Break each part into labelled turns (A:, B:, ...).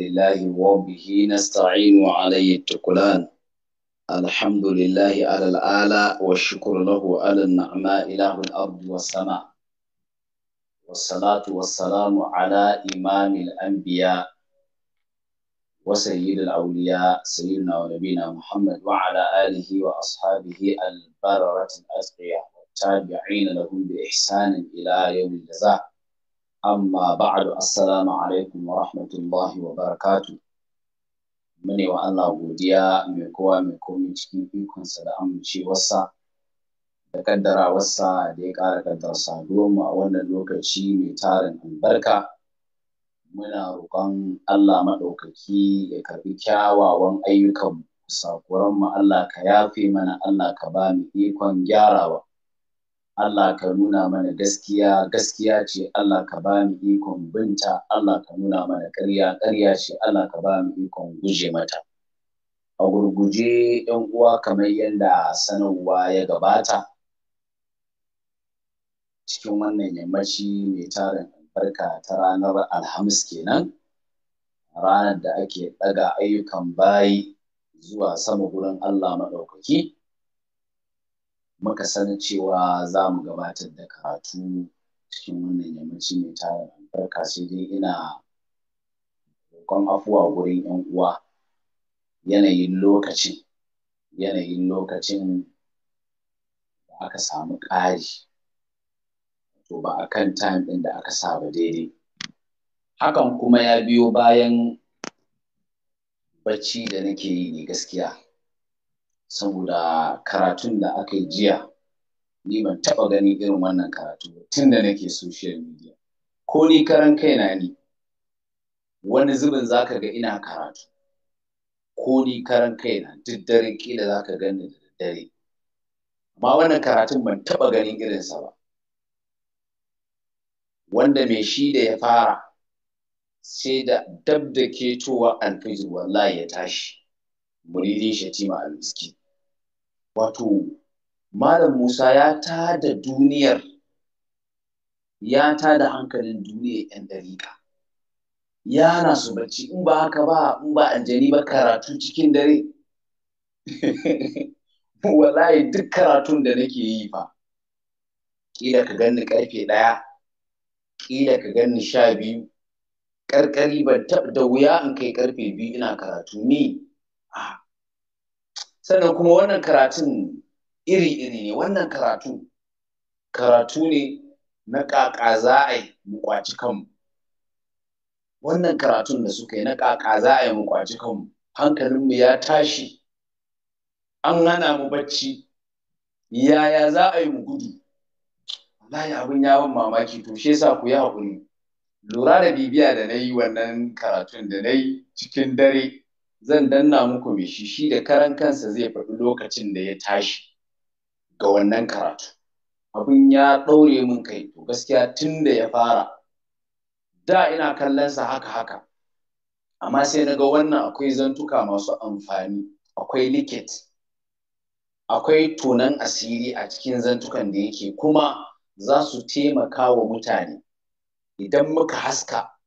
A: لله وبه نستعين عليه التكلان الحمد لله على الآلاء والشكر له على النعماء إله الأرض والسماء والصلاة والسلام على إمام الأنبياء وسيد الأولياء سيدنا ونبينا محمد وعلى آله وأصحابه البررة الأتقياء والتابعين لهم بإحسان إلى يوم الجزاء amma ba'adu assalamu alaikum wa rahmatullahi wa barakatu mune wa Allah godiya mai kowa mai komi cikin ikonsa da amincewarsa da wasa da ya ƙara kaddar saduwarmu a wannan lokaci mai tarin albarka muna roƙon Allah maɗaukaki ya karɓi kyawawan ayyukanmu sakuranmu Allah ka yafe mana Allah ka ba mu ikon gyarawa Allah ka nuna mana gaskiya gaskiya ce Allah ka ba mu ikon binta Allah ka nuna mana ƙarya ƙarya ce Allah ka ba mu ikon guje mata a gurguje yan uwa kamar yadda sanarwa ya gabata cikin wannan yammaci mai tarin albarka ta ranar alhamis kenan ranar da ake ɗaga ayyukan bayi zuwa sama gurin Allah maɗaukaki muka san cewa za mu gabatar da karatu cikin wannan yammaci mai tara albarka sai dai ina roƙon afuwa gurin yan uwa yanayin lokacin yanayin lokacin da aka samu ƙari to ba a kan time ɗin da aka saba daidai hakan kuma ya biyo bayan bacci da nake yi ne gaskiya saboda karatun da aka yi jiya ni ban taɓa ganin irin wannan karatu tun da nake social media ko ni karan kaina ne wani zubin za ka ga ina karatu ko ni karan kaina duk dare kila ka gani da daddare amma wannan karatun ban taɓa ganin irinsa ba wanda mai shi da ya fara sai da dab da ketowa alfijir wallahi ya tashi muridin shatima al-miskin wato malam musa ya tada duniyar ya da hankalin duniyar yan dariƙa ya na su bacci in ba haka ba in ba anjani ba karatu cikin dare wallahi duk karatun da nake yi ba kila ka ganni karfe ɗaya kila ka ganni sha biyu karkari ban taɓa da wuya in kai karfe biyu ina karatu ni a sannan kuma wannan karatun iri-iri ne wannan karatu karatu ne na ƙaƙa za a yi mu kanmu wannan karatun da suka yi na ƙaƙa za a yi mu kanmu hankalinmu ya tashi an hana mu bacci yaya za a yi mu gudu wallahi abin ya ban mamaki to shi yasa ku yi haƙuri lura da bibiya da na yi wannan karatun da na yi cikin dare zan danna muku mai shi shi da karan kansa zai faɗi lokacin da ya tashi ga wannan karatu abin ya ɗaure min kai to gaskiya tun da ya fara da ina kallonsa haka haka amma sai na ga wannan akwai zantuka masu amfani akwai liket akwai tunan asiri a cikin zantukan da yake kuma za su taimaka wa mutane idan muka haska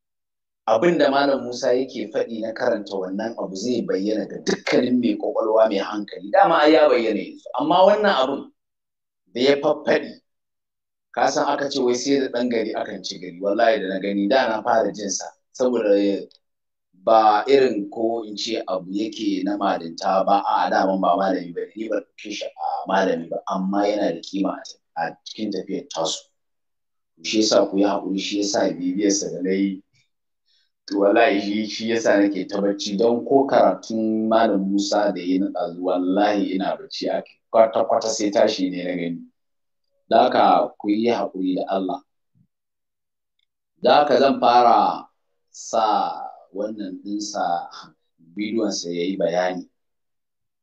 A: abin da malam Musa yake faɗi na karanta wannan abu zai bayyana ga dukkanin mai kwakwalwa mai hankali dama ya bayyana yanzu amma wannan abun da ya faffaɗi ka san aka ce wai sai da ɗan gari akan ci gari wallahi da na gani da na fara jinsa saboda ba irin ko in ce abu yake na malinta ba a daman ba malami ba ni ba shi a malami ba amma yana da kima a cikin tafiyar tasu shi yasa ku yi haƙuri shi yasa bibiyarsa da na wallahi shi yasa nake ta bacci don ko karatun malam Musa da yi na ɗazu wallahi ina bacci a kwata kwata sai tashi ne na gani da ka, ku yi haƙuri da Allah da ka zan fara sa wannan ɗinsa bidiyonsa ya yi bayani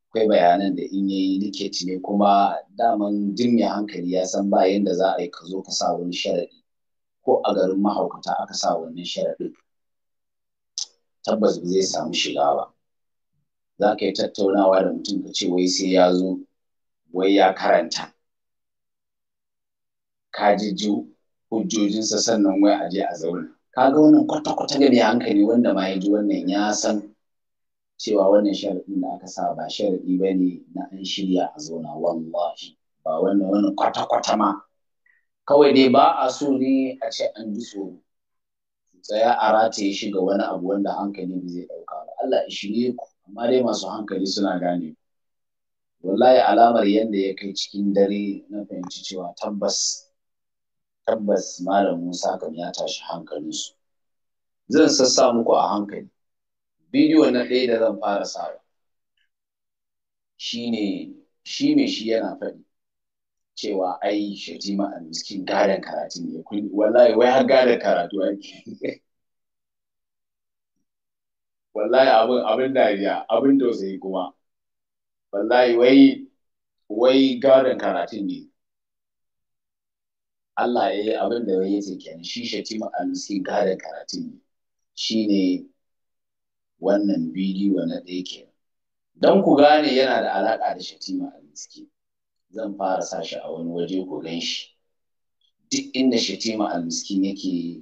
A: akwai bayanan da in yayi liketi ne kuma daman jinya hankali ya san ba yanda za a yi ka zo ka sa wani sharaɗi ko a garin mahaukata aka sa wannan sharaɗin tabbas ba zai samu shiga ba za ka yi tattaunawa da mutum ka ce wai sai ya zo wai ya karanta ka jijju hujjojinsa sannan wai a je a zauna ka ga wannan kwata-kwata ga mai hankali wanda ma ya ji wannan ya san cewa wannan sharaɗin da aka sa ba sharaɗi ba ne na an shirya a zauna wallahi ba wannan wannan kwata-kwata ma kawai dai ba a so ne a ce an ji tsoro tsaya a rataye shi ga wani abu wanda hankali ba zai ɗauka ba Allah shirye ku amma dai masu hankali suna gane wallahi alamar yadda ya kai cikin dare na fahimci cewa tabbas tabbas malam Musa kam ya tashi hankalinsu zan sassa muku a hankali bidiyo na ɗaya da zan fara sawa ne, shi mai shi yana faɗi cewa ai shatima a miskin gadon karatu ne kun wallahi wai har gadon karatu ake wallahi abin abin dariya abin tausayi kuma wallahi wai wai gadon karatu ne Allah ya eh, yi abin da ya ce kenan shi shatima a miskin gadon karatu ne shine wannan bidiyo na ɗaya kenan don ku gane yana da alaƙa da shatima a miskin zan fara sa shi a wani waje ku gan shi duk inda shatima almiskin yake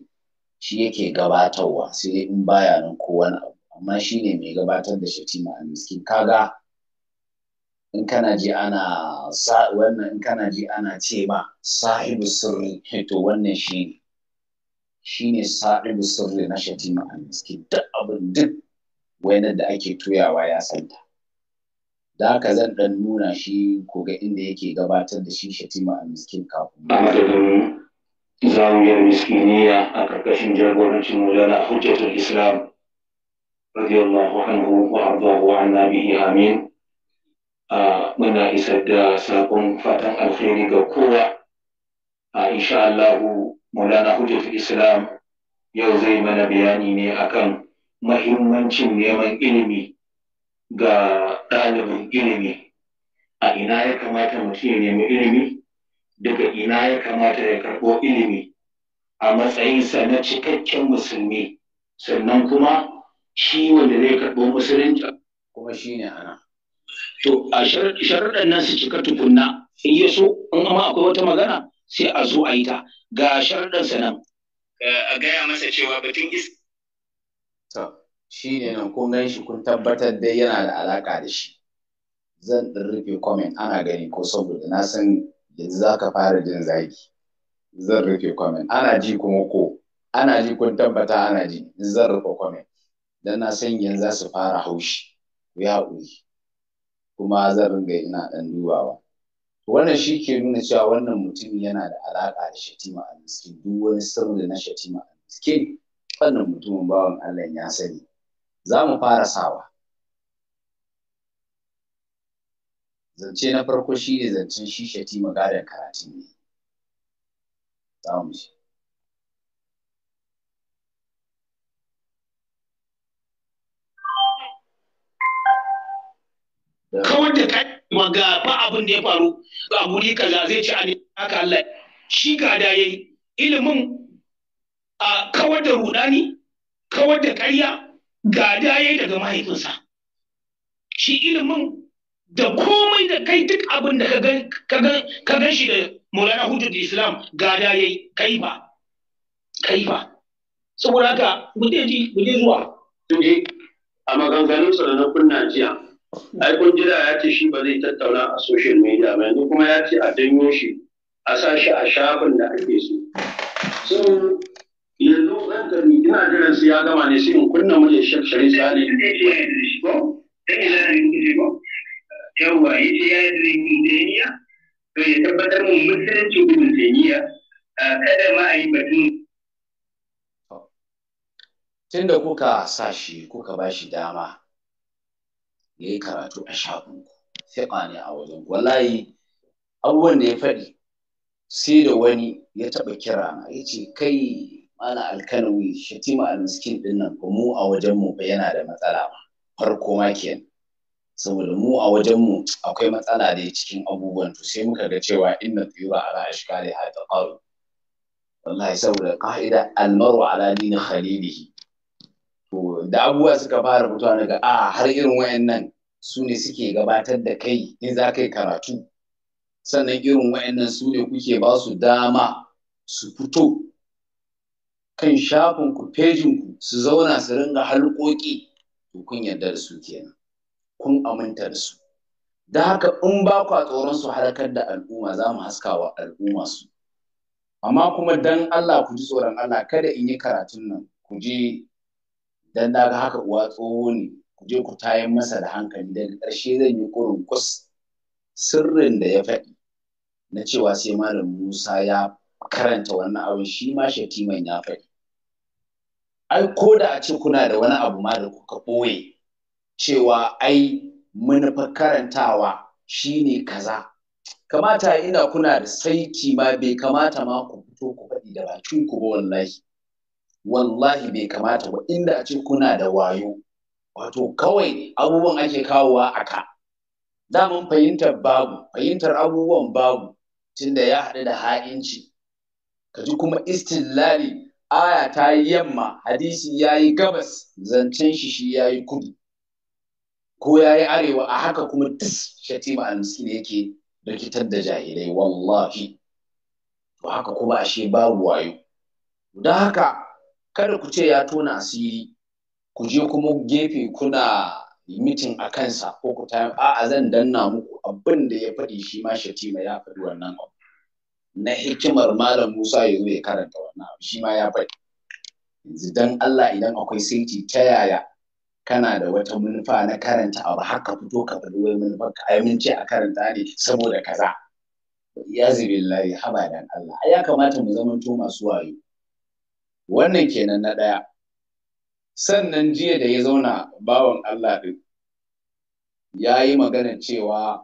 A: shi yake gabatarwa sai dai in baya nan ko wani abu amma shi ne mai gabatar da shatima almiskin kaga in kana ji ana sa wannan in kana ji ana ce ma sahibu sirri to wannan shi ne shi ne sahibu sirri na shatima almiskin duk abin duk wainar da ake tuyawa ya santa da haka zan ɗan nuna shi ko ga inda yake gabatar da shi shatima a miskin kafin
B: a madadin zawiyar miskiniya a karkashin jagorancin mulana hujjatul islam radiyallahu anhu wa ardahu an nabihi amin muna isar da sakon fatan alheri ga kowa a insha Allah
C: mulana hujjatul islam yau zai mana bayani ne akan
D: mahimmancin neman ilimi ga ɗalibin ilimi a ina
C: ya kamata mutum ya nemi ilimi daga ina ya kamata ya karɓo ilimi a matsayinsa na cikakken musulmi sannan kuma shi wanda zai karɓo musulunci kuma shi ne ana to a sharuɗan nan su cika tukunna in ya so in amma akwai wata
A: magana sai a zo a yi ta ga sharuɗansa nan a gaya masa cewa batun iska. shi ne nan kun gan shi kun tabbatar dai yana da alaƙa da shi zan ɗin rufe comment ana gani ko saboda na san yanzu za ka fara jin zagi zan rufe comment ana ji kuma ko ana ji kun tabbata ana ji zan rufe comment dan na san yanzu za su fara haushi ku ya haƙuri kuma zan ringa ina ɗan dubawa wannan shi ke nuna cewa wannan mutum yana da alaƙa da shatima a miskin duk wani sirri na shatima a miskin wannan mutumin bawan Allah ya sani za mu fara sawa zance na farko shi ne zancen shi shati magadan karatun ne za mu shi
C: kawar da kai ga ba abin da ya faru ga guri kaza zai ci an haka Allah shi ga da yayi ilimin a kawar da rudani kawar da ƙarya gada ya daga mahaifinsa shi ilimin da komai da kai duk abin da ka gan shi da Maulana Hujjar Islam gada ya yi kai ba kai ba saboda haka guje ji guje zuwa a maganganun sa na kunna jiya ai kun jira ya ce shi ba zai tattauna a social media ba yanzu kuma ya ce a danyo shi a sa shi a shafin da ake so sun yanzu zan tafi ina jiran sai ya gama ne sai in kunna mune shakshari sale ko yawa yace ya yi ne teniya to ya tabbatar mun musulunci gudun teniya kada ma a yi
A: batun tunda kuka sa shi kuka ba shi dama ya yi karatu a shafinku fiƙa ne a wajen wallahi abubuwan da ya faɗi sai da wani ya taɓa kira na ya ce kai mana alkanawi a miskin din nan mu a wajen mu ba yana da matsala ba, farko ma kenan saboda mu a wajen mu akwai matsala da cikin abubuwan to sai muka ga cewa inna tuyura ala ashkali ha taqaru wallahi saboda qa'ida almaru ala dini khalilihi to da abubuwa suka fara fitowa daga a har irin wayannan su ne suke gabatar da kai in za ka yi karatu sannan irin wayannan su ne kuke ba su dama su fito kan shafin ku fejin ku su zauna su ringa halƙoƙi to kun yarda da su kenan kun aminta da su da haka in ba ku a tsoron su harkar da al'umma za mu haska wa al'umma su amma kuma dan Allah ku ji tsoron Allah kada in yi karatun nan ku je dan daga haka uwa tsoho ne ku je ku tayi masa da hankali daga ƙarshe zan yi kurin kus sirrin da ya faɗi na cewa sai malam Musa ya karanta wannan abin shi ma shatiman ya faɗi ai ko da a ce kuna da wani abu ma da kuka ɓoye cewa ai manufa karantawa shine kaza kamata ina kuna da saiki ma bai kamata ma ku fito ku faɗi da bakin ku ba wallahi wallahi bai kamata ba inda a ce kuna da wayo wato kawai abubuwan ake kawowa aka. ka daman fahimtar babu fahimtar abubuwan babu tunda ya haɗu da ha'inci ka ji kuma istilali aya ta yi yamma hadisi ya yi gabas zancen shi shi ya yi kudu ko ya yi arewa a haka kuma tis shatima al-miskin yake rikitar da jahilai wallahi to haka kuma ashe babu wayo don haka kada ku ce ya tona asiri ku je kuma gefe kuna mitin a kansa ko ku ta a'a zan danna muku abin da ya faɗi shi ma shatima ya faɗi wannan abu na hikimar malam Musa ya zo ya karanta wannan abu shi ma ya faɗi yanzu dan Allah idan akwai saiti ta yaya kana da wata manufa na karanta abu haka fito ka faɗi wai manufar ka amince a karanta ne saboda kaza ya zibillahi haba dan Allah ya kamata mu zamanto masu wayo wannan kenan na ɗaya sannan jiya da ya zauna bawan Allah ɗin ya yi magana cewa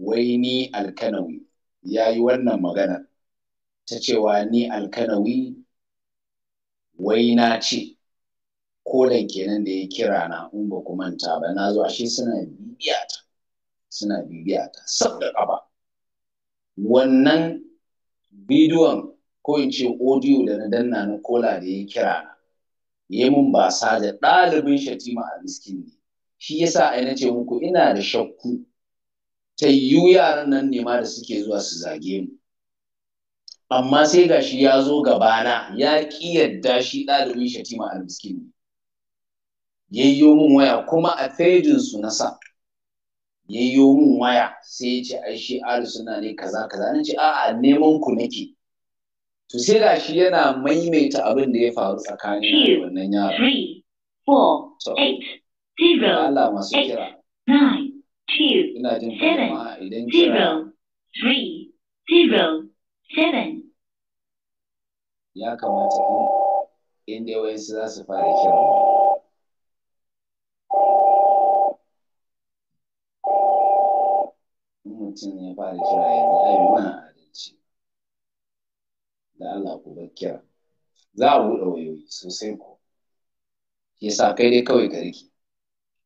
A: wai ni alkanawi ya yi wannan maganar ta cewa ni alkanawi wai na ce kolan kenan da ya kira na in ba ku manta ba na zuwa shi suna bibiya suna bibiya sab da ƙaba wannan bidiyon ko in ce audio da na danna na kola da ya kira na ya min basa da ɗalibin shatima a miskin ne shi yasa ai ce muku ina da shakku ta yiwu yaran nan ne ma da suke zuwa su zage mu amma sai gashi ya zo gabana ya ƙi yadda shi ɗalibin shatima al-miskin yayyo mun waya kuma a fejin su na sa yayyo mun waya sai ya ce ai shi ahlu suna ne kaza kaza na ce a'a neman ku nake to sai ga shi yana maimaita abin da ya faru tsakanin da wannan yaron Allah masu kira Nine, two, ina jin kuma
E: idan kira
A: ya kamata in dai wayansu za su fara kiran mu mutum ya fara kira yanzu ai mana adalci da Allah ku bar kira za a buɗe wayoyi sosai ko sa kai dai kawai ka rike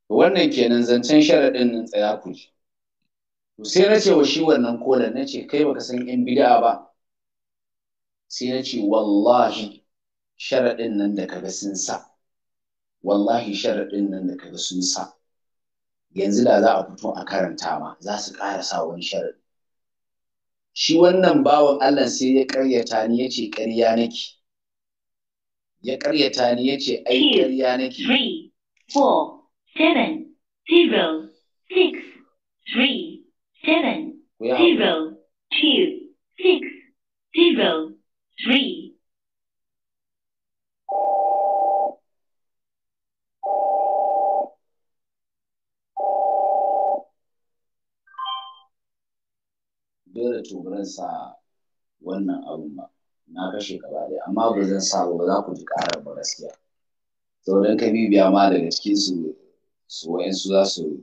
A: wannan kenan zancen sharaɗin nan tsaya ku ji sai na ce wa shi wannan kolan na ce kai baka san yan bid'a ba sai na ce wallahi sharaɗin nan da kaga sun sa wallahi sharaɗin nan da kaga sun sa yanzu da za a fito a karanta ma za su ƙara sa wani sharaɗi shi wannan bawan Allah sai ya ƙaryata ni ya ce ƙarya nake ya ƙaryata ni ya ce ai ƙarya nake three four seven zero six three
E: seven zero two six zero three.
A: Dole tuburan sa wannan abun ba, na kashe gaba ɗaya, amma ba zan sa ba za ku ji ƙarar ba gaskiya. Sauran kabibiya bibiya ma daga cikinsu su wa'insu za su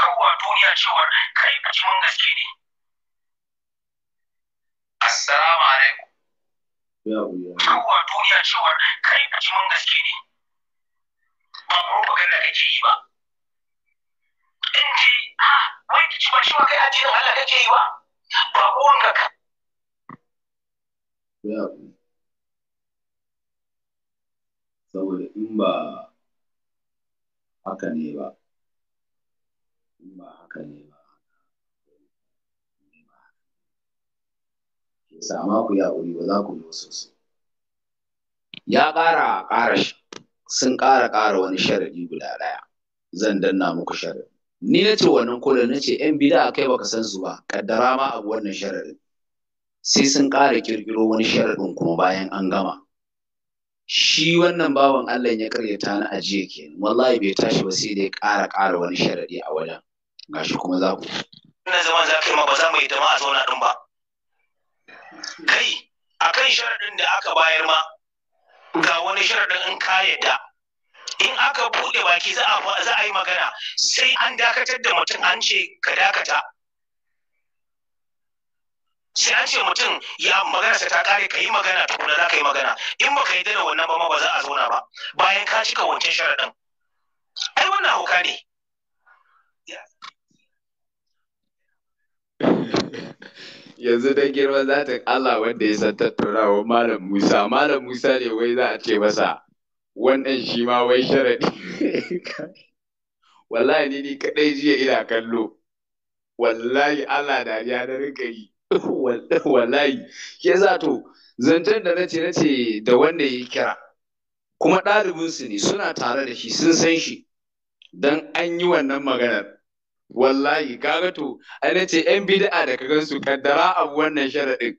E: isarwa duniya
A: cewar kai mutumin gaske ne assalamu alaikum
E: isarwa duniya cewar kai mutumin gaske ne
A: ba propaganda kake yi ba
E: in ji ha wai ki ci ba shi ma kai addinin Allah kake yi ba ba uwanka ka saboda in ba haka ne ba
A: sama ku ya uri ba za ku zo sosai ya ƙara ƙara sun ƙara ƙara wani sharaɗi guda ɗaya zan danna muku sharaɗi ni na ce wannan kullum na ce yan bida kai baka san su ba kaddara ma abu wannan sharaɗin sai sun ƙara ƙirƙiro wani sharaɗin kuma bayan an gama shi wannan bawan Allah ya karyata na ajiye kenan wallahi bai tashi ba sai dai ƙara ƙara wani sharaɗi a wajen gashi kuma za ku wannan zaman za ka yi ma ba za mu yi jama'a zauna ɗin ba
C: kai a kan sharaɗin da aka bayar ma ga wani sharaɗin in ka yadda in aka buɗe baki za a yi magana sai an dakatar da mutum an ce ka dakata sai an ce mutum ya maganarsa ta kare ka yi magana tukuna za ka yi magana in baka yi da wannan ba ma ba za a zauna ba bayan ka cika wancan sharaɗin ai wannan hauka ne
A: yanzu dan girman ta Allah wanda ya san tattaunawa Malam Musa, Malam Musa ne wai za a ce masa wannan shi ma wai sharaɗi. Wallahi ni ni kaɗai jiya ina kallo. Wallahi Allah dariya na rinka yi. Wallahi. Ke za to, zancen da nace nace da wanda ya kira. Kuma ɗalibinsu ne suna tare da shi sun san shi. Don an yi wannan maganar. wallahi kaga to ai ce yan bid'a da ka su? kaddara abu wannan sharaɗin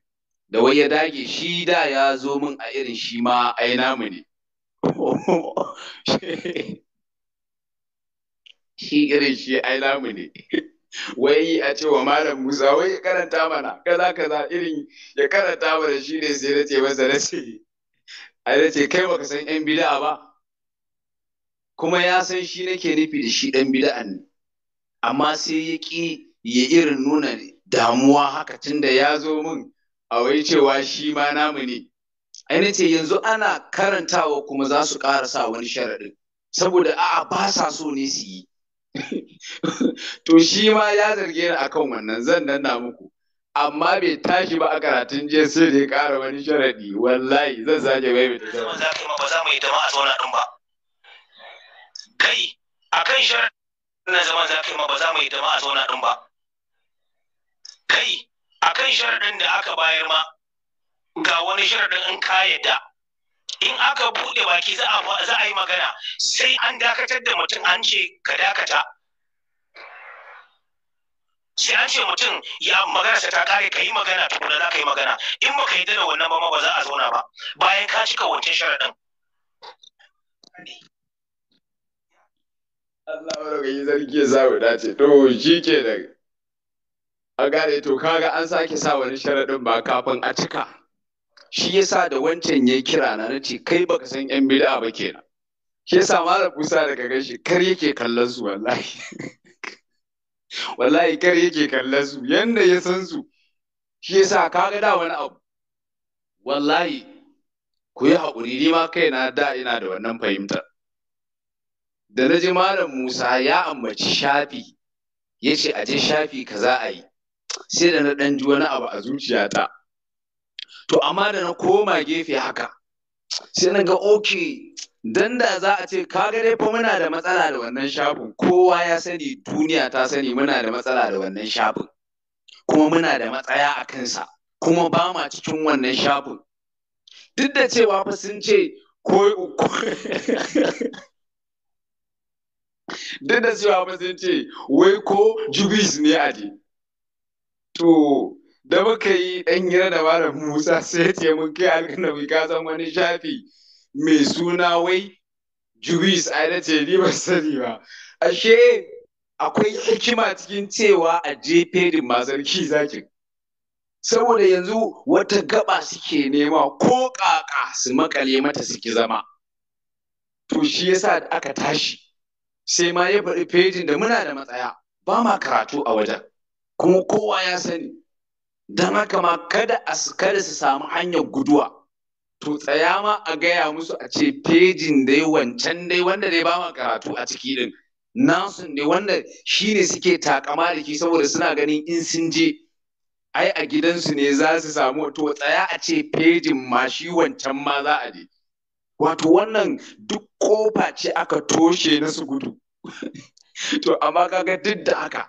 A: da wai ya dage shi da ya zo min a irin shi ma aina namu ne shi irin shi ai
D: namu ne wai a ce wa malam Musa wai ya
A: karanta mana kaza kaza irin ya karanta mana shi ne sai na ce masa na
D: ce a na ce kai baka san yan
A: bid'a ba kuma ya san shi nake nufi da shi dan bida ne amma sai ya ƙi ya irin nuna damuwa haka tun da ya zo min a wai cewa shi ma namu ne ainihin ce yanzu ana karantawa kuma za su ƙara sa wani sharaɗin saboda a'a ba sa so ne su yi to shi ma ya zarge ni akan wannan zan danna muku amma bai tashi ba a karatun jiya sai da ya ƙara wani sharaɗi wallahi zan sake bai bai ba
C: za mu yi ta ma a ɗin ba kai A kan sharaɗi wannan zaman za ka yi ma ba za mu yi ta a zauna ɗin ba kai a kan sharaɗin da aka bayar ma ga wani sharaɗin in ka yadda in aka buɗe baki za a yi magana sai an dakatar da mutum an ce ka dakata sai an ce mutum ya maganarsa ta kare ka yi magana tukuna za ka yi magana in ba ka yi da wannan ba ma ba za a zauna ba bayan ka cika wancan sharaɗin
D: Allah madaukakin sarki ya samu
A: dace to shi ke da an gane to kaga an sake sa wani sharaɗin ba kafin a cika shi yasa da wancan ya kira na na ce, kai baka san yan bid'a ba kenan shi yasa mara kusa daga gashi kar yake kallon su wallahi wallahi kar yake kallon su yanda ya san su shi yasa kaga da wani abu wallahi ku yi haƙuri ni ma kaina da ina da wannan fahimtar da na ji malam Musa ya ambaci shafi ya ce a je shafi ka za a yi sai da na ɗan ji wani abu a zuciyata to amma da na koma gefe haka sai na ga oke dan da za a ce kaga dai fa muna da matsala da wannan shafin kowa ya sani duniya ta sani muna da matsala da wannan shafin kuma muna da matsaya a kansa kuma ba ma cikin wannan shafin duk da cewa fa sun ce ko
D: duk da cewa ba sun ce wai ko jubis ne a je to da muka yi ɗan hira da malam musa sai ce mun kai da ka san wani shafi mai suna
A: wai jubis a da ce ni ba sani ba ashe akwai hikima cikin cewa a jefe da mazarki zaki. saboda yanzu wata gaba suke nema ko ƙaƙa su makale mata suke zama to shi yasa aka tashi sai ma ya bari fejin da muna da matsaya ba ma karatu a wajen kuma kowa ya sani don haka ma kada a su samu hanyar guduwa to tsaya ma a gaya musu a ce fejin dai wancan dai wanda dai ba ma karatu a ciki din nasu ne wanda shi ne suke takama da ki saboda suna ganin in sun je ai a gidansu ne za su samu to tsaya a ce fejin ma shi wancan ma za a je wato wannan duk kofa ce aka toshe na su gudu to amma kaga duk da haka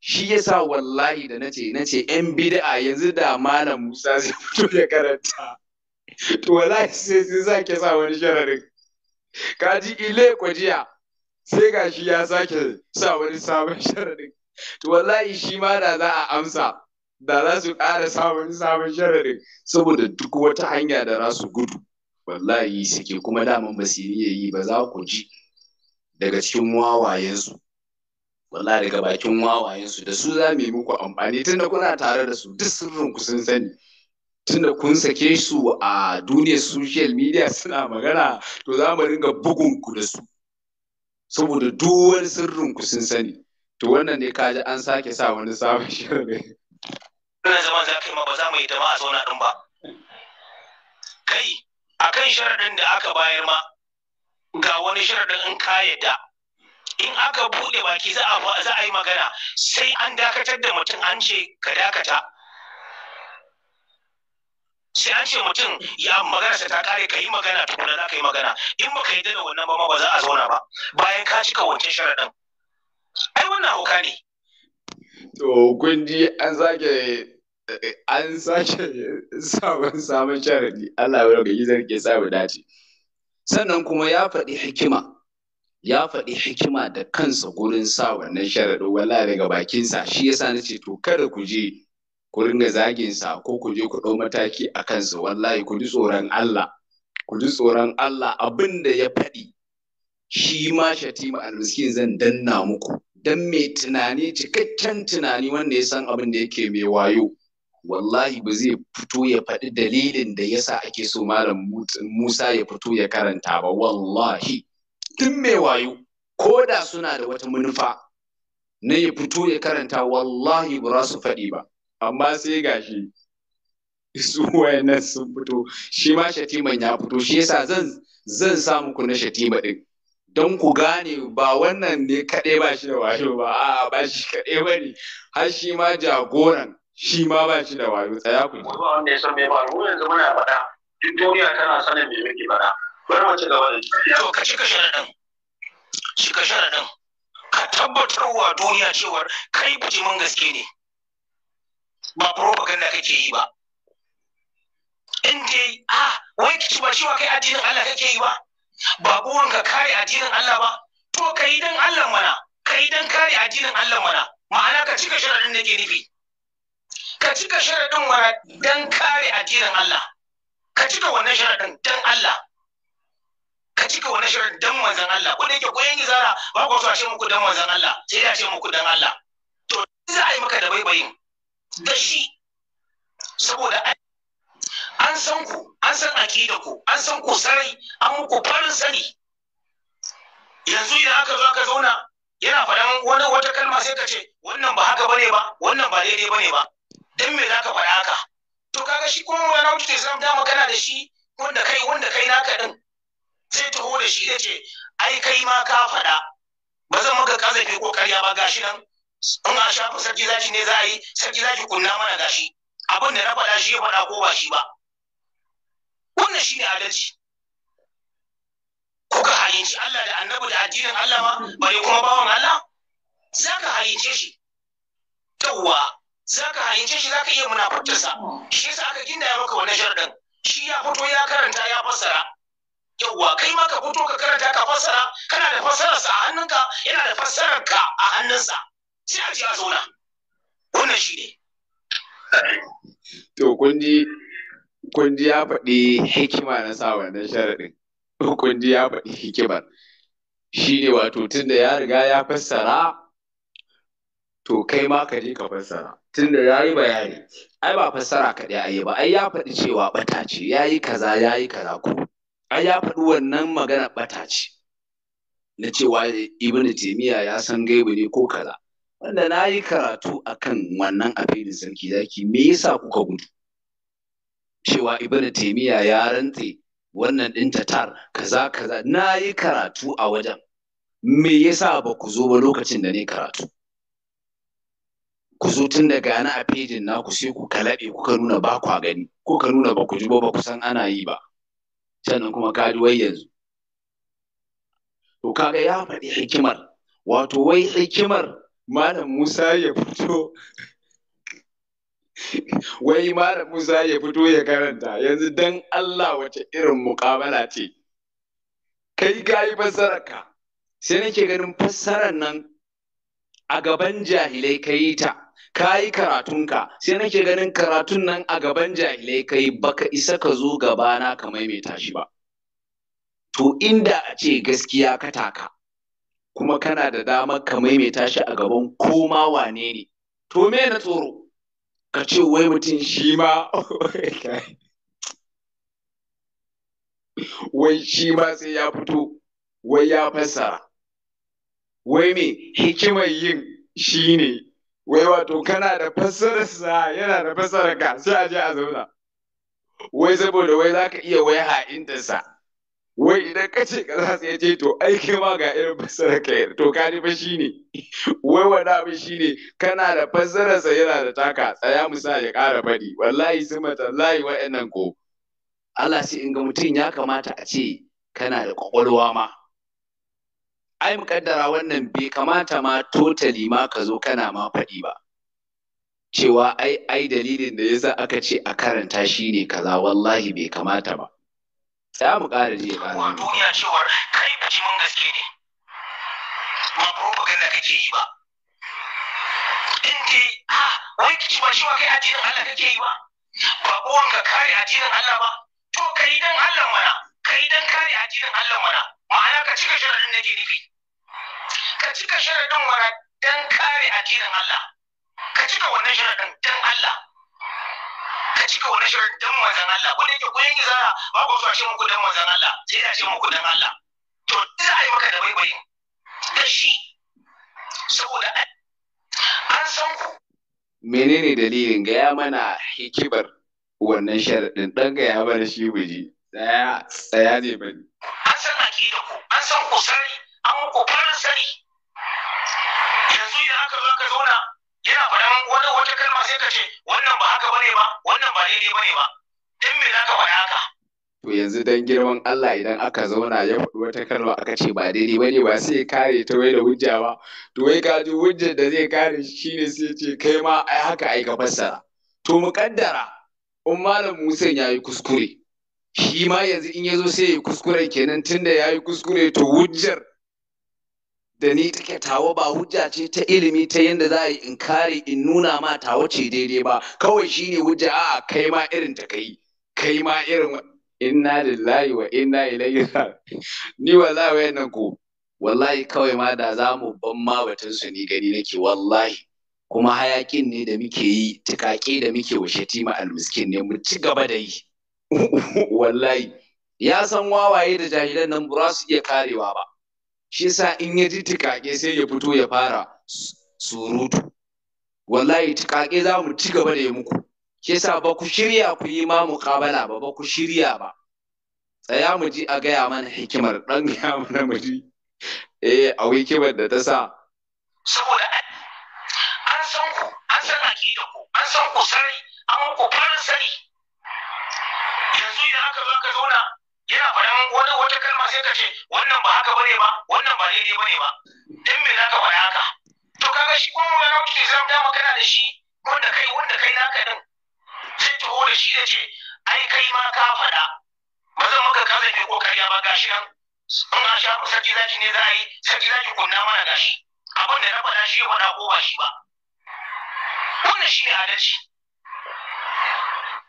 A: shi ya sa wallahi da nace nace yan bid'a yanzu da
D: malam Musa zai fito ya karanta to wallahi sai sai ke sa wani shararin kaji ile kwajiya sai gashi ya sake sa wani
A: sabon shararin to wallahi shi ma da za a amsa da za su ƙara sabon sabon shararin saboda duk wata hanya da za su gudu wallahi suke kuma daman ba su iya yi ba za ku ji daga cikin wawayensu wallahi daga bakin wawayensu da su za mu yi muku amfani tunda kuna tare da su duk sirrin ku sun sani tunda kun sake su a duniyar social media suna magana to za mu ringa bugun ku da su saboda duwar sirrin ku sun sani to wannan ne kaji an sake sa wani sabon shirin wannan zaman za ma ba za
C: mu yi ta ma a zauna din ba
A: kai A kan sharaɗin da aka bayar
C: ma ga wani sharaɗin in ka yadda in aka buɗe baki za a yi magana sai an dakatar da mutum an ce ka dakata sai an ce mutum ya maganarsa ta kare ka yi magana tukuna za ka yi magana in ba ka
D: yi dana wannan ba ba za a zauna ba bayan ka cika wancan sharaɗin ai wannan hauka ne to kun ji an zage an
A: sake sabon samun sharadi Allah ya roƙa yi zarge samu dace sannan kuma ya faɗi hikima ya faɗi hikima da kansa gurin sa wannan sharadin wala daga bakinsa shi yasa na ce to kada ku je ku ringa zagin sa ko ku je ku ɗau mataki a kansa wallahi ku ji tsoron Allah ku ji tsoron Allah abin da ya faɗi shi ma shatima almiskin zan danna muku dan mai tunani cikakken tunani wanda ya san abin da yake mai wayo wallahi ba zai fito ya faɗi dalilin da yasa ake so malam Musa ya fito ya karanta ba wallahi tun mai wayo ko da suna da wata manufa na ya fito ya karanta wallahi ba su faɗi ba amma sai gashi su wayannan sun fito shi ma shatiman ya fito shi yasa zan zan sa muku na shatima din don ku gane ba wannan ne kaɗai ba shi da wayo ba a'a ba shi kaɗai ba ne har shi ma jagoran shi ma ba shi da wayo tsaya ku ne.
C: Ba wanda ya san me ba mu yanzu muna faɗa duk duniya tana sanin me muke faɗa. Bari mu ci gaba da yau ka ka sharaɗin. Cika sharaɗin. Ka tabbatar wa duniya cewar kai bijimin gaske ne. Ba propaganda kake yi ba. In dai a wai ki ba shi wa kai addinin Allah kake yi ba. Ba buwanka kare addinin Allah ba. To ka yi don Allah mana. Ka yi don kare addinin Allah mana. Ma'ana ka ka sharaɗin da ke nufi. ka cika sharaɗin mana don kare addinin Allah ka cika wannan sharaɗin don Allah ka cika wannan sharaɗin don manzan Allah ko da yake koyan zara ba ku so a ce muku don manzan Allah sai ya ce muku don Allah to za a yi maka da baibayin da shi saboda an san ku an san da ku an san ku sarai an muku farin sani yanzu idan aka zo aka zauna yana faɗan wani wata kalma sai ka ce wannan ba haka bane ba wannan ba daidai bane ba dan me zaka faɗa haka to kaga shi kuma wani wuce ta islam dama kana da shi wanda kai wanda kai naka din sai taho da shi ya ce ai kai ma ka faɗa ba zan maka kazafi ko karya ba gashi nan in a shafa sarki zaki ne za a yi sarki zaki kunna mana gashi abin da na faɗa shi ya faɗa ko ba shi ba wannan shi ne adalci kuka halinci Allah da annabi da addinin Allah ma bai kuma bawan Allah za ka halince shi yawwa za ka hayince shi za ka iya munafurtarsa shi yasa aka gindaya maka wannan sharɗin shi ya fito ya karanta ya fassara yauwa kai ma ka fito ka karanta ka fassara kana da sa a hannunka yana da ka a hannunsa
A: sai a ce a zauna wannan shi ne to kunji kunji ya faɗi hikima na sa wannan sharaɗin kunji ya faɗi hikimar shi ne wato tun da ya riga ya fassara to kai ma ka je ka fassara tunda ya yi bayani ai ba fassara kaɗai ɗaya ayi ba ai ya faɗi cewa ɓata ce ya yi kaza ya yi kaza ko ai ya faɗi wannan magana ɓata ce na cewa Ibn taimiya ya san gaibu ne ko kaza wanda na yi karatu akan wannan abin sarki zaki me yasa kuka gudu cewa Ibn taimiya ya rantse wannan ɗin tatar kaza kaza na yi karatu a wajen me yasa ba ku zo ba lokacin da ne karatu ku zo tun daga na a fejin naku sai ku kalaɓe kuka nuna ba ku gani ko ka nuna ba ku ji ba ba ku san ana yi ba sannan kuma ka ji wai yanzu to kaga ya faɗi hikimar wato wai hikimar malam Musa ya fito wai malam Musa ya fito ya karanta yanzu dan Allah wace irin muƙamala ce kai gayi fassararka sai nake ganin fassarar nan a gaban jahilai ka yi ta ka yi karatunka sai nake ganin karatun nan a gaban jahilai kai baka isa ka zo gabana ka maimaita shi ba to inda a ce gaskiya ka taka kuma kana da damar ka maimaita shi a gaban koma wane ne to me na tsoro ka ce wai mutum shi ma wai shi ma sai ya fito wai ya fassara wai me hikimar yin
D: shi ne
A: wai wato kana da fassararsa yana da fassararka, ka sai a je a zauna wai saboda wai zaka iya wai ha'intarsa wai idan ka ce ka sai ya ce to aiki ma ga irin fassarar ka to ka fa shine wai wani abin shine kana da fassararsa yana da taka tsaya musa ya ƙara faɗi wallahi mata wallahi wa'annan ko Allah sai in ga mutum ya kamata a ce kana da kwakwalwa ma ai muƙaddara wannan bai kamata ma totally ma ka zo kana ma faɗi ba cewa ai ai dalilin da yasa aka ce a karanta shi ne kaza wallahi bai kamata ba sai mu ƙara je ba na duniya cewar kai bici mun gaske ne ba propaganda kake yi ba
C: in dai ha wai kici ba shi wa kai addinin Allah kake yi ba ba kowan ka kare addinin Allah ba to kai dan Allah mana kai dan kare addinin Allah mana ma'ana ka cika sharadin da ke nufi ka cika sharadin mara dan kare addinin Allah ka cika wannan sharadin dan Allah ka cika wannan sharadin dan manzon Allah wanda yake kun yi zara ba ku so a ce muku dan manzon Allah sai ya ce muku dan
A: Allah to za a yi maka da baibayin da shi saboda an san ku menene dalilin gaya mana hikibar wannan sharadin dan gaya mana shi buji tsaya tsaya ne bane an san akida ku an san ku sani an kokarin sani
C: yanzu idan aka zo aka zauna yana faɗan wani wata kalma sai ka ce wannan ba haka
A: bane ba wannan ba daidai bane ba dan me zaka faɗa haka to yanzu dan girman Allah idan aka zauna ya faɗi wata kalma aka ce ba daidai bane ba sai kare ta wai da hujja ba to wai ka ji hujjar da zai kare shi ne sai ce kai ma ai haka ai ka fassara to muƙaddara! kaddara in malam Musa ya yi kuskure shi ma yanzu in ya zo sai ya yi kuskure kenan tunda ya yi kuskure to hujjar da ni take tawo ba hujja ce ta ilimi ta yadda za a yi in kare in nuna ma tawo ce daidai ba kawai shine hujja a kai ma irin ta kai kai ma irin inna lillahi wa inna ilaihi ni wallahi wayannan ko wallahi kawai ma da za mu ban ma batun su ni gani nake wallahi kuma hayakin ne da muke yi tikake da muke wa shatima almiskin ne mu ci gaba da yi wallahi ya san wawaye da jahilan nan ba su iya karewa ba shi yasa in ya ji tikake sai ya fito ya fara surutu wallahi tikake za mu ci gaba da yi muku shi yasa ba ku shirya ku yi ma muqabala ba ba ku shirya ba tsaya mu ji a gaya mana hikimar dan gaya mana mu ji eh a hikimar da ta sa saboda
C: an san ku an san akida ku an san ku sani an ku fara sani yanzu idan aka zo ka zauna yana faɗin wani wata kalma sai ka ce wannan ba haka bane ba wannan ba daidai bane ba dan me zaka faɗa haka to kaga shi kuma wani mutum islam da magana da shi wanda kai wanda kai naka din sai ta hore shi yace ai kai ma ka faɗa ba zan maka kaza ne karya ba gashi nan in an sha sarki zaki ne za a yi sarki zaki kunna mana gashi abin da na faɗa shi ya faɗa ko ba shi ba wannan shi ne adalci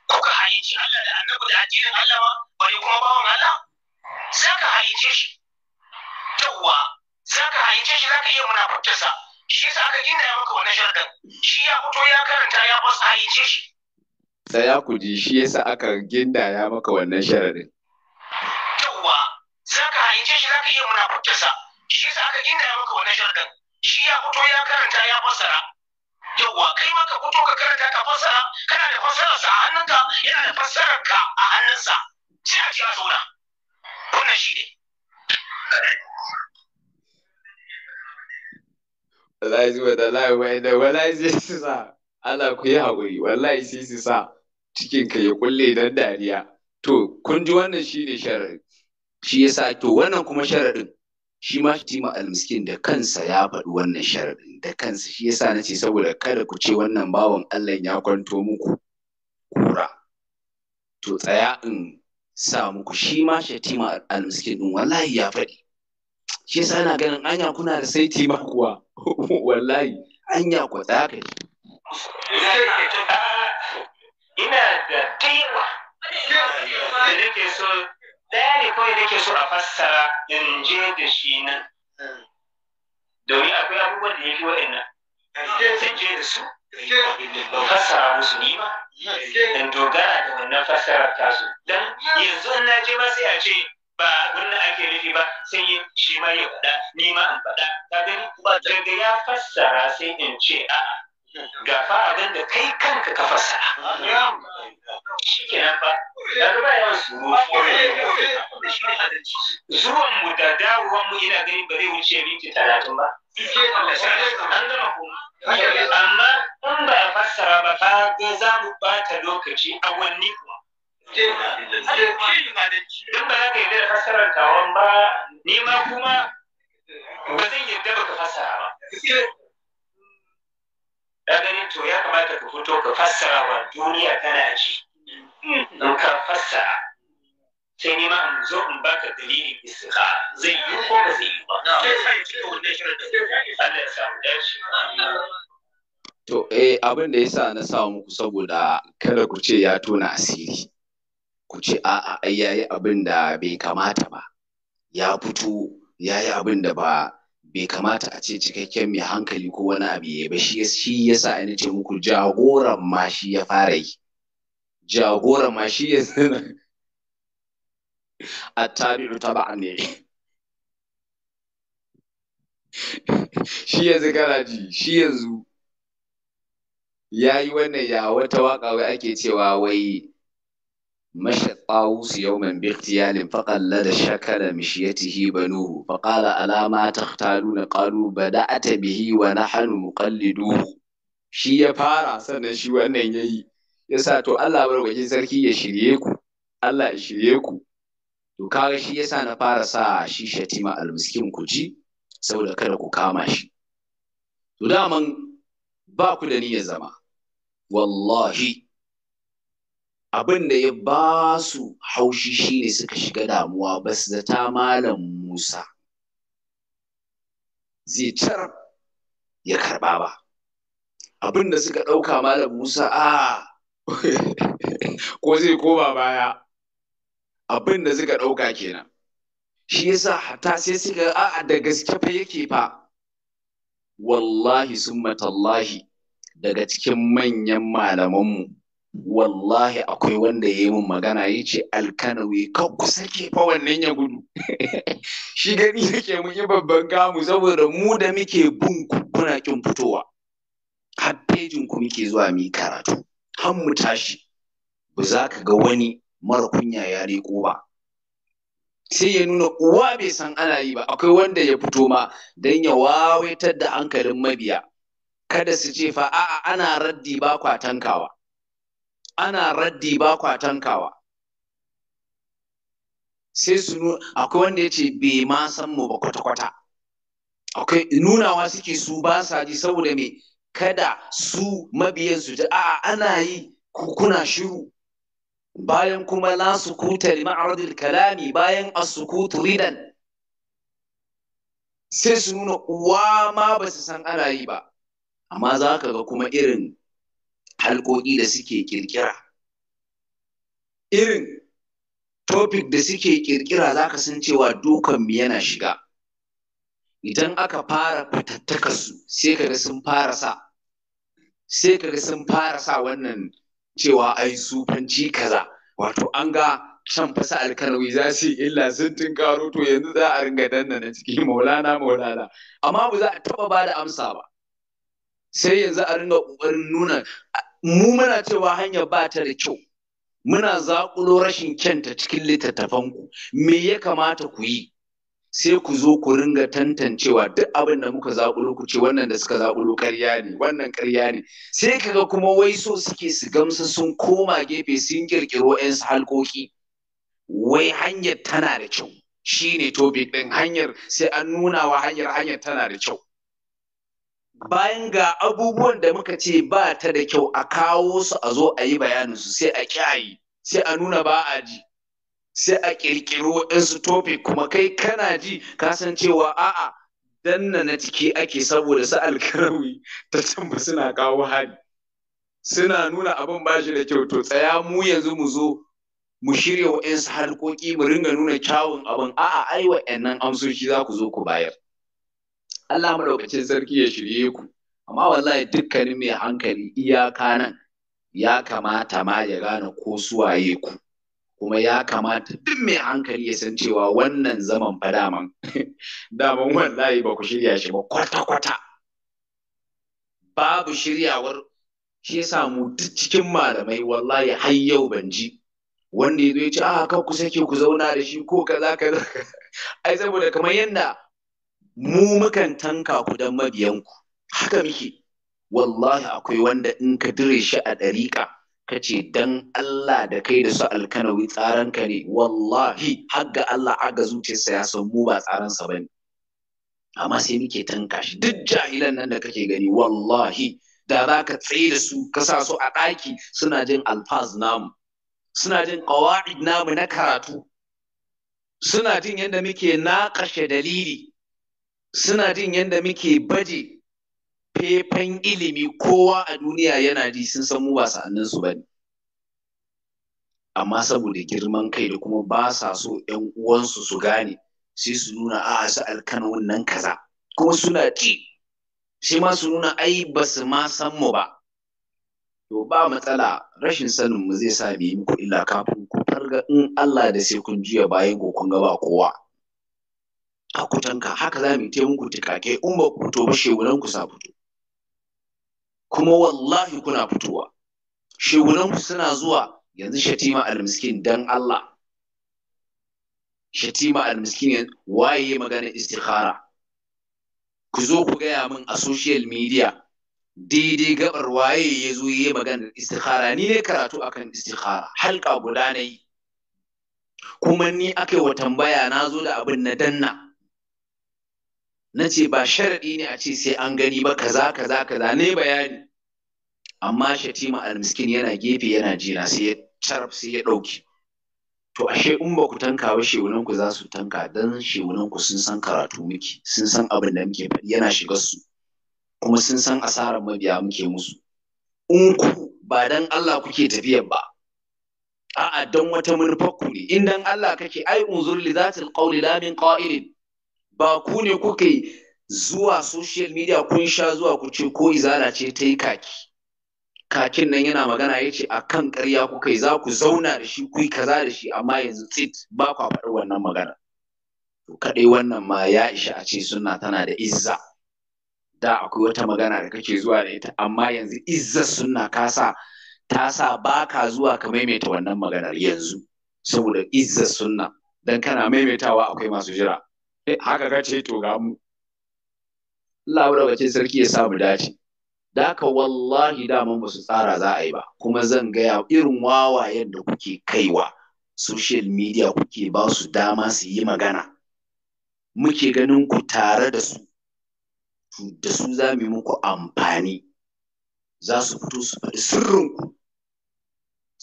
C: kuka halice Allah da annabi da addinin Allah ma bari kuma bawan Allah za ka halice shi yawwa za ka halice shi za ka iya munafurtarsa shi yasa
A: aka gina maka wannan sharadan shi ya fito ya karanta ya fasa halice shi tsaya ku ji shi yasa aka gindaya maka wannan sharadin yawwa za ka
C: halice shi za ka iya munafurtarsa shi yasa aka gindaya maka wannan sharadan shi ya fito ya karanta ya fassara yawwa kai ma ka fito ka karanta ka fassara kana da sa a hannunka yana da ka a hannunsa sai a jira zauna wannan shi
A: ne wallahi zuwa da lai wai da wallahi sai su sa Allah ku yi haƙuri wallahi sai su sa cikin ka ya kulle dan dariya to kun ji wannan shi ne sharaɗin shi yasa to wannan kuma sharaɗin shi ma al almiskin da kansa ya faɗi wannan sharaɗin da kansa shi yasa na ce saboda kada ku ce wannan bawan Allah ya kwanto muku kura to tsaya in sa muku shi ma Shatima almiskin din wallahi ya faɗi shi yasa ana ganin anya kuna da saiti ma kuwa wallahi anya ku tsaya kai
C: ina da kaiwa da nake so ɗaya ne kawai nake so a fassara in je da shi nan hmm. domin akwai abubuwan da ya fi wa'annan
B: zan je da su in fassara musu ni ma in dogara da wannan ta su. dan yanzu in na je ba sai a ce ba da ake nufi ba sai shi ma ya faɗa ni ma in faɗa ka gani daga ya fassara sai
C: in ce a'a ga fa'adan da kai kanka ka fasa shikenan ba yanzu ba su zuwan mu da dawowan mu ina gani ba zai wuce minti talatin ba amma in ba a fassara ba ka ga za mu bata lokaci awanni kuma In ba za ka yarda da fassarar tawon ba, ni ma kuma ba zan yarda ba ka fassara ba. da gani to ya kamata ka fito ka fassara wa duniya tana ji in ka fassara
E: sai ni ma in zo in baka dalilin istiqa zai yi ko ba zai yi ba
A: To, eh, abin da ya na sa muku saboda kada ku ce ya tona asiri, ku ce a'a ai yayi abin da bai kamata ba, ya fito ya abin da ba bai kamata a ce cikakken mai hankali ko wani abu ya ba shi yasa ya ce muku jagoran ma shi ya fara yi jagoran ma shi ya zina. A ta taba'an ne shi yanzu kana ji shi yanzu ya yi wannan ya wata waka wai ake cewa wai مشى الطاووس يوما باغتيال فقلد شكل مشيته بنوه فقال ألا ما تختالون قالوا بدأت به ونحن مقلدوه shi ya fara sannan shi wannan ya yi ya sa to Allah barbakin sarki ya shirye ku Allah ya shirye ku to kaga shi ya sa na fara sa shi shatima almiskin ku ji saboda kada ku kama shi to daman ba ku da zama wallahi abin da ya ba su haushi shine suka shiga damuwa ba su zata malam Musa zai car ya karba ba abin da suka ɗauka malam Musa a ko zai koma baya abin da suka ɗauka kenan shi yasa hata sai suka a'a da gaske fa yake fa wallahi summatallahi daga cikin manyan malamanmu wallahi akwai wanda ya yi min magana ya ce alkanawi kan kusa sake fa wannan ya gudu shi gani yake mun yi babban gamu saboda mu da muke bin kuna kin fitowa har pejin ku muke zuwa mu karatu har mu tashi ba za ka ga wani mara kunya ya reko ba sai ya nuna uwa bai san ana yi ba akwai wanda ya fito ma don ya wawaitar da hankalin mabiya kada su ce fa a'a ana raddi ba kwa tankawa ana raddi ba kwa tankawa sai su akwai wanda ya ce bai ma san mu ba kwata-kwata akwai nunawa suke su ba sa ji saboda mai kada su mabiyansu su ji a ana yi kuna shiru bayan kuma la su li kalami bayan as-sukut ridan sai su nuna uwa ma ba su san ana yi ba amma za ka ga kuma irin halƙoƙi da suke ƙirƙira irin topic da suke ƙirƙira za ka san cewa dukan mu yana shiga idan aka fara fatattaka su sai kaga sun fara sa sai kaga sun fara sa wannan cewa ai sufanci kaza wato an ga can fasa alkanawi za su yi illa sun karo to yanzu za a ringa danna na ciki maulana maulana amma ba za a taba ba da amsa ba sai yanzu a ringa ƙoƙarin nuna mu muna cewa hanya ba ta da kyau muna zaƙulo rashin kyanta cikin littattafanku me ya kamata ku yi sai ku zo ku ringa tantancewa duk abin da muka zaƙulo ku ce wannan da suka zaƙulo ƙarya ne wannan ƙarya ne sai kaga kuma wai so suke su gamsu sun koma gefe sun ƙirƙiro 'yansu halkoki wai hanyar tana da kyau shine topic ɗin hanyar sai an nuna wa hanyar hanyar tana da kyau bayan ga abubuwan da muka ce ba ta da kyau a kawo su a zo a yi bayaninsu sai a kyayi sai a nuna ba a ji sai a ƙirƙiro waɗansu topic kuma kai kana ji kasancewa a'a danna na ciki ake saboda su alkarawi ta tamba suna kawo hali, suna nuna abin ba shi da kyau to tsaya mu yanzu mu zo mu shirya wayansu harkoki mu ringa nuna kyawun abin a'a ai wayannan amsoshi za ku zo ku bayar Allah madaukakin sarki ya shirye ku amma wallahi dukkanin mai hankali iyaka nan ya kamata ma ya gane ko suwaye ku kuma ya kamata duk mai hankali ya san cewa wannan zaman fa daman daman wallahi ba ku shirya shi ba kwata-kwata babu shiryawar shi yasa mu duk cikin malamai wallahi har yau ban ji wanda ya zo ya ce a ah, kan ku sake ku zauna da shi ko kaza kaza ai saboda kamar yadda mu mukan tanka ku don mabiyanku haka muke wallahi akwai wanda in ka dire shi a ɗariƙa ka ce dan Allah da kai da su alkanawi tsaranka ne wallahi har ga Allah aga zuciyarsa ya san mu ba tsaransa ba ne amma sai muke tanka shi duk jahilan nan da kake gani wallahi da za ka tsaye da su ka sa su a ɗaki suna jin alfaz namu suna jin ƙawa'id namu na karatu suna jin yadda muke naƙashe dalili suna jin yadda muke baje fefen ilimi kowa a duniya yana ji sun san mu ba sa'annin su ne. amma saboda girman kai da kuma ba sa so 'yan uwansu su gane sai su nuna a su Alkana wannan kaza kuma suna ci shi ma su nuna ai ba su ma san mu ba to ba matsala rashin sanin mu zai sa mu yi muku illa kafin ku farga in Allah da sai kun juya bayan ku kun ga kowa a kutanka haka za mu yi ta tikake in ba ku fito ba shegunan ku sa fito kuma wallahi kuna fitowa shegunan ku suna zuwa yanzu shatima almiskin dan Allah shatima almiskin waye magana istikhara ku zo ku gaya min a social media daidai gabar waye ya zo yi maganar istikhara ni ne karatu akan istikhara halka guda na yi kuma ni akai wa tambaya na zo da abin na danna na ce ba sharaɗi ne a ce sai an gani ba kaza kaza kaza ne bayani amma shatima almiskin yana gefe yana jina sai ya carf sai ya ɗauki to ashe in ba ku tanka ba shewunan ku za su tanka dan shewunan ku sun san karatu muke sun san abin da muke faɗi yana shiga su kuma sun san asarar mabiya muke musu in ku ba dan Allah kuke tafiyar ba a'a dan wata manufar ku ne in dan Allah kake ai unzur li zatil qawli la min qa'ilin ba ku ne kuka zuwa social media kun sha zuwa ku ce ko izala ce ta yi kaki kakin nan yana magana ya ce a kan karya kuka yi za ku zauna da shi ku yi kaza da shi amma yanzu tsit ba ku faɗi wannan magana to kaɗai wannan ma ya isha a ce suna tana da izza da akwai wata magana da kake zuwa da ita amma yanzu izza suna kasa ta sa ba ka zuwa ka maimaita wannan maganar yanzu saboda izza suna dan kana maimaitawa akwai masu jira Eh, haka ka ce to ga mu Allah bacin sarki ya sa mu dace da ka wallahi daman ba su tsara za a yi ba kuma zan gaya irin wawayen da kuke kaiwa social media kuke ba su dama su yi magana muke ganin ku tare da su da su za mu muku amfani za su fito su faɗi sirrinku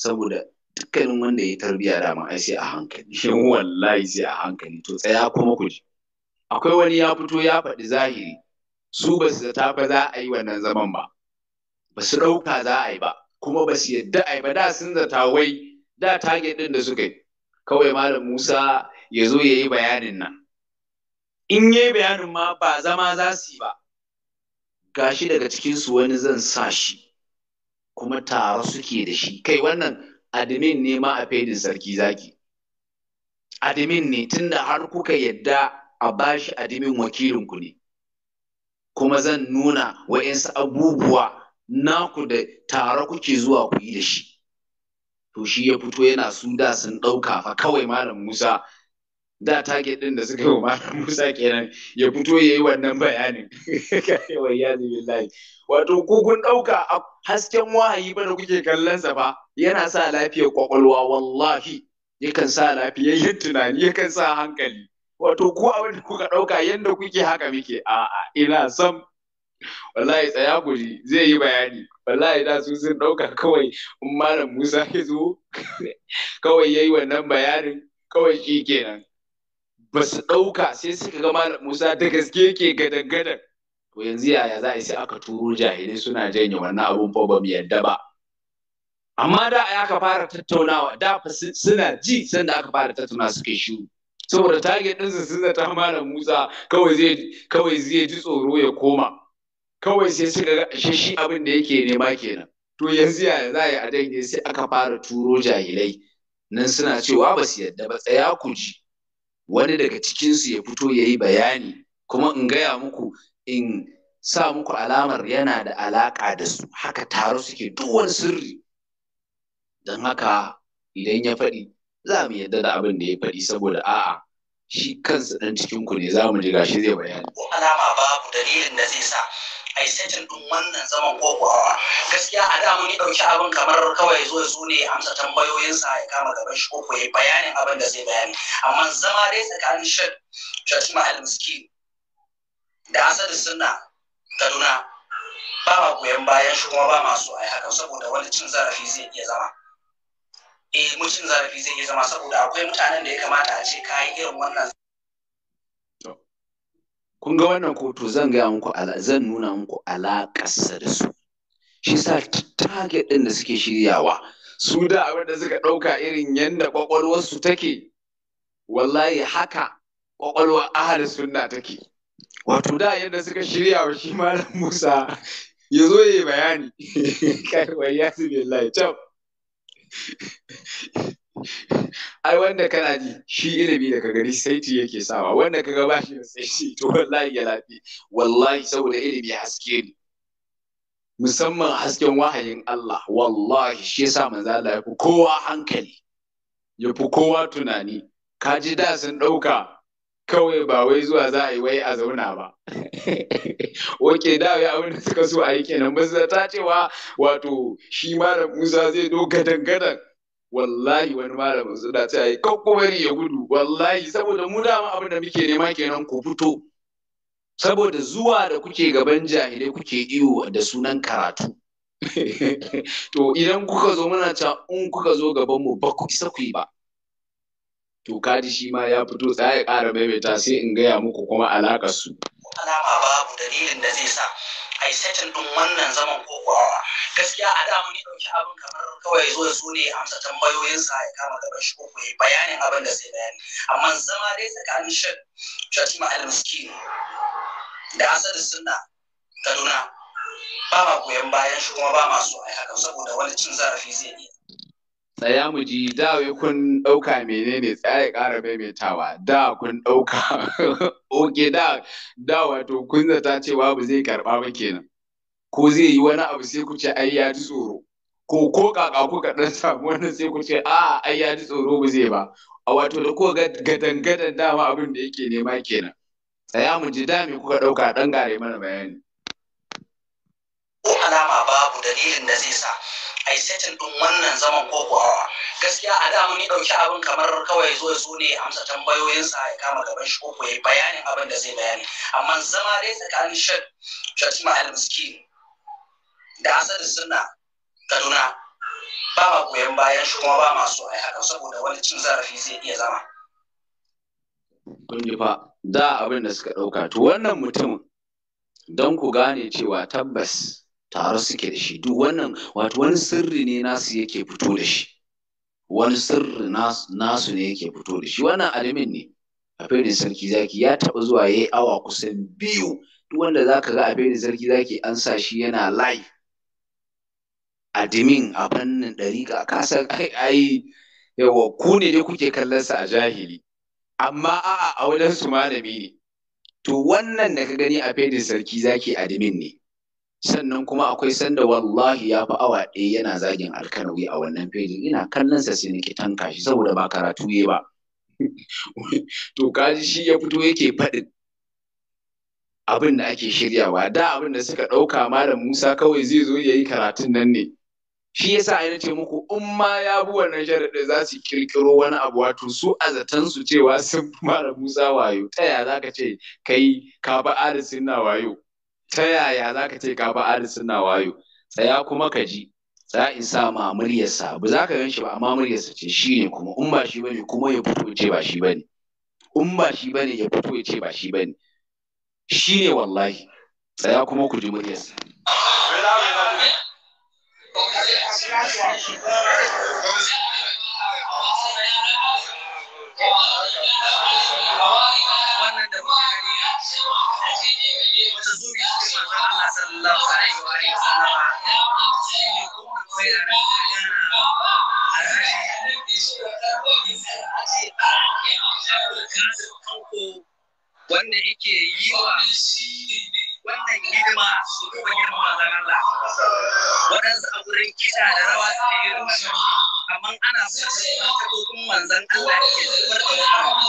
A: saboda dukkanin wanda ya tarbiya dama ai sai a hankali Shin wallahi sai a hankali to tsaya kuma ku ji akwai wani ya fito ya faɗi zahiri su ba su zata ba za a yi wannan zaman ba ba su ɗauka za a yi ba kuma ba su yadda a yi ba da sun zata wai da target ɗin da suka yi kawai malam musa ya zo ya yi bayanin nan in yi bayanin ma ba zama za su yi ba gashi daga cikin su wani zan sa shi kuma tare suke da shi kai wannan admin ne ma a fedin sarki zaki admin ne tunda har kuka yadda a bashi adimin wakilin ku ne kuma zan nuna wa'insu abubuwa naku da tare kuke zuwa ku yi da shi to shi ya fito yana su da sun ɗauka fa kawai malam musa da target ɗin da suka yi wa malam musa kenan ya fito ya yi wannan bayanin kawai ya wato ɗauka a hasken wahayi ba da kuke kallonsa sa fa yana sa lafiyar kwakwalwa wallahi yakan sa lafiyayyen tunani yakan sa hankali wato ko a wani kuka ɗauka yadda kuke haka muke a'a ina sam wallahi tsaya guri zai yi bayani wallahi da su sun ɗauka kawai in malam musa ya zo kawai ya yi wannan bayanin kawai shi kenan ba su ɗauka sai suka ga malam musa da gaske ke gadan gadan to yanzu yaya za a sai aka turo jahilai suna janye wannan abun fa ba mu yadda ba amma da ka fara tattaunawa da suna ji sanda aka fara tattaunawa suka shiru saboda target ɗinsa sun zata malam Musa kawai zai ji tsoro ya koma kawai sai suka ga shi shi abin da yake nema kenan to yanzu ya za a dange sai aka fara turo jahilai nan suna cewa ba su yadda ba tsaya ku ji wani daga cikinsu ya fito ya yi bayani kuma in gaya muku in sa muku alamar yana da alaƙa da su haka taro suke tuwon sirri don haka idan ya faɗi za mu yadda da abin da ya faɗi saboda a'a shi kansa ɗan cikin ku ne za mu ji gashi zai bayani. Ko alama babu dalilin da zai sa ai setin
F: ɗin wannan zaman ko kuwa gaskiya a da mun yi ɗauki abin kamar kawai zo zo ne amsa tambayoyinsa ya kama gaban shi ko ya bayanin abin da zai bayani amma zama dai tsakanin shad shatima al-miski da asali sunna kaduna ba ma goyon bayan shi kuma ba masu ai saboda wani cin zarafi zai iya zama. eh mutum zarafi zai iya zama saboda akwai mutanen da ya kamata a ce kayi irin wannan
A: kun ga wannan kotu zan gaya muku zan nuna muku alaƙarsa da su shi sa target ɗin da suke shiryawa su da abin da suka ɗauka irin yadda ƙwaƙwalwarsu take wallahi haka ƙwaƙwalwar ahal sunna take wato da yadda suka shirya wa shi malam musa ya zo ya yi bayani kai wai ya su billahi ai wanda kana ji shi ilimi daga gari saiti yake sawa wanda kaga ba shi da saiti to wallahi ya lafi wallahi saboda ilimi haske ne musamman hasken wahayin Allah wallahi shi yasa manzo Allah ya fi kowa hankali ya fi kowa tunani ka ji da sun ɗauka kawai ba wai zuwa za a yi wai a zauna ba. Oke da ya abin da suka so a yi kenan ba ta cewa wato shi malam Musa zai do gadan wallahi wani malamin su da ta yi bari ya gudu wallahi saboda mu dama abin da muke nema kenan ku fito saboda zuwa da kuke gaban jahilai kuke iyo da sunan karatu to idan kuka zo muna ta
E: in
G: kuka
A: zo gaban mu ba ku isa ku yi ba to kaji shi ma ya fito za a ƙara maimaita sai in gaya muku kuma alaƙa su.
F: Alama babu dalilin da zai sa a yi setin ɗin wannan zaman kokowa. Gaskiya a da mun yi
E: ɗauki abin kamar
F: kawai zo su ne amsa tambayoyinsa ya kama gaban shi ko ya bayanin abin da zai bayani. Amma zama
E: dai tsakanin shan
F: Shatima Al-Miskin da Asad Sunna Kaduna
E: ba ma goyon bayan shi kuma ba masu ai saboda wani cin zarafi zai iya.
A: tsaya mu ji da kun ɗauka menene tsaya ƙara maimaitawa da kun ɗauka oke da da wato kun zata cewa ba zai karɓa ba kenan ko zai yi wani abu sai ku ce ai ya ji tsoro ko ko kaka kuka ɗan samu wani sai ku ce a ai ya ji tsoro ba zai ba a wato da ko gadan gadan dama abin da yake nema kenan tsaya mu ji da me kuka ɗauka ɗan gare mana bayani
F: ko alama babu dalilin da zai sa ai setting din wannan zaman ko kuwa gaskiya a da mun yi dauki abin kamar kawai zo zo ne amsa tambayoyin sa ya kama gaban shi ko ya bayanin abin da zai bayani amma zama dai tsakanin shek shatima al-miskin da asalin sunna kaduna
A: ba ma goyon bayan shi kuma ba ma so ai haka saboda wani cin zarafi zai iya zama kun ji fa da abin da suka dauka to wannan mutumin don ku gane cewa tabbas tare suke da shi duk wannan wato wani sirri ne nasu yake fito da shi wani sirri nasu ne yake fito da shi wannan alimin ne a fedin sarki zaki ya taba zuwa ya awa kusan biyu duk wanda za ga a fedin sarki zaki an sa shi yana live adimin a fannin ɗariƙa ka san ai ai yawa ku ne dai kuke kallon sa a jahili amma a'a a wajen su malami ne to wannan da ka gani a fedin sarki zaki adimin ne sannan kuma akwai sanda wallahi ya fi awa ɗaya yana zagin alkanawi a wannan fejin ina sa sai nake tanka shi saboda ba karatu ye ba to kaji shi ya fito yake faɗin abin da ake shiryawa da abin da suka ɗauka malam musa kawai zai zo ya yi karatun nan ne shi yasa ya ce muku in ma ya bi wannan sharaɗi za su kirkiro wani abu wato su a zaton su cewa sun malam musa wayo ta ya za ka ce kai ka bi alisin na wayo ta yaya za ka ce ka ba ahli na wayo tsaya kuma ka ji za in sa ma muryarsa ba za ka gan shi ba amma muryarsa ce shi ne kuma in ba shi ba ne kuma ya fito ce ba shi ba ne in ba shi ba ne ya fito ya ce ba shi ba ne shi ne wallahi tsaya kuma ku ji muryarsa
E: wannan da wata zubi ta manzo Allah sallallahu alaihi wa da wanda yake yi wa wannan hidima su girma zan Allah waɗansu a wurin kiɗa da rawa suke yi kaman ana so takobin manzan Allah yake zubar da wannan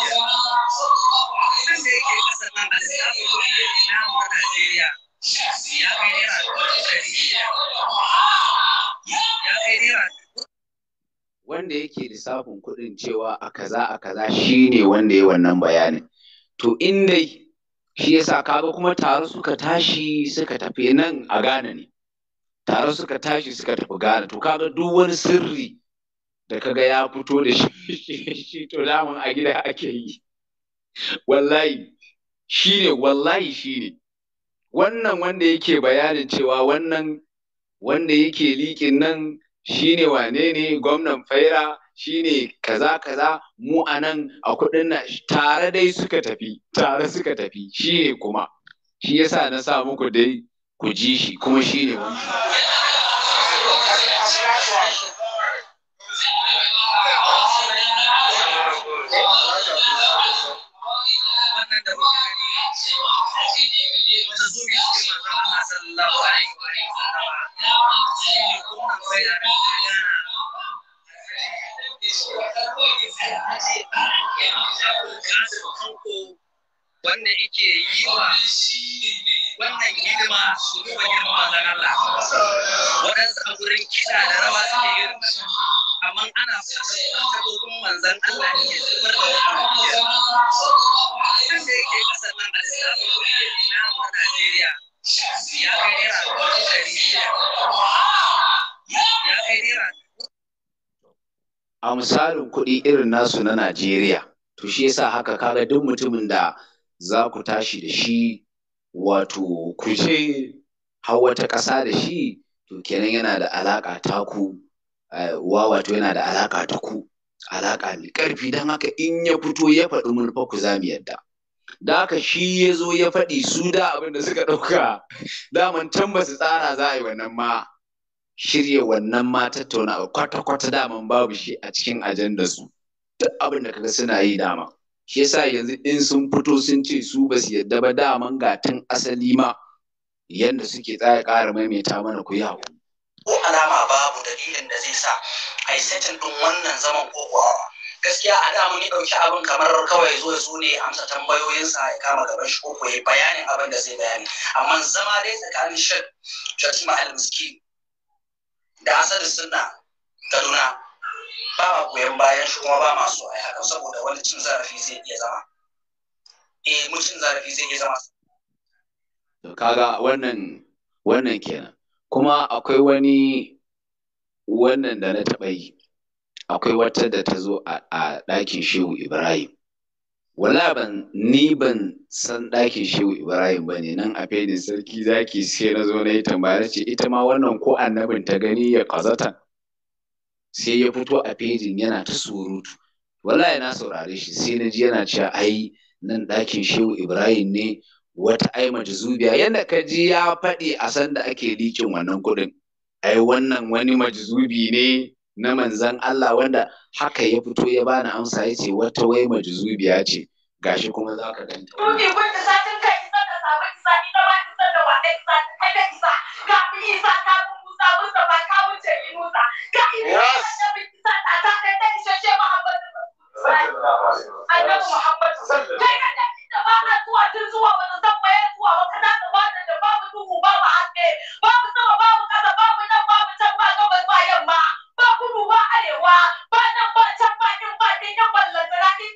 E: da yake kasar nan a lissafin kuɗi na Najeriya ya kai naira dubu ɗari
A: ya kai naira wanda yake lissafin kuɗin cewa a kaza a kaza shine wanda ya wannan bayanin to in dai shi yasa kaga kuma tare suka tashi suka tafi nan a Ghana ne tare suka tashi suka tafi Ghana to kaga duk wani sirri da kaga ya fito da shi shi to daman a gida ake yi wallahi shi ne wallahi shi ne wannan wanda yake bayanin cewa wannan wanda yake liƙin nan shi ne wane ne gwamnan faira shi ne kaza kaza mu a nan a kuɗin na tare dai suka tafi tare suka tafi shi ne kuma shi yasa na sa muku dai ku ji shi kuma shi ne wani
E: sallallahu alaihi wa sallama shi ne kuma koyar da yana wanda yake yi wa wannan hidima su kuma girma zan Allah waɗansu a gurin kiɗa da rawa suke yin amma ana fata dogon manzan Allah ne ke zubar da wannan da yake kasar nan a lissafin na Najeriya
A: a misalin kuɗi irin nasu na Najeriya to shi yasa haka kaga duk mutumin da za ku tashi da shi wato ku je hawa ta ƙasa da shi to kenan yana da alaƙa ta ku eh, wa wato yana da alaƙa ta ku alaƙa mai ƙarfi don haka in ya fito ya faɗi mun fa ku za mu yadda da haka shi ya zo ya faɗi su da abin da suka ɗauka daman can ba tsara za a yi wannan ma shirya wannan ma tattauna kwata-kwata daman babu shi a cikin ajandar su duk abinda da kaga suna yi dama shi yasa yanzu in sun fito sun ce su ba su yadda ba daman ga tun asali ma yanda suke tsaya ƙara maimaita mana ku yi haƙuri. ko alama babu dalilin da zai sa a yi setin ɗin wannan zaman
G: ko gaskiya a da mun ɗauki abin kamar kawai zo zo ne amsa tambayoyinsa ya
F: kama gaban shi ko ya bayanin abin da zai bayani amma zama dai tsakanin shan shatima al-miski da asali suna kaduna ba ma goyon bayan shi kuma ba ma so a yi haka saboda wani cin zarafi zai iya zama
A: eh mu cin zarafi zai iya zama kaga wannan wannan kenan kuma akwai wani wannan da na taɓa yi akwai wata da ta zo a ɗakin shehu ibrahim wala ban ni ban san ɗakin shehu ibrahim ba ne nan a fedin sarki zaki sai na zo na yi tambaya ce ita ma wannan ko annabin ta gani ya kazata sai ya fito a fedin yana ta surutu wallahi na saurare shi sai na ji yana cewa ai nan ɗakin shehu ibrahim ne wata ai zubiya yadda ka ji ya faɗi a sanda ake likin wannan kuɗin ai wannan wani majzubi ne na manzan Allah wanda haka ya fito ya bani amsa ya ce wata wai majzubiya ce gashi kuma za ka ganta.
E: Rufe
H: wanda satin kai, isa ka samu isa ita ma isa da wata isa ta kai da isa ka fi isa ta fi musa musa ba ka wuce yi musa ka yi musa da bi isa ta ta kai ta isa ce Muhammadu
E: Annabi Muhammadu kai
H: ka da ita ba a zuwa tun zuwa ba ta san bayan zuwa ba kana da ba da babu duhu babu haske babu sama babu kasa babu nan babu can ba gabas ba yamma. ba kudu ba arewa ba nan ba can ba kin ba kin yan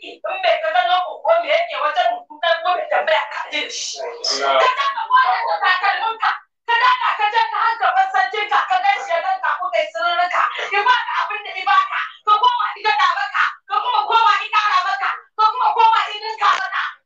H: in bai ka gano ko ko me yake wata rutu kan ko bai
E: tambaya ka ji da shi ka
H: ta ka wannan da takalmin ka ka dana ka je ka hanka ban sancin ka ka gan shi ya ka ko kai ki ba ka abin da ka koma ida da baka ka kuma koma ida ra baka ka kuma koma idin ka baka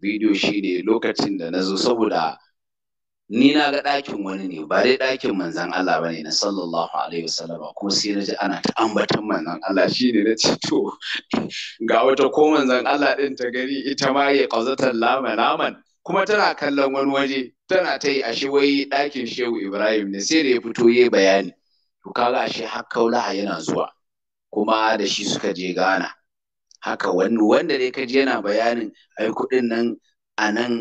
A: bidiyo ne lokacin da na zo saboda ni na ga ɗakin wani ne ba dai ɗakin manzan Allah ba ne na sallallahu alaihi wasallama kuma sai na ji ana ta ambatan manzan Allah shi ne na ce to ga wata ko manzan Allah ɗin ta gani ita ma ya ƙauzatar lama naman kuma tana kallon wani waje tana ta yi ashe wai ɗakin shehu Ibrahim ne sai da ya fito ya bayani to kaga ashe har kaulaha yana zuwa kuma da shi suka je Ghana haka wani wanda dai kaji yana bayanin ai kuɗin nan a nan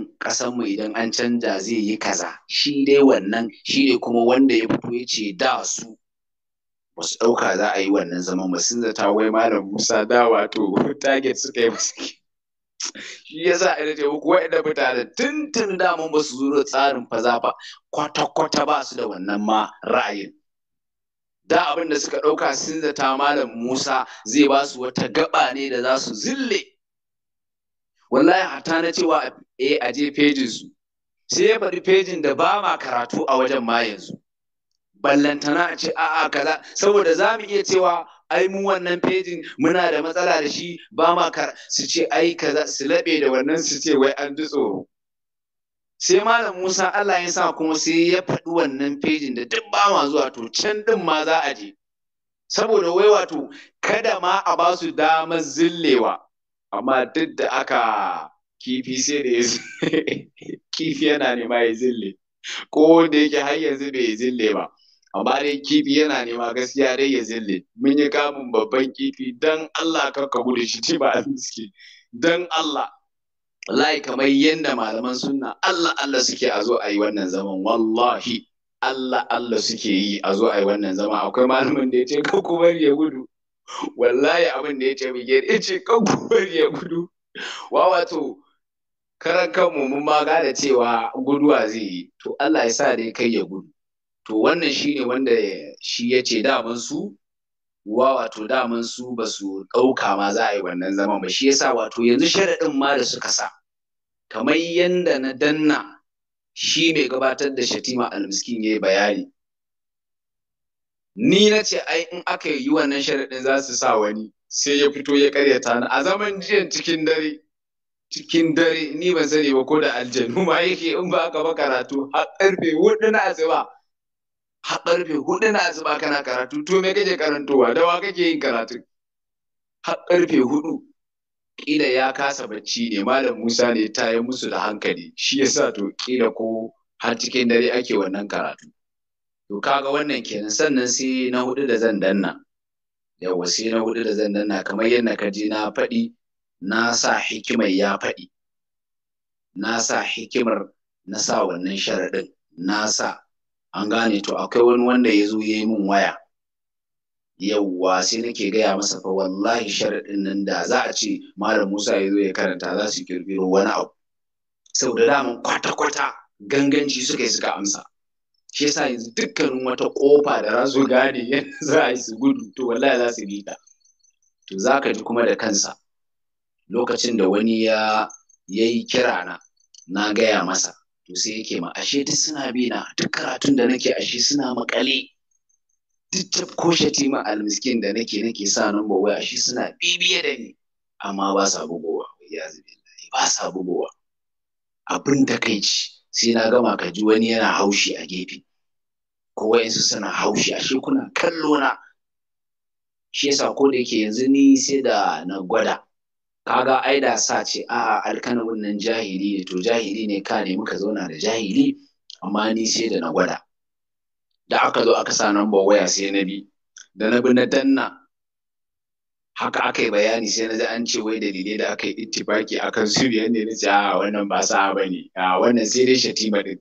A: mu idan an canja zai yi kaza shi dai wannan shi ne kuma wanda ya fito ya ce da su ba ɗauka za a yi wannan zama ba sun zata wai malam musa da wato target suka yi musu shi ya sa ina ce muku waɗanda mutane tuntun daman ba su zo tsarin fa kwata-kwata ba su da wannan ma ra'ayin da abin da suka ɗauka sun zata malam Musa zai ba su wata gaba ne da za su zille wallahi hata na cewa eh, a je pages sai ya bari pejin da ba ma karatu a wajen ma yanzu ballantana a ce a'a kaza saboda za mu iya cewa ai mu wannan pejin muna da matsala da shi ba ma kar su ce ai kaza su laɓe da wannan su ce wai an ji tsoro sai malam Musa Allah ya sa kuma sai ya faɗi wannan fejin da duk ba ma zuwa to can din ma za a je saboda wai wato kada ma a ba su damar zillewa amma duk da aka kifi sai da ya kifi yana nema ya zille ko da yake har yanzu bai zille ba amma dai kifi yana nema gaskiya dai ya zille mun yi kamun babban kifi dan Allah ka gudu shi ci ba miski dan Allah wallahi kamar yadda malaman sunna Allah Allah suke a zo a yi wannan zaman wallahi Allah Allah suke yi a zo a yi wannan zama akwai malamin da ya ce kan ku bari ya gudu wallahi abin da ya ce mige ya ce kan ku bari ya gudu wa wato karan kanmu mun ma gane cewa guduwa zai yi to Allah ya sa dai kai ya gudu to wannan shi ne wanda shi ya ce daman su wa wato daman su ba su ɗauka ma za a yi wannan zaman ba shi ya sa wato yanzu sharaɗin ma da suka sa kamar yanda na danna shi mai gabatar da shatima almiskin ya yi bayani ni na ce ai in aka yi wannan sharaɗin za su sa wani sai ya fito ya karyata ni a zaman jiyan cikin dare cikin dare ni ban sani ba ko da aljanu ma yake in ba aka ba karatu har karfe hudu na asuba har karfe hudu na asuba kana karatu to me kake karantowa da wa kake yin karatu har karfe hudu kila ya kasa bacci ne malam Musa ne ta yi musu da hankali shi yasa to kila ko har cikin dare ake wannan karatu to kaga wannan kenan sannan sai na hudu da zan danna yawa sai na hudu da zan danna kamar yadda ka ji na faɗi na sa hikimar ya faɗi na sa hikimar na sa wannan sharaɗin na sa an gane to akwai wani wanda ya zo ya yi min waya yawwa sai nake gaya masa fa wallahi sharaɗin nan da za a ce malam Musa ya zo ya karanta za su kirkiro wani abu Sau da daman kwata-kwata ganganci suka yi suka amsa shi yasa yanzu dukkanin wata kofa da za su gane yanzu, za a yi su gudu to wallahi za su bi to za ka ji kuma da kansa lokacin da wani ya yi kira na na gaya masa to sai yake ma ashe duk suna bi na duk karatun da nake ashe suna maƙale. duk ko shatima almiskin da nake nake sa ba waya shi suna bibiye da ni amma ba sa bugowa ya zubillahi ba sa bugowa abin da kai ci sai na gama ka ji wani yana haushi a gefe ko wayansu suna haushi a shi kuna kallo na shi yasa ko da yake yanzu ni sai da na gwada kaga ai da sa ce a alkana wannan jahili ne to jahili ne ka ne muka zauna da jahili amma ni sai da na gwada da aka zo aka sa namba waya sai na bi da na bi na danna haka aka yi bayani sai na ji an ce wai dalilai da aka yi ittifaki akan su biyan ne ce a ah, wannan ba sa ba ne a ah, wannan sai dai shatima din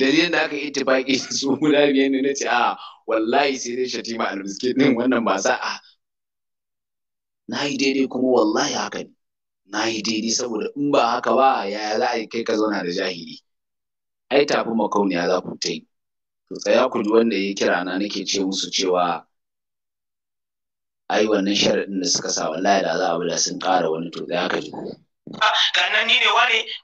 A: dalilai da aka yi ittifaki su guda biyan ne ce a ah, wallahi sai dai shatima almiski din wannan ba sa a na yi daidai kuma wallahi haka ne na yi daidai saboda in ba haka ba yaya za a yi kai ka zauna da jahili ai tafi makauniya za ku ta yi to tsaya ku wanda ya kira na nake ce musu cewa ai wannan sharaɗin da suka sa wallahi da za a bula sun ƙara wani to tsaya ka ji ah, ga nan ni ne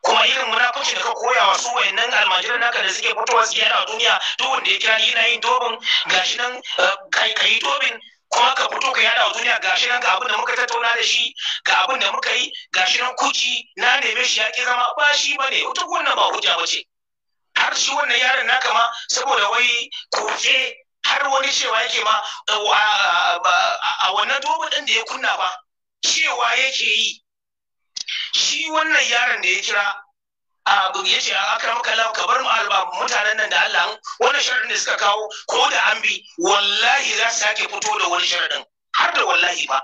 A: kuma irin munafunci da ka koya
C: wa su wayannan almajiran naka da suke fitowa su yana duniya duk wanda ya kira ni na yin dobin gashi nan eh, kai kai dobin kuma ka fito ka yada wa duniya gashi nan ga abin da muka tattauna da shi ga abin da muka yi gashi nan kuci na neme shi ya ki zama ba shi bane wata wannan ba hujja bace har shi wannan yaron naka ma saboda wai koke har wani cewa yake ma a wannan dogo ɗin da ya kunna ba cewa yake yi shi wannan yaron da ya kira ya ce akram kala ka bar mu mutanen nan da Allah wannan sharadin da suka kawo ko da an bi wallahi za su sake fito da wani sharadin har da wallahi
A: ba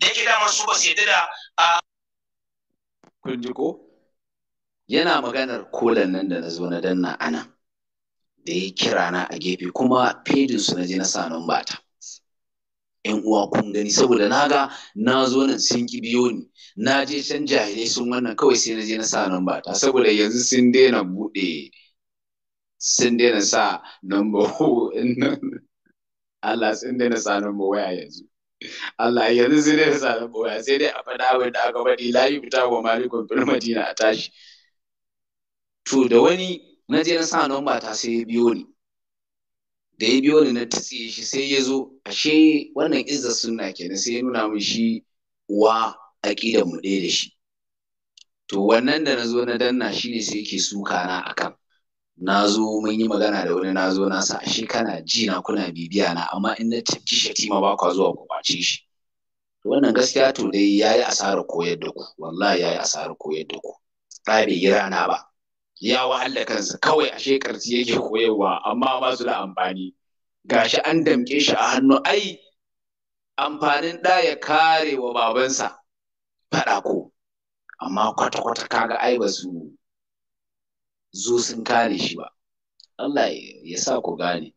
A: da yake damar su ba su yadda da kun ji yana maganar kolan nan da na zo na danna ana da ya kira na a gefe kuma su na je na sa nan ta. ‘yan uwa kun gani saboda na ga na zo nan sun ki biyo ni na je can jahilai sun wannan kawai sai na je na sa nan ta saboda yanzu sun daina buɗe sun daina sa number Allah sun daina sa number waya yanzu Allah yanzu sun daina sa number waya sai dai a faɗa wanda da aka faɗi layi fita wa malikun fil madina a tashi to da wani na je na sa nomba ta sai ya biyo ni da ya biyo ni na tsiye shi sai ya zo ashe wannan izzar sunna kenan sai ya nuna min shi wa aƙidar mu ɗaya da shi to wannan da na zo na danna shi ne sai yake suka na akan na zo mun yi magana da wani na zo na sa ashe kana ji na kuna bibiya na amma in na tafki shatima ba kwa zuwa ku bace shi wannan gaskiya to dai yayi asarar koyar da ku wallahi yayi asarar koyar da ku ba bai yi rana ba ya wahala kansa kawai ashe karti yake koyarwa amma ba su da amfani gashi an damke shi a hannu ai amfanin ɗa ya kare wa babansa faɗa ko amma kwata-kwata kaga ai ba su zo sun kare shi ba Allah ya sa ku gane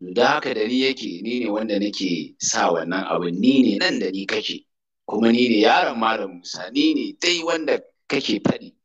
A: da haka da ni yake ni ne wanda nake sa wannan abin ni ne nan da ni kake kuma ni ne yaron malam Musa ni ne dai wanda kake faɗi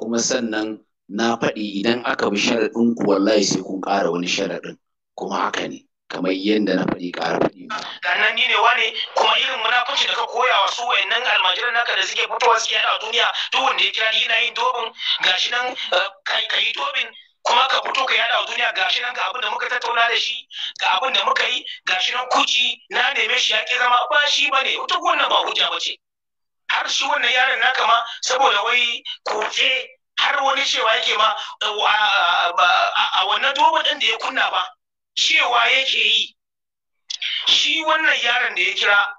A: kuma sannan na faɗi idan aka bi sharaɗin ku wallahi sai kun ƙara wani sharaɗin kuma haka ne kamar yadda na faɗi ƙara faɗi. nan ni ne ne kuma irin munafunci da ka koya
C: wa su wayannan almajiran naka da suke fitowa suke yada a duniya duk wanda ya kira ni yana yin dobin gashi nan eh, ka yi dobin kuma ka fito ka yada a duniya gashi nan ga abin da muka tattauna da shi ga abin da muka yi gashi nan kuji na neme shi ya ke zama ba shi ba ne duk wannan ba hujja ba ce. har shi wannan yaron naka ma saboda wai koke har wani cewa yake ma a wannan doba ɗin da ya kunna ba cewa yake yi shi wannan yaron da ya kira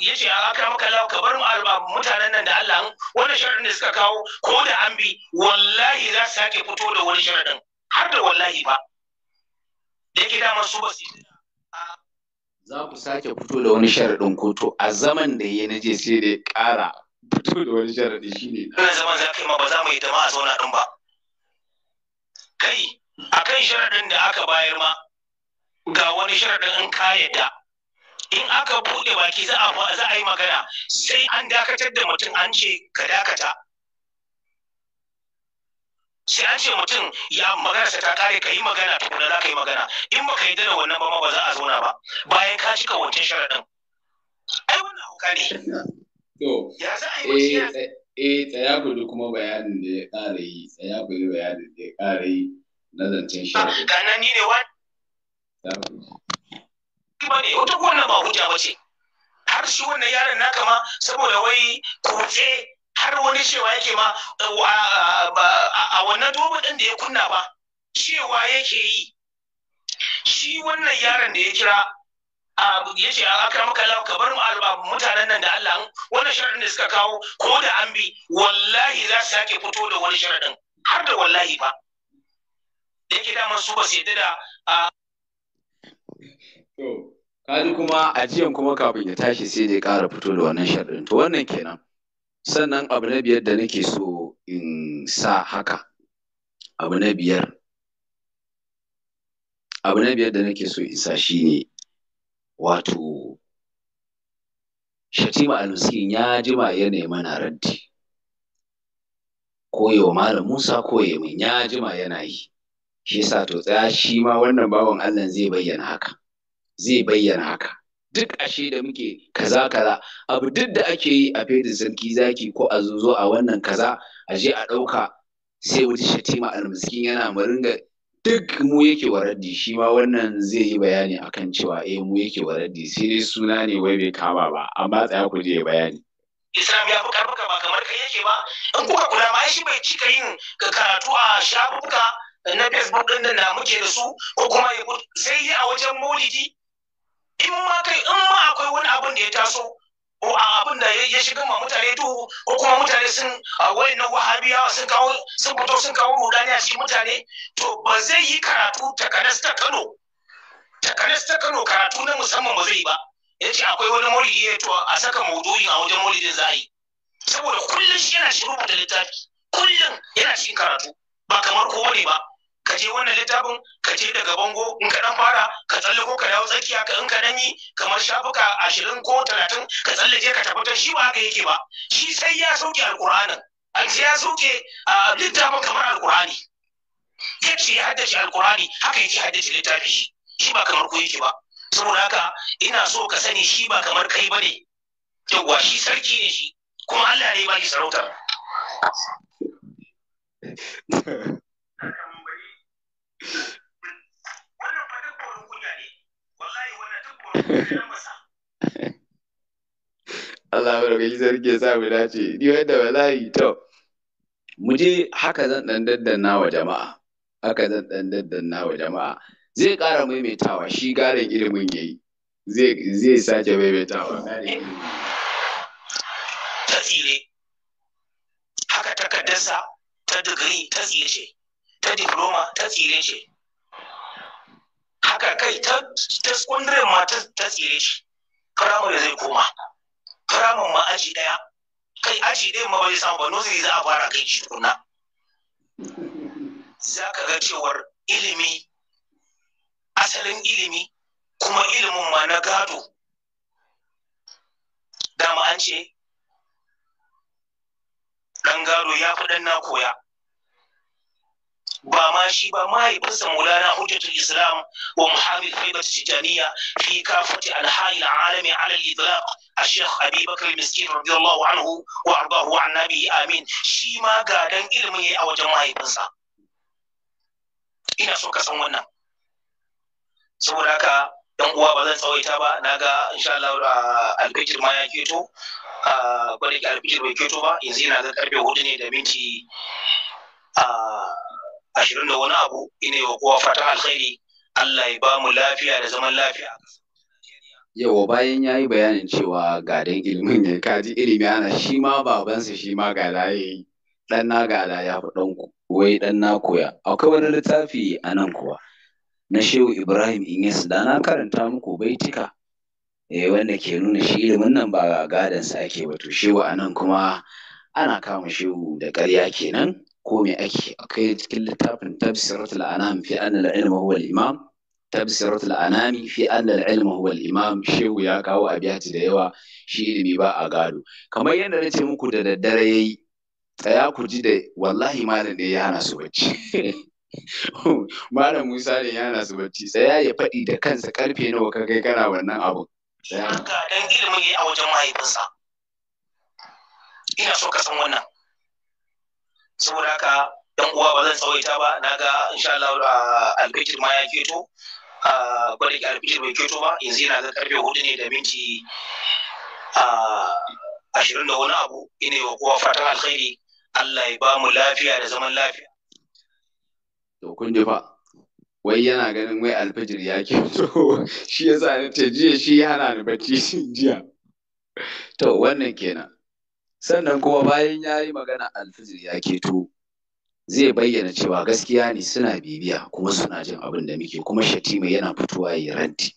C: ya ce a kama kalla ka bar mu mutanen nan da Allah wani sharaɗin da suka kawo ko da an bi wallahi za su sake fito da wani sharaɗin har da wallahi
A: ba da yake dama su ba su za ku sake fito da wani sharaɗin kotu a zaman da ya na je sai da ya ƙara fito da wani sharaɗi shi ne.
C: Wannan zaman za ka yi ma ba za mu yi ta ma a zauna ɗin ba. Kai, a kan sharaɗin da aka bayar ma ga wani sharaɗin in ka yadda. In aka buɗe baki za a yi magana sai an dakatar da mutum an ce ka dakata. sai an ce mutum ya magana sa ta kare ka yi magana tukuna za ka yi magana in baka yi dana wannan ba ma ba za a zauna ba bayan ka cika wancan sharaɗin
A: ai wannan hauka ne to ya
C: za a yi eh,
A: eh, eh tsaya ku kuma bayanin da ya ƙara yi tsaya ku bayanin da ya ƙara yi na zancen sharaɗin ah, nan ni ne wani ba ne wata wannan ba hujja ba
C: ce har shi wannan yaron naka ma saboda wai kutse har wani cewa yake ma a wannan doba ɗin da ya kunna ba cewa yake yi shi wannan yaron da ya kira ya ce a maka kala ka bar mu mutanen nan da Allah wannan sharaɗin da suka kawo ko da an bi wallahi za su sake fito da wani sharaɗin har da wallahi ba da yake daman
A: su ba su yadda da to kaji kuma ajiyan kuma kafin ya tashi sai dai ƙara fito da wannan sharadin to wannan kenan sannan abu na biyar da nake so in sa haka abu na biyar abu na biyar da nake so in sa shi ne, wato shatima almiskin ya jima ya nema na raddi ko yau malam musa ko ya min ya jima yana yi shi yasa to tsaya shi ma wannan bawan allah zai bayyana haka zai bayyana haka duk ashe da muke kaza kaza abu duk da ake yi a fedin sarki zaki ko a zozo a wannan kaza a je a ɗauka sai wata shatima almiskin yana maringa duk mu yake waradi shi ma wannan zai yi bayani akan cewa eh mu yake waradi sai dai suna ne wai bai kama ba amma tsaya ku je bayani
C: Islam ya fi karfuka ba kamar kai yake ba in kuka kula ma shi bai cika yin karatu a shafuka na Facebook din da muke da su ko kuma sai a wajen maulidi in ma kai in ma akwai wani abin da ya taso ko a abin da ya shiga ma mutane duhu ko kuma mutane sun wayan na wahabiyawa sun kawo sun fito sun kawo rudani a cikin mutane to ba zai yi karatu takanas ta Kano takanas ta Kano karatu na musamman ba zai yi ba yace akwai wani maulidi ya to a saka maudu'i a wajen maulidin za a yi saboda kullum shi yana shi rubuta littafi kullum yana cikin karatu ba kamar kowa ne ba ka je wannan littafin ka je daga bango in ka dan fara ka tsallako ka dawo tsakiya ka in ka dan yi kamar shafuka ashirin ko talatin ka tsallake ka tabbatar shi ba haka yake ba shi sai ya sauke alƙur'anin an sai ya sauke littafin kamar alƙur'ani yadda ya haddace alƙur'ani haka yake haddace littafi shi ba kamar ku yake ba saboda haka ina so ka sani shi ba kamar kai ba ne yawwa shi sarki ne shi kuma Allah ne ba shi sarautar wannan
A: fa wallahi wannan masa Allah ya rubuta sarki ya sa mu dace ni wai da wallahi to mu je haka zan dan daddanna wa jama'a haka zan dan daddanna wa jama'a zai ƙara maimaitawa shi garin ilimin yayi zai zai sake maimaitawa garin ta haka takaddarsa
C: ta digiri tasiri ce ta diploma ta tsire shi haka kai ta secondary ma ta tsire shi firamare zai koma firamare ma aji daya kai aji ɗaya ma bai samu ba nursery za a fara kai shi tukuna za ka ga cewar ilimi asalin ilimi kuma ilimin ma na gado dama an ce ɗan gado ya fi ɗan na koya ba ma shi ba mahaifinsa maulana hujjatul islam wa muhammad haibat tijaniya fi kafati alhali alami ala al-idlaq a sheikh abubakar miskin radiyallahu anhu wa ardahu an nabi amin shi ma dan ilimin ya a wajen mahaifinsa ina so ka san wannan saboda haka 'yan uwa ba zan tsawaita ba naga insha Allah ah, alfijir ma ya keto ah, ba da alfijir bai keto ba yanzu yana ga karfe hudu
B: ne da minti ah, ashirin da wani
C: abu ina yi wa kowa fatan alkhairi Allah ya ba mu lafiya da zaman lafiya a
A: yawa bayan ya yi bayanin cewa gadon ilimin ne kaji ilimi ana shi ma babansa shi ma gada ya yi ɗan na gada ya fi ɗan wai ɗan na koya akwai wani littafi a nan kuwa na shehu ibrahim inyas da na karanta muku baitika eh wanda ke nuna shi ilimin nan ba gadon sa ake ba to shehu a nan kuma ana kama shehu da ƙarya kenan ko me ake kai cikin littafin tafsirat al-anam fi anna al-ilma huwa al al-anami fi anna al imam shehu ya kawo abiyati da yawa shi ilimi ba a gado kamar yadda na ce muku da daddare yayi tsaya ku ji da wallahi malam ne ya su bacci malam Musa ne ya su bacci tsaya ya faɗi da kansa karfe nawa ka kai kana wannan
C: ina ka san wannan saboda haka yan uwa ba zan tsawaita ba na ga insha Allah uh, alfijir ma ya keto uh, gwada da alfijir bai keto ba yanzu yana ga karfe hudu ne da minti
E: uh, ashirin da wani abu ina yi wa kowa fatan
A: alkhairi Allah ya ba mu lafiya da zaman lafiya. To kun ji fa wai yana ganin wai alfijir ya keto shi sa ni ta jiya shi hana ni bacci jiya. To wannan kenan. sannan kuma bayan ya yi magana alfijir ya keto zai bayyana cewa gaskiya ne suna bibiya kuma suna jin abin da muke kuma shatima yana fitowa ya yi ranti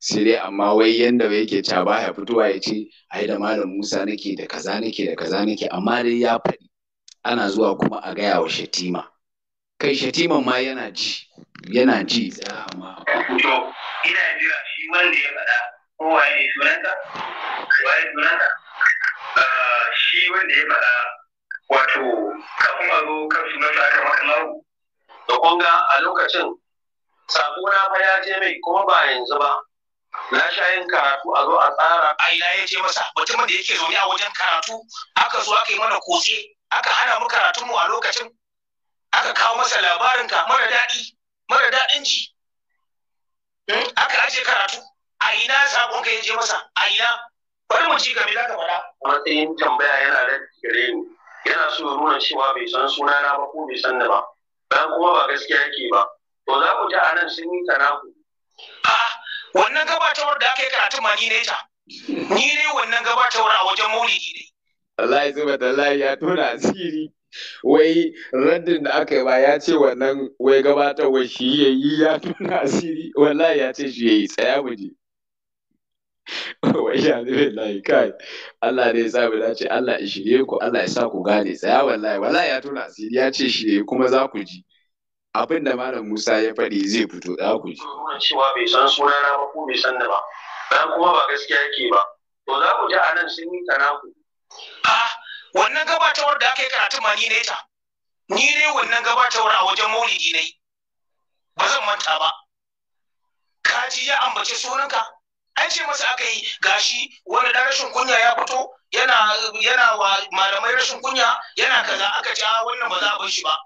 A: sai dai amma wai yanda yake ta baya fitowa ya ce ai da malam Musa nake da kaza nake da kaza nake amma dai ya faɗi ana zuwa kuma a gaya wa shatima kai Shatima ma yana ji yana ji amma ina jira shi wanda ya faɗa ne sunanta
C: waye sunanta shi wanda ya faɗa wato kafin a zo kan sunansa aka maka lawo da kunga a lokacin sakona fa ya je mai kuma ba yanzu ba na sha yin karatu a zo a tsara a ina ya je masa mutumin da yake zaune a wajen karatu aka zo aka yi mana kotse aka hana mu karatun mu a lokacin aka kawo masa labarin ka mara daɗi mara daɗin ji hmm? aka aje karatu a ina sakon ka ya je masa a ina bari mu ci gaba za ka faɗa matsayin tambaya yana da gare ni yana so nuna cewa bai san suna na ba ko bai san da ba dan kuma ba gaskiya yake ba to za ku ji a nan sun yi tanaku a wannan gabatarwar da aka yi karatun ma ni ne ta ni ne wannan gabatarwar a wajen maulidi ne
A: Allah ya zuba da Allah ya tona asiri wai raddin da aka yi ba ya ce wannan wai gabatarwa shi ya yi ya tuna asiri wallahi ya ce shi ya yi tsaya mu je wayya ne lai kai Allah ne ya sa mu dace Allah ya shirye ku Allah ya sa ku gane tsaya wallahi wallahi ya
D: tuna asiri ya ce
A: shirye kuma za ku ji abin da malam Musa ya faɗi zai fito za ku ji wannan cewa
C: bai san sunana ba ko bai san da ba dan kuma ba gaskiya yake ba to za ku ji a nan sun yi tanaku ah wannan gabatawar da aka yi karatun ma ni ne ta ni ne wannan gabatawar a wajen maulidi ne ba zan manta ba ka ji ya ambace sunanka an ce masa aka yi gashi wani dan rashin kunya ya fito yana yana wa malamai rashin kunya yana kaza aka ce ah, wannan ba za a bar shi ba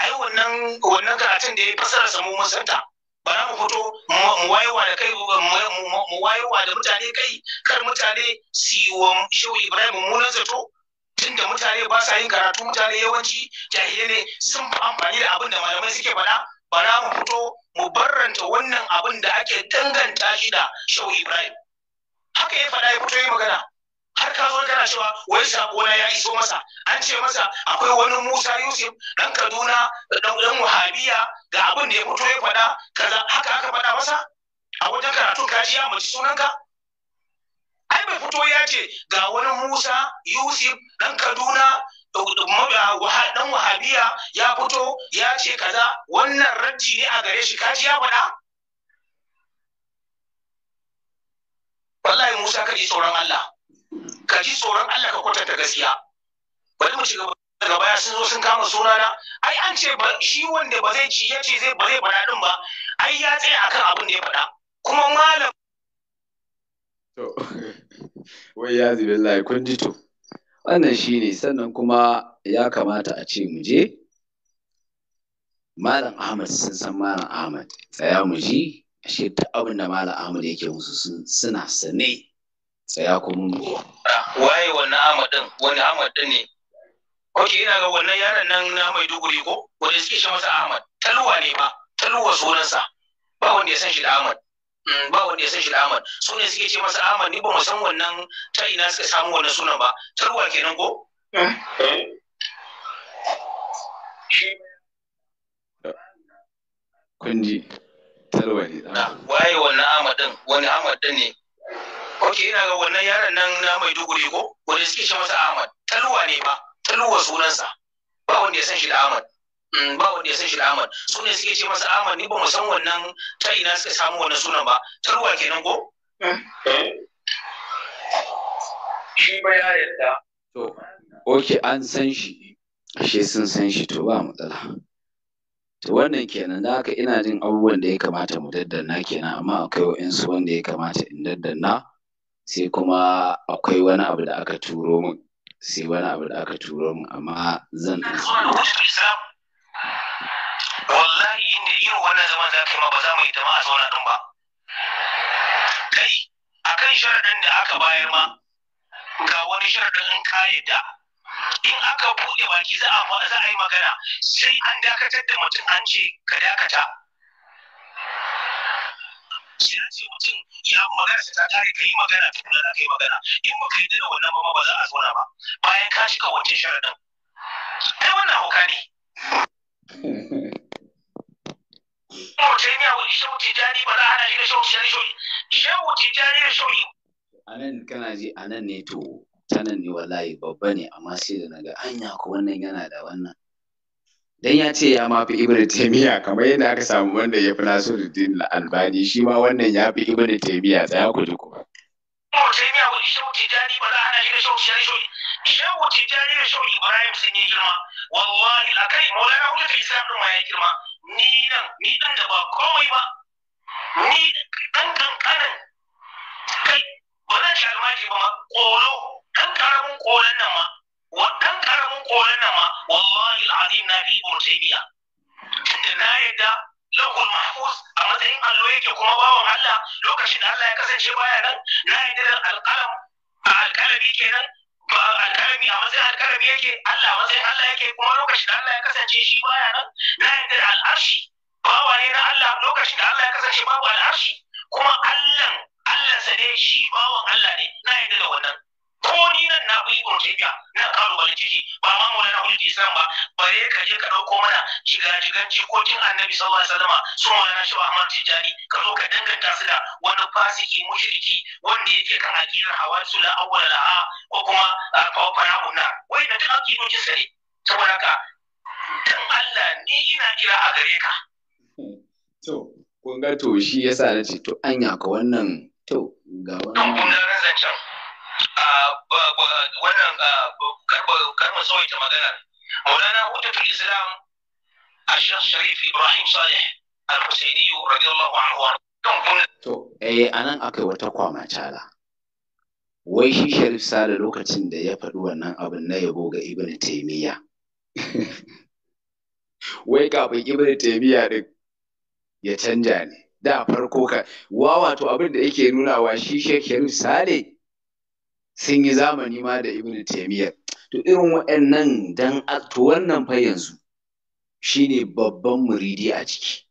C: ai wannan wannan karatun da ya fasara samu masanta ba za mu fito mu wayewa da kai mu wayewa da mutane kai kar mutane su yi wa shehu ibrahim mummunan zato tunda mutane ba sa yin karatu mutane yawanci jahilai ne sun fi amfani da abin da malamai suke faɗa bara mu fito mu barranta wannan abin da ake danganta shi da shau ibrahim haka ya faɗa ya fito ya magana har ka zo kana cewa wai sako na ya iso masa an ce masa akwai wani Musa Yusuf ɗan Kaduna ɗan dan Wahabiya ga abin da ya fito ya faɗa kaza haka aka faɗa masa a wajen karatu ka ji ya mace sunanka ai bai fito ya ce ga wani Musa Yusuf ɗan Kaduna dan wahabiya ya fito ya ce kaza wannan raddi ne a gare shi kaji ya faɗa wallahi Musa ka ji tsoron Allah ka ji tsoron Allah ka kwatanta gaskiya bari mu shiga daga baya sun zo sun kama sunana ai an ce shi wanda ba zai ci yace zai ba zai faɗa din ba
A: ai ya tsaya akan abin da ya faɗa kuma malam to wai ya zibillahi kun ji to wannan shi ne sannan kuma ya kamata a ce mu je malam ahmad sun san malam ahmad tsaya mu ji ashe duk abin da malam ahmad yake musu suna sane tsaya kuma waye wannan ahmad din wani ahmad din ne
C: ok ina ga wannan yaron nan na mai duguri ko wanda suke shi masa ahmad talwa ne ba talwa sunansa ba wanda ya san shi da ahmad Mm, ba wanda ya san shi da Ahmad su ne suke ce masa Ahmad ni ba mu san wannan ta ina suka samu wannan sunan ba tarwa kenan ko eh?
A: kunji tarwa ne waye wannan Ahmad din wani Ahmad din ne Ok, ina
C: ga wannan yaron nan na Maiduguri ko wanda suke ce masa Ahmad talwa ne ba talwa sunansa ba wanda ya san shi da Ahmad Mm, ba wanda ya san shi da Ahmad su ne suke ce masa Ahmad ni ba mu san wannan ta ina suka samu wannan sunan ba tarwa kenan ko eh.
A: shi ba ya yarda to oke an san shi ashe sun san shi to ba matsala to wannan kenan da haka ina jin abubuwan da ya kamata mu daddana kenan amma akwai wa'insu wanda ya kamata in daddana sai kuma akwai wani abu da aka turo min sai wani abu da aka turo min amma zan ɗan wallahi inda irin wannan zaman za ka yi ma ba za mu yi
C: da ma a zauna ɗin ba kai akan sharaɗin da aka bayar ma ga wani sharaɗin in ka yadda in aka buɗe baki za a yi magana sai an dakatar da mutum an ce ka dakata sai an ce mutum ya magana ta tare ka yi magana tukuna
E: za ka yi magana in ba ka yi da wannan ba ba za a zauna ba bayan ka shiga wancan sharaɗin ai wannan hauka ne
A: shehu taimiya wani shehu tijjani ba za a hana shi da shehu tijjani shoyi shehu tijjani da shoyi anan kana ji nan ne to tanan ne wallahi babba ne amma sai da naga anya ko wannan yana da wannan
B: dan ya ce ya ma fi ibnu taymiya kamar yadda aka samu wanda ya fi nasiruddin
A: albani shi ma wannan ya fi ibnu taymiya tsaya ku ji kuma
H: shehu
C: taymiya wani shehu tijjani ba za a hana shi da shehu tijjani shoyi shehu tijjani da shehu ibrahim sun yi girma wallahi akai maulana hujjatul islam din ma ya girma ni nan ni dan da ba komai ba ni dan kankanin kai ba zan shi almaji ba ma kolo dan karamin kolon nan ma wa dan karamin kolon nan ma wallahi alazim na fi ibn na yadda lahul mahfuz a matsayin allo yake kuma bawan Allah lokacin da Allah ya kasance baya nan na yadda alqalam alqalami kenan alkarami a matsayin alkarami yake Allah a matsayin Allah yake kuma lokacin da Allah ya kasance shi baya nan na yadda da al'arshi bawa ne na Allah lokacin da Allah ya kasance babu al'arshi kuma Allah Allah sa ne shi bawan Allah ne na yadda da wannan taymiya na kalubalance ciki ba ma na hujjatul islam ba bare ka je ka dauko mana ko jin annabi sallallahu alaihi wasallama su maulana shi ahmad tijani ka zo ka danganta su da wani fasiki mushriki wanda yake kan Hawa
A: hawaisu la la ha ko kuma fawfana unna wai da duk aqidojin sa ne saboda ka dan Allah ni ina kira a gare ka to kun ga to shi yasa nace to anya ka wannan to ga wannan Ah, wannan ah, karba tsawaita magana maulana hujjatul islam ashraf sharif ibrahim salih al-husaini radiyallahu anhu to eh anan akai wata kwamacala wai shi sharif sale lokacin da ya faɗi wannan abin na yabo ga ibn taimiyya wai kafin ibn taimiyya din ya canja ne da farko ka wa wato abin da yake nunawa shi sharif sale sun yi zamani ma da ibn taimiyya to irin waɗannan dan to wannan fa yanzu shine babban muridi a ciki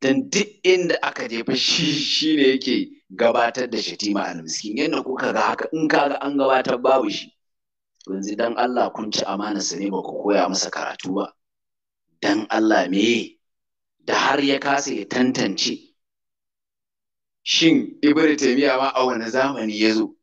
A: dan duk inda aka jefa shi shine yake gabatar da shatima al miskin yadda kuka ga haka in kaga an gabatar babu shi yanzu dan Allah kun ci amana sa ne ba ku koya masa karatu ba dan Allah me da har ya kasa ya tantance shin Ibrahim taymiya ma a wani zamani ya zo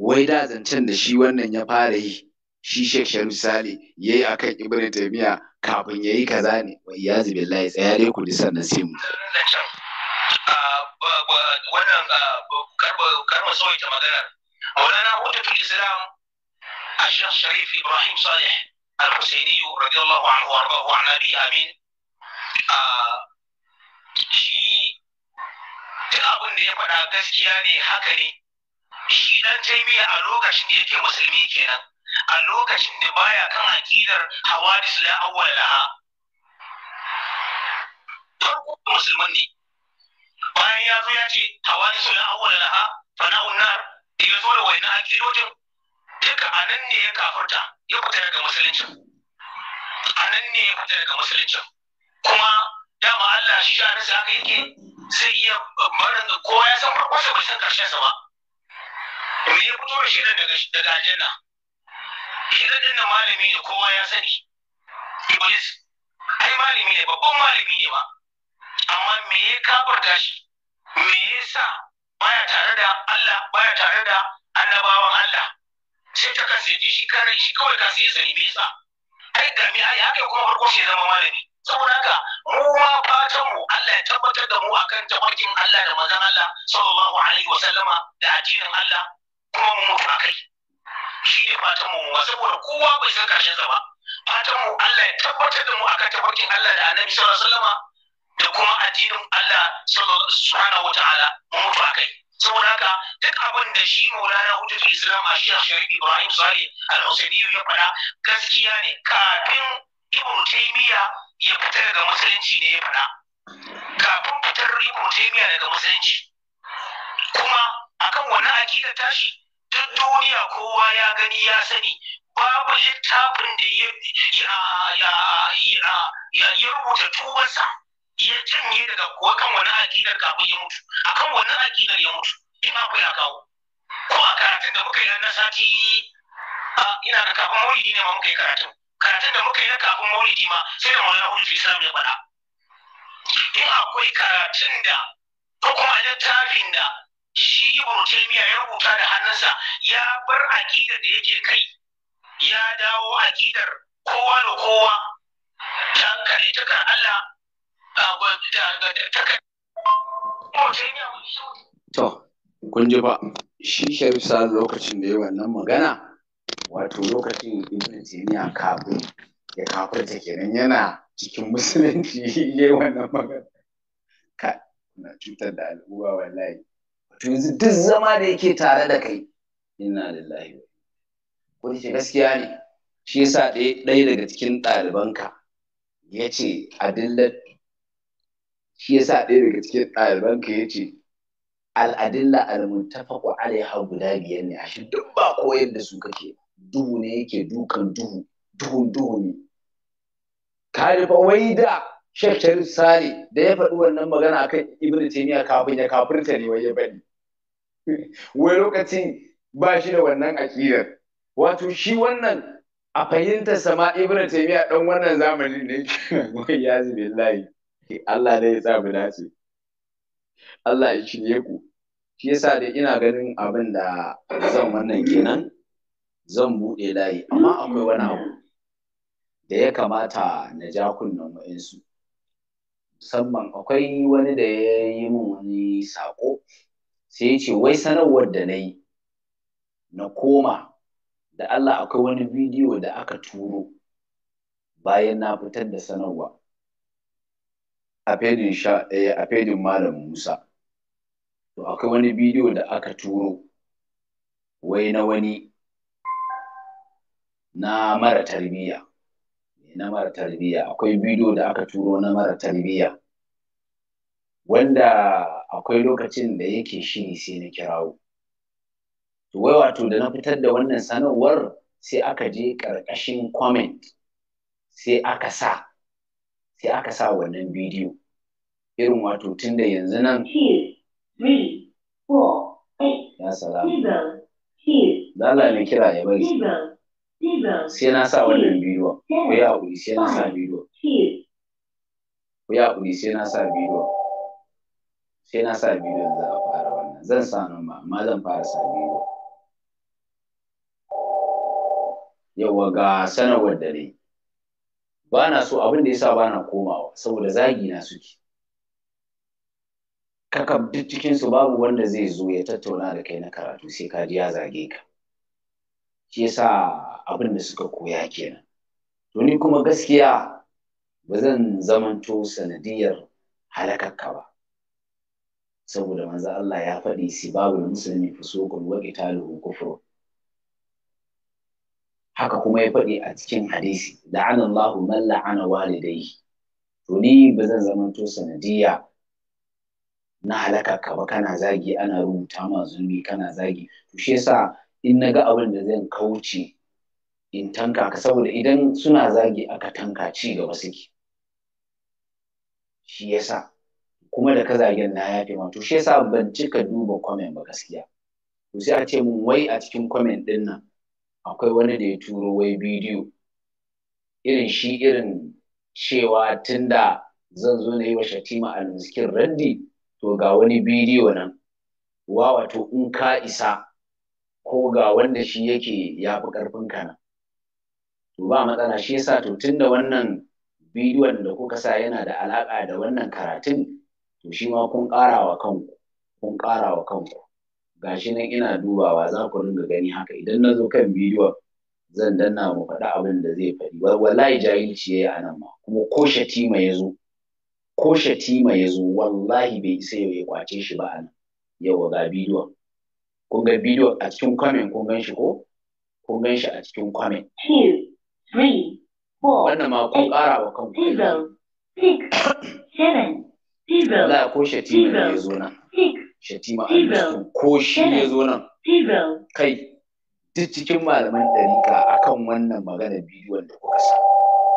A: wai da zancen da shi wannan ya fara yi shi Sheikh Sharif Sale ya yi akan Ibn Taymiyyah kafin ya yi kaza ne ya zube billahi tsaya dai ku lissa na simu wannan ta magana
C: الشيخ صالح الحسيني رضي الله عنه وعن shi duk abin da ya faɗa gaskiya ne haka ne shi dan taimiya a lokacin da yake musulmi kenan a lokacin da baya kan aƙidar hawadis la awwal laha musulman ne bayan ya zo ya ce hawadis la awwal laha fana unnar, da ya zo da wani aƙidojin duka anan ne ya kafurta ya fita daga musulunci anan ne ya fita daga musulunci kuma dama Allah shi sha nasa aka yake zai iya barin kowa ya san farkonsa bai san sa ba me ya fito shi daga daga aljanna shi din nan malami ne kowa ya sani iblis ai malami ne babban malami ne ba amma me ya kafarta shi me yasa baya tare da Allah baya tare da annabawan Allah sai ta kasa ji shi kare shi kawai kasa ya sani bisa ai ga mi ai haka kuma farko shi zama malami saboda haka mu ma fatan mu Allah ya tabbatar da mu akan tabbakin Allah da manzon Allah sallallahu alaihi wasallama da addinin Allah kuma mu mutu kai, shi ne fatan mu ba saboda kowa bai san karshen sa ba fatan mu Allah ya tabbatar da mu akan tabbakin Allah da Annabi sallallahu alaihi wasallama da kuma addinin Allah subhanahu wataala mu mutu akai saboda haka duk abin da shi Maulana Hujjatul Islam a Sheikh Sharif Ibrahim Salih Al-Husaini ya faɗa gaskiya ne kafin Ibn Taymiyyah ya fita daga musulunci ne ya faɗa kafin fitar Ibn Taymiyyah daga musulunci kuma akan wani akidar tashi duk duniya kowa ya gani ya sani babu littafin da ya rubuta tubansa ya janye daga kuwa kan wani akidar kafin ya mutu akan wani akidar ya mutu in akwai ya kawo ko a karatun da muka yi na sati ina da kafin maulidi ne ma muka yi karatun karatun da muka yi na kafin maulidi ma sai da maulana hujjul islam ya faɗa in akwai karatun da ko kuma littafin da shi ibn ya rubuta da hannunsa ya bar akidar da yake kai ya dawo aƙidar kowa da kowa ta kare takar Allah
A: To, kun ji ba, shi Sharif Sa'ad lokacin da ya wannan magana, wato lokacin Ibn Taymiyyah kafin ya kafirta kenan yana cikin musulunci ya yi wannan magana. Ka, na cutar da al'uwa wallahi. to yanzu duk zama da yake tare da kai inna lillahi ko ce gaskiya ne shi yasa ɗaya daga cikin ɗalibanka ya ce adillat shi yasa ɗaya daga cikin ɗalibanka ya ce al'adilla al-muntafaqu alaiha guda biyar ne ashe duk ba koyar da su kake duhu ne yake dukan duhu duhun duhu ne kalifa wai da shekaru Sharif da ya faɗi wannan magana akan Ibn Taymiyyah kafin ya kafirta ne wai ya bari wai lokacin ba shi da wannan aƙidar wato shi wannan a fahimtar sama ibnu taymiya dan wannan zamanin ne wai ya billahi Allah ne ya sa mu dace Allah ya shirye ku shi yasa dai ina ganin abin da zan wannan kenan zan buɗe layi amma akwai wani abu da ya kamata na ja kunnen wa'insu musamman akwai wani da ya yi min wani saƙo sai ya ce wai sanarwar da na yi na koma da Allah akwai wani bidiyo da aka turo bayan na fitar da sanarwa a fedin eh, malam Musa to akwai wani bidiyo da aka turo wai na wani na mara tarbiyya eh, na mara tarbiyya akwai bidiyo da aka turo na mara tarbiyya wanda akwai lokacin da yake ne sai na kirawo to wai wato da na fitar da wannan sanarwar sai aka je ƙarƙashin comment sai aka sa sai aka sa wannan bidiyo irin wato tun da yanzu nan ya salama Lala na kira ya bari
E: sai na sa wannan bidiyon ku yi haƙuri sai na sa
A: bidiyon ku yi haƙuri sai na sa bidiyon sai na sa bidiyon za a fara wannan zan sa namba amma zan fara sa bidiyo yawa ga sanarwar da ba na so abin da yasa ba na komawa saboda zagi na suke kakab duk babu wanda zai zo ya tattauna da kai na karatu sai ka ji ya zage ka shi yasa abin da suka koya kenan to ni kuma gaskiya ba zan zamanto sanadiyar ka ba saboda manzo Allah ya faɗi si babu musulmi fusuqun wa qitaluhu kufrun haka kuma ya faɗi a cikin hadisi la'ana Allahu man la'ana walidayhi to ni ba zan zama to sanadiyya na halaka ka ba kana zagi ana rubuta ma zulmi kana zagi to shi yasa in na ga abin da zan kauce in tanka ka saboda idan suna zagi aka tanka ci gaba suke shi yasa kuma da ka zagen na yafe ma to shi yasa ban cika duba comment ba gaskiya to sai a ce mun wai a cikin comment din nan akwai wani da ya turo wai bidiyo irin shi irin cewa tunda zan zo na yi wa shatima almiskin randi, to ga wani bidiyo nan wa wato in ka isa ko ga wanda shi yake ya fi ƙarfin ka nan to ba matsala shi yasa to tunda wannan bidiyon da kuka sa yana da alaka da wannan karatun to shi ma kun ƙara wa kanku kun ƙara wa kanku gashi nan ina dubawa za ku ringa gani haka idan na zo kan bidiyon zan danna mu faɗi abin da zai faɗi wallahi jahilci yayi a nan ma kuma ko shatima ya zo ko shatima ya zo wallahi bai isa ya kwace shi ba a nan Yau ga bidiyon kun ga bidiyon a cikin kwamen kun gan shi ko kun gan shi a cikin kwamen wannan ma kun ƙara wa kanku za a ko shatima ya zo nan shatima a ko shi ya zo nan kai duk cikin malaman ɗarika kan wannan magana bidiyon da kuka sa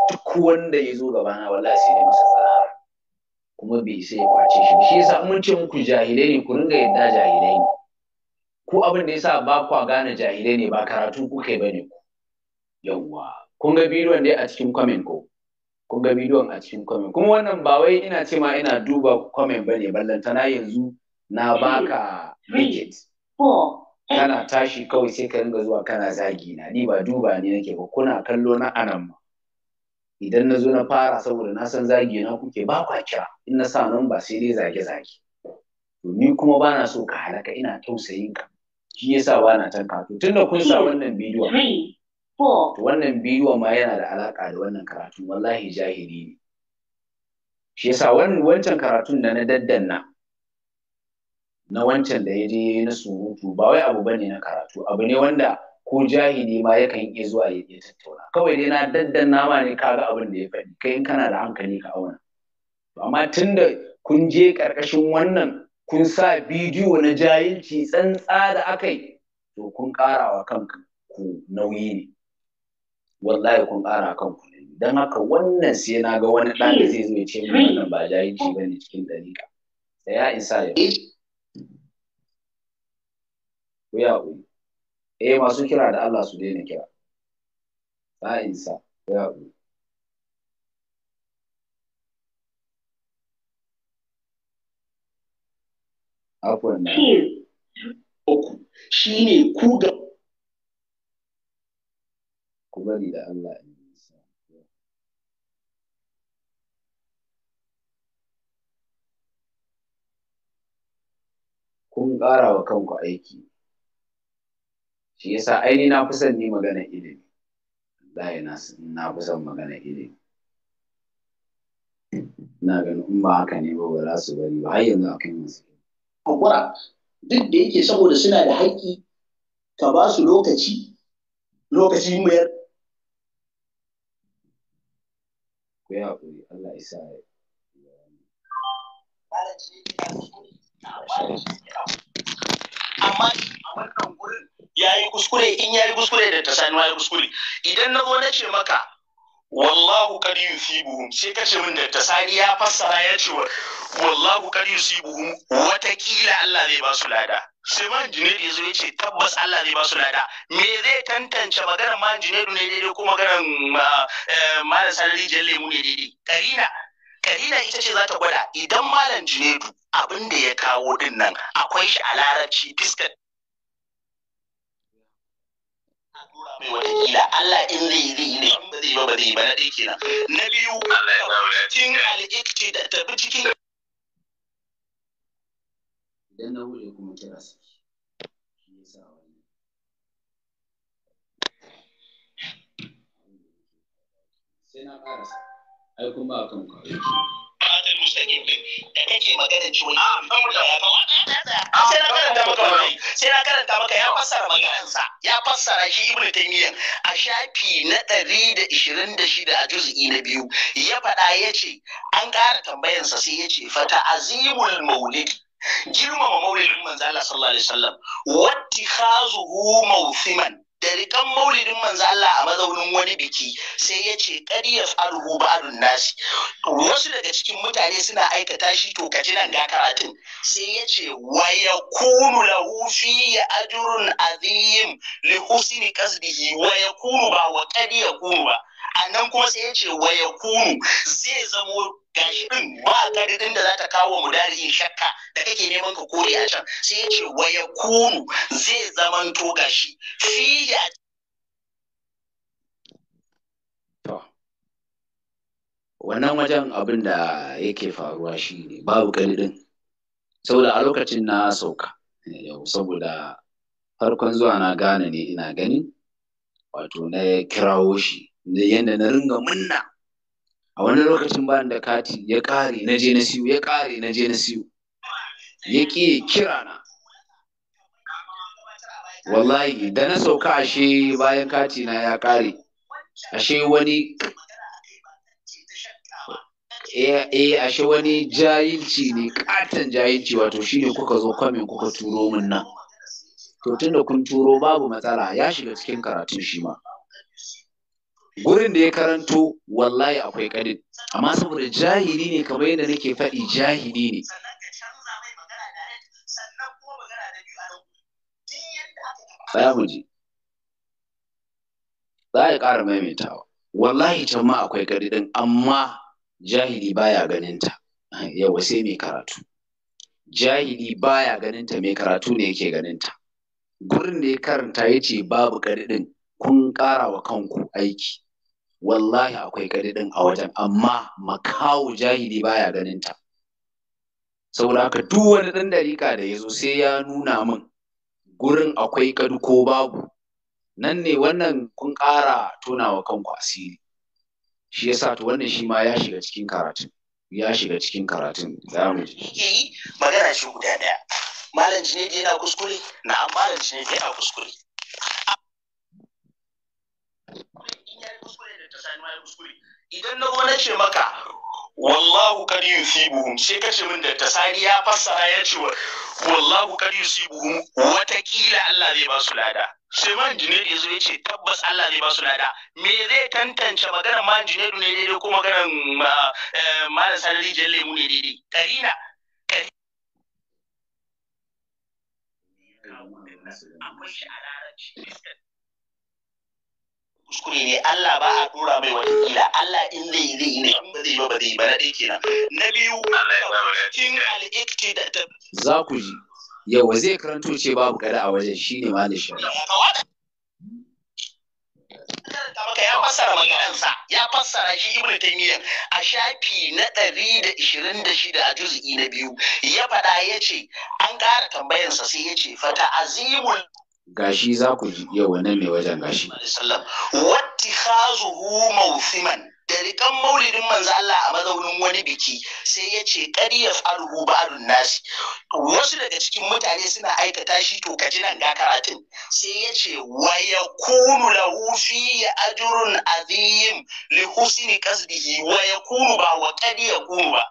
A: duk wanda ya zo gaba na wallahi sai dai masa tsara kuma bai sai ya kwace shi shi yasa mun ce muku jahilai ne ku ringa yadda jahilai ne ko abin da yasa ba kwa gane jahilai ne ba karatu kuka yi bane ku yawwa kun ga bidiyon dai a cikin comment ko kun ga bidiyon a cikin comment kuma wannan ba wai ina ce ma ina duba comment bane na yanzu na baka riket. Eh. kana tashi kawai sai ka ringa zuwa kana zagi na ni ba duba ne nake ba kuna kallo na anan ma idan nazo na fara saboda na san zagi na kuke ba kwa kira in na sa nan ba sai dai zage zage to ni kuma ba na so ka halaka ina tausayin ka shi yasa ba na tanka to tunda kun sa wannan bidiyon wannan bidiyon ma yana da alaƙa da wannan karatu wallahi jahili ne shi yasa wancan karatun da na daddanna na wancan da ya je na surutu ba wai abu bane na karatu abu ne wanda ko jahili ma yakan iya zuwa ya tattauna kawai dai na daddanna ma ne kaga abin da ya faɗi kai in kana da hankali ka auna amma da kun je ƙarƙashin wannan kun sa bidiyo na jahilci tsantsa da aka yi to kun ƙara wa kanka ku nauyi ne wallahi kun ƙara kan ku ne dan haka wannan sai na ga wani dan da zai zo ya ce min wannan ba jahilci ba ne cikin dalika da ya isa ya ku ya ku eh masu kira da Allah su daina kira ba isa
E: ku ya ku afuwan na uku shine ku ga ku bari da Allah in yi sa
A: kun ƙara wa kanku aiki shi yasa aini na fi son ni magana ilimi wallahi na na fi son magana ilimi ina ganin in ba haka ne ba ba za su bari ba har yanzu akan yanzu
C: hakura duk da yake saboda suna da haƙƙi ka ba su lokaci lokaci mayar Allah isa amma a wannan ya yi kuskure in ya yi kuskure da tasani ya yi kuskure idan na zo na ce maka wallahu kad yusibuhum sai ka ce min da Sani ya fassara ya ce wallahu kad buhu, watakila Allah zai ba su lada Suleiman Junaidu yazo ya ce tabbas Allah zai ba su lada me zai tantance maganar ma Junaidu ne daidai ko maganar eh, malam sarari jalle ne daidai karina karina ita ce za ta gwada idan malam Junaidu abin da ya kawo din nan akwai shi a larabci fiskar mai watakila Allah in zai zai ne ba zai ba ba zai ba na ɗaya kenan na biyu cikin al'ikci da tabi cikin
A: idan na hule kuma
E: sai na karasa ai kun ba
C: kan ku fatar mustaqim da kake magana cewa ah, ah, sai na karanta maka wani. sai na karanta maka ya fassara sa. ya fassara shi ibnu taymiya a shafi na 126 a juz'i na biyu ya faɗa yace an ƙara tambayansa sai yace fata azimul maulidi girmama maulidin manzo Allah sallallahu alaihi wasallam wattikhazuhu mawthiman da rikan maulidin manzo Allah a mazaunin wani biki sai ya ce kad yaf'aluhu alun nasi wasu daga cikin mutane suna aikata shi to ka nan ga karatun sai ya ce wa yakunu lahu fi ajrun azim li husni qasdihi wa yakunu ba wa nan kunu ba annan kuma sai ya ce wa yakunu zai zamo gashi din ba ɗin da za ta kawo mu in shakka da kake neman ka kore a can sai ya ce waya ya kunu zai zamanto gashi fiya
A: wannan wajen abin da yake faruwa shi ne babu kalidin saboda a lokacin na sauka yau eh, saboda farkon zuwa na gane ne ina gani wato na kirawo shi yadda na ringa munna a wani lokacin ba da kati ya ƙare na je na siyo ya ƙare na je na siyo ya ƙi kira na wallahi da na sauka ashe bayan kati na ya ƙare ashe wani eh, eh ashe wani jahilci ne katon jahilci wato shine kuka zo kwamin kuka turo min nan to tunda kun turo babu matsala ya shiga cikin karatun shi ma gurin da ya karanto wallahi akwai kadin amma saboda jahili ne kamar yadda nake faɗi jahili ne tsaya mu ji za a ƙara maimaitawa wallahi can ma akwai gari amma jahili baya ganinta yawa sai mai karatu jahili baya ganinta mai karatu ne yake ganinta gurin da ya karanta ya ce babu gari kun ƙara wa kanku aiki wallahi akwai din a wajen amma makawo jahili baya ganin ta saboda haka duk wani dan dariƙa da ya zo sai ya nuna min gurin akwai kadu ko babu nan ne wannan kun ƙara tunawa kanku asiri shi yasa to wannan shi ma ya shiga cikin karatun ya shiga cikin karatun za mu ji yi
C: magana shi guda ɗaya malam jinedi yana kuskure na malam jinedi yana kuskure idan na zo ce maka wallahu kad buhu, sai ka ce min da ta sani ya fassara ya ce wallahu kad buhu, watakila Allah zai ba su lada sai man junaidu ya zo ya ce tabbas Allah zai ba su lada me zai tantance maganar man junaidu ne daidai ko maganar eh, malam sarari jan lemu ne daidai karina akwai shi a larabci kuskure ne Allah ba a dora mai wata kila Allah in zai yi zai ne in
A: ba zai ba ba zai ba na ɗaya kenan
C: na biyu cikin al'ikci
A: da ta za ku ji yawa zai karanto ce babu kada a wajen shi ne da shi maka
C: ya fassara maganansa ya fassara shi ibnu taymiyyah a shafi na ɗari da ishirin da shida a juz'i na biyu
A: ya faɗa ya ce an ƙara tambayansa sai ya ce fata azimul gashi za ku ji yau wannan mai wajen gashi
C: hu mawsiman da rikan maulidin manzo Allah a mazaunin wani biki sai ya ce qadiya alhu nasi wasu daga cikin mutane suna aikata shi to kaji nan ga karatun sai ya ce wa yakunu lahu fi ajrun azim li husni qasdihi wa yakunu ba wa qad Kunu ba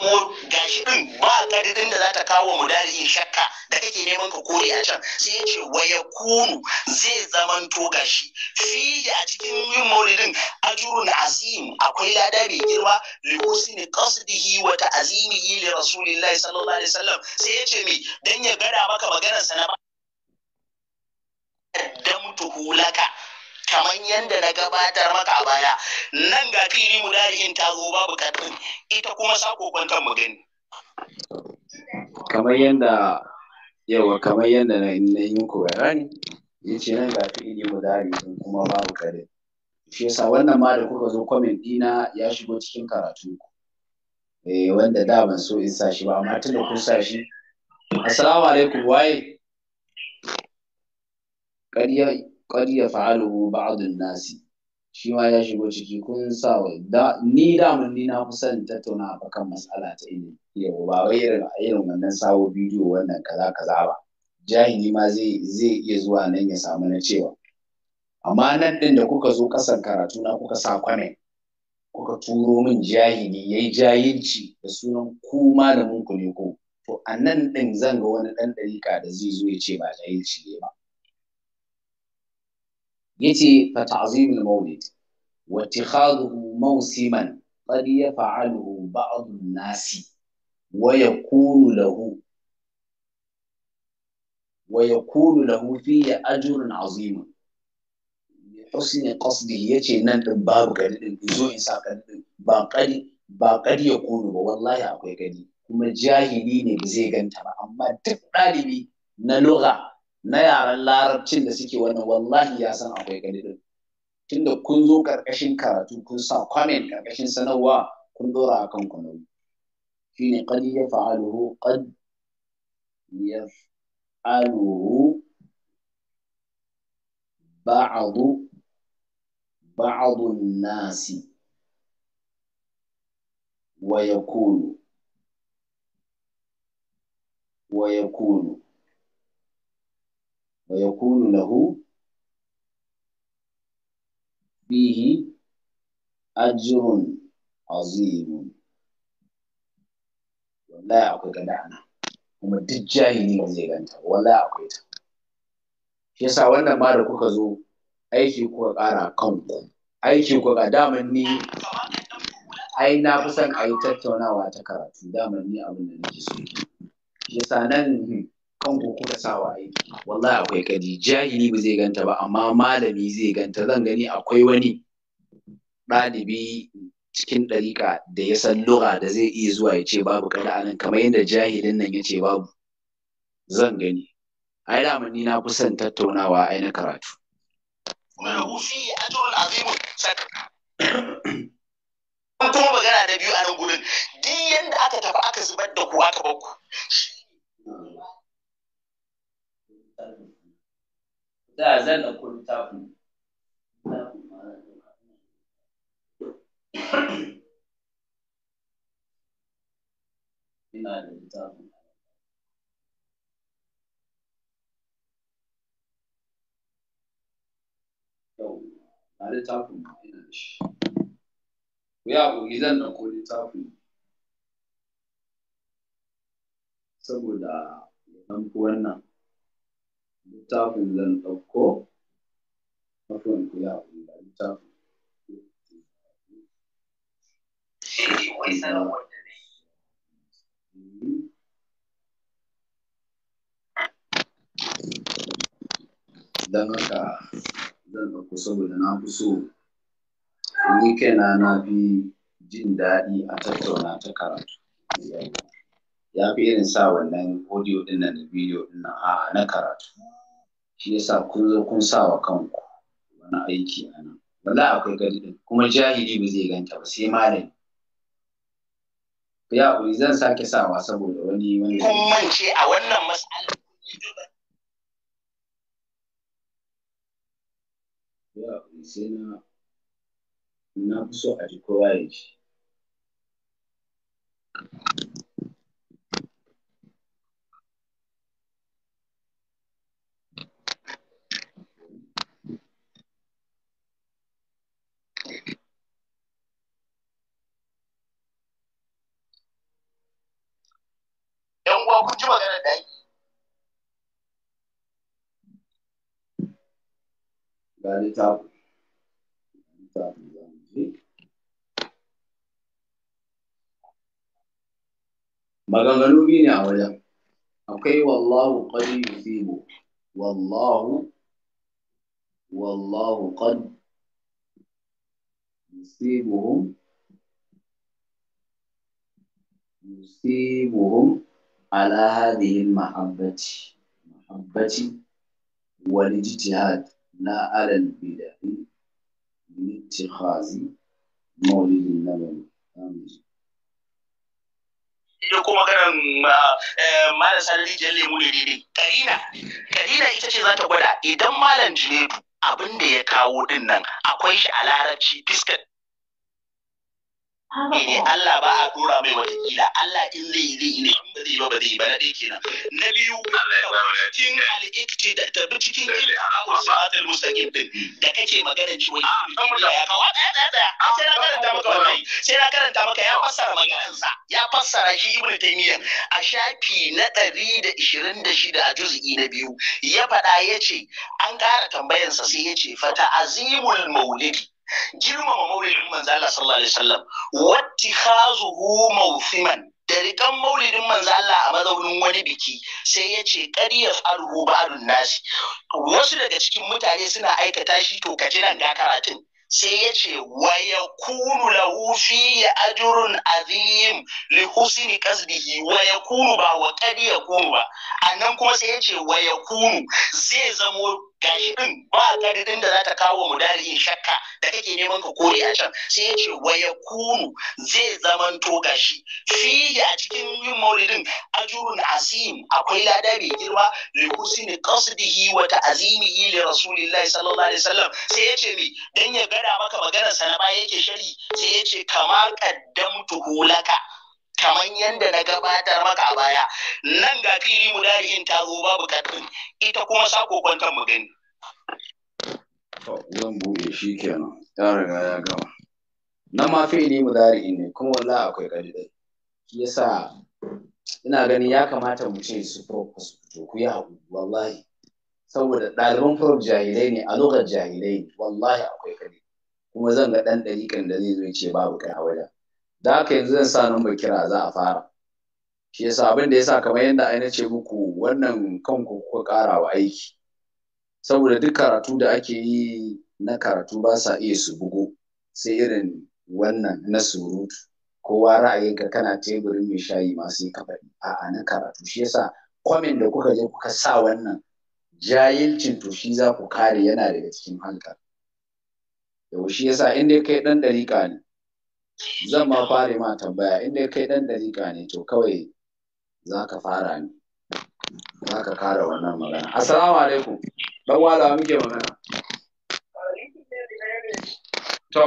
C: zamo gashi din ba kadirin da za ta kawo mu dari shakka da kake neman ka kore a can sai ya ce waya kunu zai zamanto gashi fi a cikin yin maulidin ajurun azim akwai lada mai girma li husni qasdihi wa ta'zimihi li rasulillahi sallallahu alaihi wasallam sai ya ce me dan ya gada maka maganar sa na damtuhu laka kamar yadda na gabatar maka a baya nan ga fili mudari'in ta zo babu katin ita kuma
A: sako kwantar mu gani kamar yadda yawa kamar yadda na yi muku bayani ya ce nan ga fili mudari'in kuma babu katin shi yasa wannan ma da kuka zo kwamin dina ya shigo cikin karatu eh wanda da ban so in sa shi ba amma tunda kun sa shi assalamu alaikum waye ƙarya qad yaf'aluhu ba'dun nasi shi ma ya shigo ciki kun sa da ni daman ni na kusan tattauna a kan matsala ta ilimi yau ba wai irin wannan sawo bidiyo wannan kaza kaza ba jahili ma zai iya zuwa nan ya samu na cewa amma nan ɗin da kuka zo kasar karatu na kuka sa kwane kuka turo min jahili yayi jahilci da sunan ku malamin ku ne ko to a nan ɗin zan ga wani ɗan ɗarika da zai zo ya ce ba jahilci ne ba yace fa ta'zimul maulid wa ittikhadhuhu mawsiman qad yaf'aluhu ba'd an-nasi wa yakunu lahu wa yakunu lahu fihi ajrun 'azim husni yace nan din babu gari din zo in sa gari ba kari ya kunu ba wallahi akwai gari kuma jahili ne ba zai ganta ba amma duk ɗalibi na lugha na yaren larabcin da suke wannan wallahi ya san akwai gani din tunda kun zo karkashin karatu kun sa kwamen karkashin sanarwa kun dora a kan kunawi shine qad yaf'aluhu qad ba'adu ba'adun nasi wa yakunu wa yakunu lahu fihi ajrun azimun wallahi akwai gada'ana kuma duk jahili ba zai ganta wallahi akwai ta shi yasa wannan ma da kuka zo aiki kuka ƙara kanku aiki kuka ƙara daman ni ai na fi son a yi tattaunawa ta karatu daman ni abin da nake so shi yasa nan kan koko da sawa aiki wallahi akwai kadi jahili ba zai ganta ba amma malami zai ganta zan gani akwai wani ɗalibi cikin ɗariƙa da ya san lura da zai iya zuwa ya ce babu kada anan kamar yadda jahilin nan ya ce babu zan gani ai da ni na kusan tattaunawa ai na karatu
C: kuma magana da biyu a nan gudun duk yadda aka tafi aka zubar da ku aka bakku
A: da zan ɗauko littafin
E: ina da littafin
A: yau na littafin ina da shi ku yi zan ɗauko littafin saboda ya ɗan wannan littafin zan ɗauko afuwan ku ya da littafin don haka zan ɗauko saboda na fi so ni kaina na fi jin daɗi a tattauna ta karatu ya fi irin sa wannan audio din nan da video din nan a na karatu shi yasa kun zo kun sa wa kanku wani aiki a nan wallahi akwai gari din kuma jahili ba zai ganta ba sai malami ya kuri zan sake sawa saboda wani wani kun mance
C: a wannan mas'alar
A: ya kuri sai
E: na na fi so a ji kowa ya ji kuma kun ji maganar da ake
A: ga littafin littafin za mu je maganganu biyu ne a wajen akwai wallahu qad yusibu wallahu wallahu qad yusibuhum yusibuhum على هذه المحبة محبة والاجتهاد لا على البدع من اتخاذ مولد النبوي آمين da kuma
C: maganar eh, malam sarari jan lemu ne daidai karina karina ita ce za ta gwada idan malam jinedu abin da ya kawo din nan akwai shi a larabci fiskar Eh Allah ba a dora mai wata kila Allah in zai zai ne in ba zai ba ba zai ba na ɗaya kenan. Na biyu cikin al'ikti da tabi cikin sa'atul mustaqim din da kake magana ci wai ya kawo ah,
E: sai
H: na karanta maka wannan sai na karanta maka ya fassara
C: maganarsa ya fassara shi Ibn Taymiyyah a shafi na ɗari da ishirin da shida a juz'i na biyu ya faɗa ya ce an ƙara tambayarsa sai ya ce fata azimul maulidi girmama maulidin manzo Allah sallallahu alaihi wasallam wattikhazuhu da rikan maulidin manzo Allah a mazaunin wani biki sai ya ce ƙarya faruhu ba'dun nasi wasu daga cikin mutane suna aikata shi to kaji nan ga karatun sai ya ce wa ya kunu lahu fi ajrun azim li husni qasdihi wa ya kunu ba wa nan ya ba annan kuma sai ya ce wa ya kunu zai zamo gashi din ba ɗin da za ta kawo mu yin shakka da kake neman ka kore a can sai ya ce waya kunu zai zamanto gashi fiye a cikin yin maulidin ajurun azim akwai lada mai girma li husni qasdihi wa ta'zimihi li rasulillahi sallallahu alaihi wasallam sai ya ce me dan ya gada maka maganar sa na baya yake shari sai ya ce kama qaddamtuhu laka kamar yadda na gabatar maka a baya nan ga fili mudari'in ta taro babu katun ita kuma sako kwantar mu gani
A: zan buɗe shi kenan ya riga ya gama na ma fili in ne kuma wallahi akwai ƙalilai shi yasa ina ganin ya kamata mu ce su focus to ku yi haƙuri wallahi saboda ɗaliban farko jahilai ne a lokacin jahilai ne wallahi akwai ƙalilai kuma zan ga ɗan ɗariƙan da zai zo ce babu kai a wajen
B: da haka yanzu zan sa numbar kira za a fara
A: shi yasa abin da yasa kamar yadda ai ce muku wannan kanku kuka ƙara wa aiki saboda duk karatu da ake yi na karatu ba sa iya su bugu sai irin wannan na surutu kowa ka kana teburin mai shayi ma sai ka faɗi a'a na karatu shi yasa kwamin da kuka je kuka sa wannan Jayilcin to shi za ku kare yana daga cikin hankali yau shi yasa in dai kai ɗan ɗariƙa ne zan ma fara ma tambaya inda kai dan dariƙa ne to kawai za ka fara ne za ka kara wannan magana assalamu alaikum dan wala muke magana to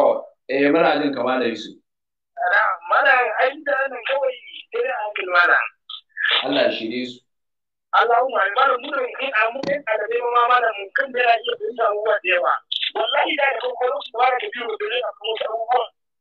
A: eh muna jin kama da yusuf
C: mana ai da nan kawai dai an akil malam
A: Allah ya shirye su
C: Allahumma malam mun in amu ah, ne a da ma malam kan da ya iya fahimta abubuwa da yawa wallahi da da kuma
E: ba da ka da ne a kuma abubuwan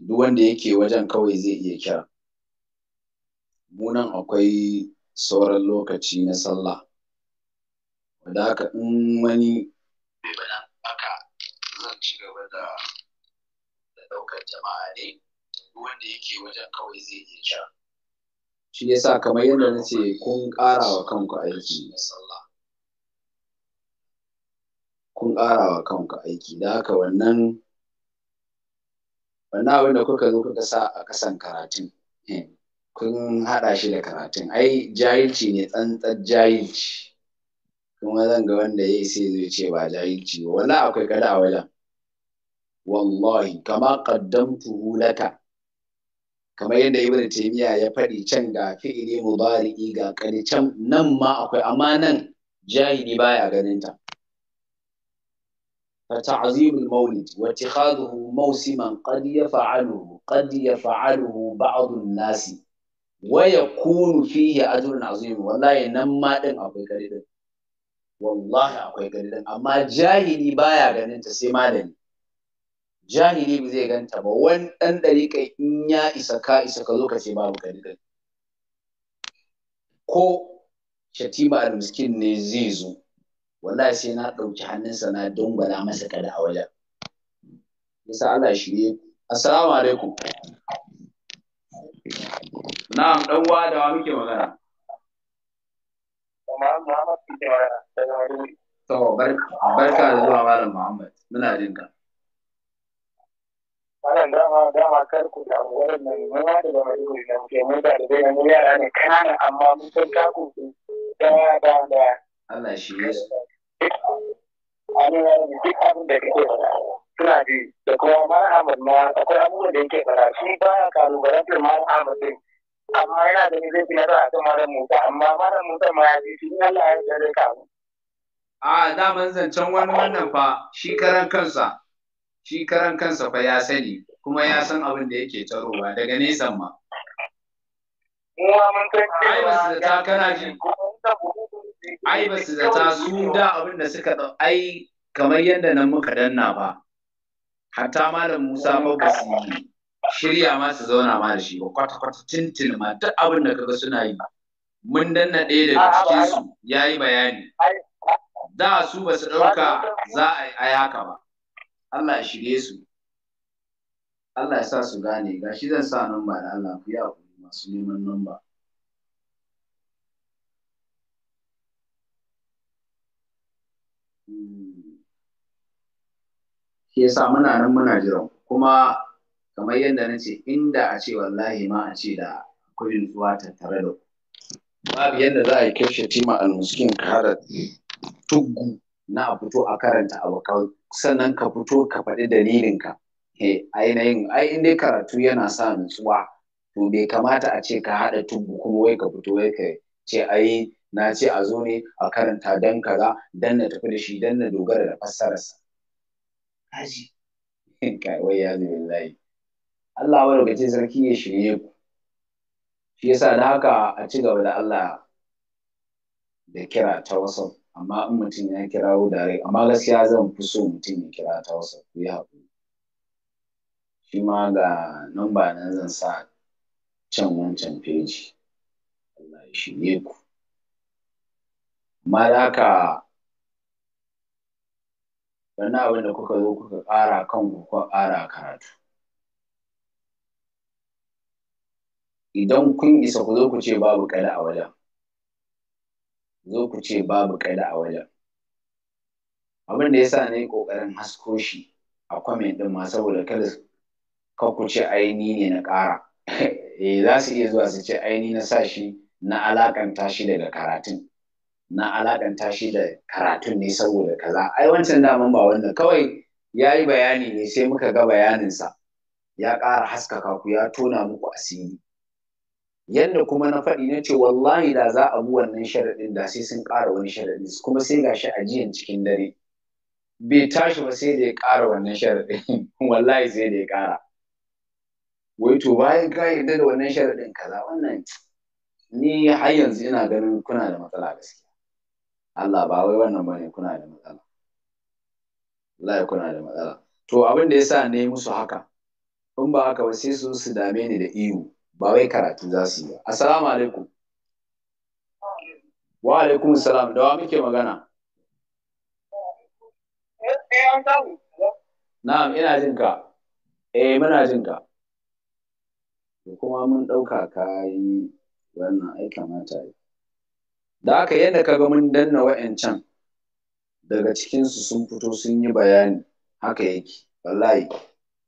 A: duk wanda yake wajen kawai zai iya kira munan akwai sauran lokaci na sallah da haka in wani
E: bai bada haka zan ci gaba da da ɗaukar jama'a ne duk wanda yake wajen kawai zai iya kira
A: shi ya sa kamar yadda na ce kun ƙara wa kanku aiki na sallah kun ƙara wa kanku aiki da haka wannan wannan abin da kuka zo kuka sa a kasan karatun eh, kun haɗa shi da karatun ai jahilci ne tsantsan jahilci kuma zan ga wanda ya sai zai ce ba jahilci ba wala akwai kada a wajen wallahi kama qaddamtuhu tuhulata kamar yadda ibn taymiya ya faɗi can ga fi'ili mudari'i ga kani nan ma akwai amma nan jahili baya ganin ta فتعظيم المولد واتخاذه موسما قد يفعله قد يفعله بعض الناس ويكون فيه اجر عظيم والله نما دين اكو كريدين والله اكو كريدين اما جاهلي بايا غنين سي دين jahili ba zai ganta ba wani ɗan ɗariƙa in ya اسكا ka isa بابو zo كو شتيما المسكين kadidan ko wallahi sai na ɗauki hannunsa na dungwala masa kada a wajen yasa Allah ne. assalamu alaikum na'am dan uwa da wa muke magana
C: to barka da zuwa malam Muhammad
A: muna jin ka
C: Allah shi yasa duk abin da kake faɗa suna ji da kuma mara akwai abubuwan da yake faɗa shi ba ya mara amma yana da musa amma musa ma ya ji shi Allah ya
A: a daman zancen wani wannan fa shi karan kansa shi karan kansa fa ya sani kuma ya san abin da yake tarowa daga nesan ma. Ai ba su zata kana ji. ai ba su zata su da abin da suka ai kamar yadda nan muka danna ba hatta malam Musa ba ba su shirya ma su zauna ma da shi ba kwata kwata tintin ma duk abin da kaga suna yi mun danna ɗaya daga cikin su yayi bayani da su ba su ɗauka za a yi ayaka ba Allah ya shirye su Allah ya sa su gane gashi zan sa namba da Allah ku yi masu neman namba Ke yasa muna nan muna jiran kuma kamar yadda na ce inda a ce wallahi ma a ce da akwai nutsuwa tattare da ku babu yadda za a yi kashe tima almuskin kara tuggu na a fito a karanta abu sannan ka fito ka faɗi dalilinka eh, ainihin ai in dai karatu yana sa nutsuwa to bai kamata a ce ka haɗa tuggu kuma wai ka fito wai ka ce ai na ce a zo ne a karanta dan kaza dan na tafi da shi dan na dogara da fassararsa kaji kai wai ya billahi Allah gaje sarki ya shirye ku shi yasa da haka a ci gaba da Allah da kira ta wasu amma in mutum ya wu dare amma gaskiya zan fi so mutum ya kira ta wasu ku yi haƙuri shi ma ga namba nan zan sa can wancan feji Allah ya shirye ku amma za ka wani abin da kuka zo kuka ƙara kan kuka ƙara karatu idan kun isa ku zo ku ce babu ƙada a wajen zo ku ce babu a wajen abin da ya sa na yi ƙoƙarin hasko shi a kwamen ɗin ma saboda kada ka ku ce aini ne na ƙara eh za su iya zuwa su ce aini na sa shi na alakanta shi daga karatun na alaƙanta shi da karatun ne saboda kaza ai wancan daman ba wannan kawai ya yi bayani ne sai muka ga bayaninsa ya ƙara haskaka ku ya tona muku asiri yadda kuma na faɗi na ce wallahi da za a bi wannan sharaɗin da sai sun ƙara wani sharaɗin, kuma sai ga shi ajiyan cikin dare bai tashi ba sai da ya ƙara wannan sharaɗin wallahi sai da ya ƙara
B: wai to bayan
A: ka yarda da wannan sharaɗin kaza wannan ni har yanzu ina ganin kuna da matsala gaskiya Allah ba wai wannan bane kuna da matsala wallahi kuna da matsala to abin da yasa ne musu haka in ba haka ba sai su su dame ni da ihu ba wai karatu za su yi ba assalamu alaikum wa alaikum salam da wa muke magana na'am ina jin ka eh muna jin ka kuma mun ɗauka ka yi wannan ai kamata yi da aka yadda ka ga mun danna wayancan daga cikinsu sun fito sun yi bayani haka yake wallahi